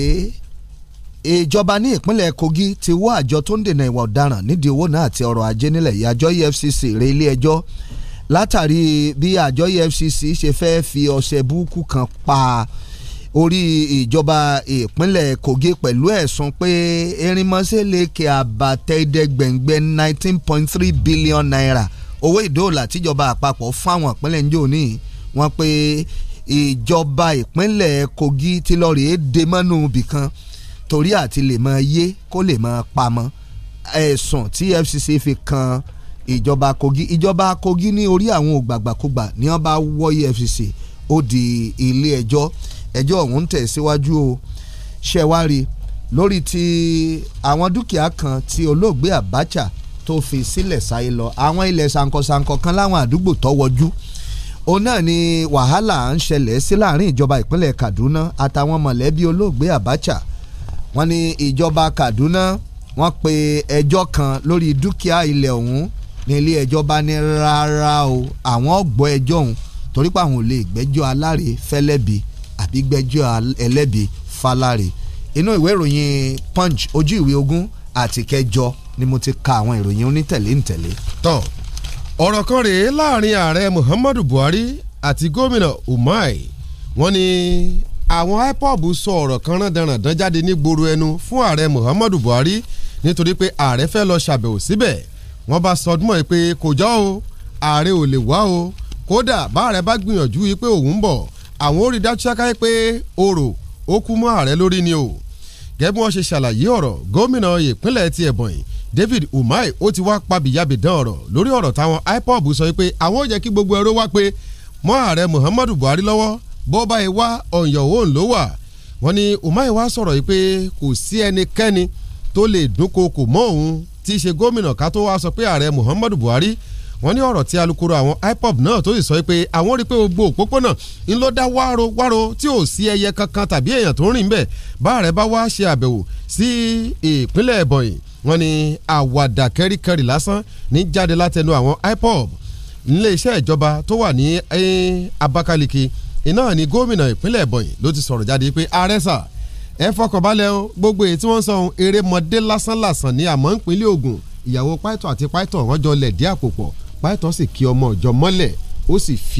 Speaker 5: ìjọba ní ìpínlẹ̀ Kogi ti wọ́ àjọ tó ń dènà ìwà ọ̀daràn nídìí owó náà àti ọrọ̀ ajé nílẹ̀ yìí àjọ EFCC rè ilé ẹjọ́ látàrí bí àjọ EFCC ṣe fẹ́ fi ọṣẹ búkú kan pa orí ìjọba ìpínlẹ̀ Kogi pẹ̀lú ẹ̀sùn pé erinmọ́sẹ́ lè kí àbàtẹ́dẹ́gbẹ̀ngbẹ̀ nineteen point three billion naira owó ìdóòlà tíjọba àpapọ̀ fáwọn ìpínlẹ̀ ń jò ní wọ́n pé ìjọba ìpínlẹ̀ Kogi ti lọ́ọ́ rèé de mọ́nú bìkan torí àti lè mọ yé kó lè mọ pamọ́ ẹ̀sùn tí FCC fi kan ìjọba Kogi ìjọba Kogi ní orí àwọn ògbàgbàkúgbà ní wọ́n bá wọ́ EFCC ó di ilé ẹjọ́ e ẹjọ́ ọ̀hún ń tẹ̀síwájú o ṣẹ̀wárí lórí ti àwọn dúkìá kan tí olóògbé Abacha tó fi sílẹ̀ sáyé lọ àwọn ilẹ̀ sankosanko kan láwọn àdúgbò tó òun náà ni wàhálà ń ṣẹlẹ̀ sí láàrin ìjọba ìpínlẹ̀ Kaduna àtàwọn mọ̀lẹ́bí olóògbé Abacha wọ́n ní ìjọba Kaduna wọ́n pe ẹjọ́ kan lórí dúkìá ilẹ̀ ọ̀hún ní ilé ẹjọ́ bá ní rárá o àwọn ọ̀gbọ́ ẹjọ́ ọ̀hún torí ò lè gbẹ́jọ́ aláre fẹ́lẹ́bi àbí gbẹ́jọ́ ẹlẹ́bi falárẹ̀ inú ìwé ìròyìn punch
Speaker 6: ojú ìwé ogún àti kẹjọ ni mo ti ka àwọn ìròyìn onítẹ̀lé ntẹ̀lé. tọ́ ọ̀rọ̀ kan rèé láàrin ààrẹ Muhammadu Buhari àti gómìnà Umahi wọ́n ní àwọn IPOB sọ ọ̀rọ̀ kan rándanràndan jáde ní gbòòrò ẹnu fún ààrẹ Muhammadu Buhari nítorí pé ààrẹ fẹ́ lọ ṣàbẹ̀wò síbẹ̀ wọ́n bá sọdúnmọ́ ẹ pé kò jọ́ o ààrẹ ò lè wá o kódà báàrẹ bá gbìyànjú yìí pé òun bọ̀ àwọn ó rí dájú sáká pé orò ó kú mọ́ ààrẹ lórí ni o gẹ́gẹ́ bí ṣe ṣàlàyé ọ̀rọ̀ gómìnà ìpínlẹ̀ ti Ebonyi David Umahi ó ti wá pabìyàbìdán ọ̀rọ̀ lórí ọ̀rọ̀ táwọn IPOB sọ pé àwọn ò jẹ́ kí gbogbo ẹ̀rọ wá pé mọ́ ààrẹ Muhammadu Buhari lọ́wọ́ bó bá yẹ wá ọ̀yàn òun ló wà wọ́n ní Umahi wá sọ̀rọ̀ yìí pé kò sí ẹnikẹ́ni tó lè dúnkokò mọ́ òun tí í ṣe gómìnà ká tó wá sọ pé ààrẹ Muhammadu Buhari wọ́n ní ọ̀rọ̀ tí alukoro àwọn IPOB náà tó sì sọ pé àwọn rí pé gbogbo òpópónà ń ló dá wárò wárò tí ò sí ẹyẹ kankan tàbí èèyàn tó ń rìn bẹ́ẹ̀ bá rẹ̀ bá wá ṣe àbẹ̀wò sí ìpínlẹ̀ Ebonyi wọ́n ní àwàdà kẹ́ríkẹ́rì lásán ní jáde látẹnu àwọn IPOB níléeṣẹ́ ìjọba tó wà ní Abakaliki iná ni gómìnà ìpínlẹ̀ Ebonyi ló ti sọ̀rọ̀ jáde pé ààrẹ sà ẹ fọkànbalẹ̀ o gbogbo èyí tí wọ́n sọ ohun eré mọ́dé lásán lásán ní àmọ́ ìpínlẹ̀ Ògùn ìyàwó pító àti pító wọ́n jọ lẹ̀dí àpò pọ̀ Python sì kí ọmọ ìjọ mọ́lẹ̀ ó sì fi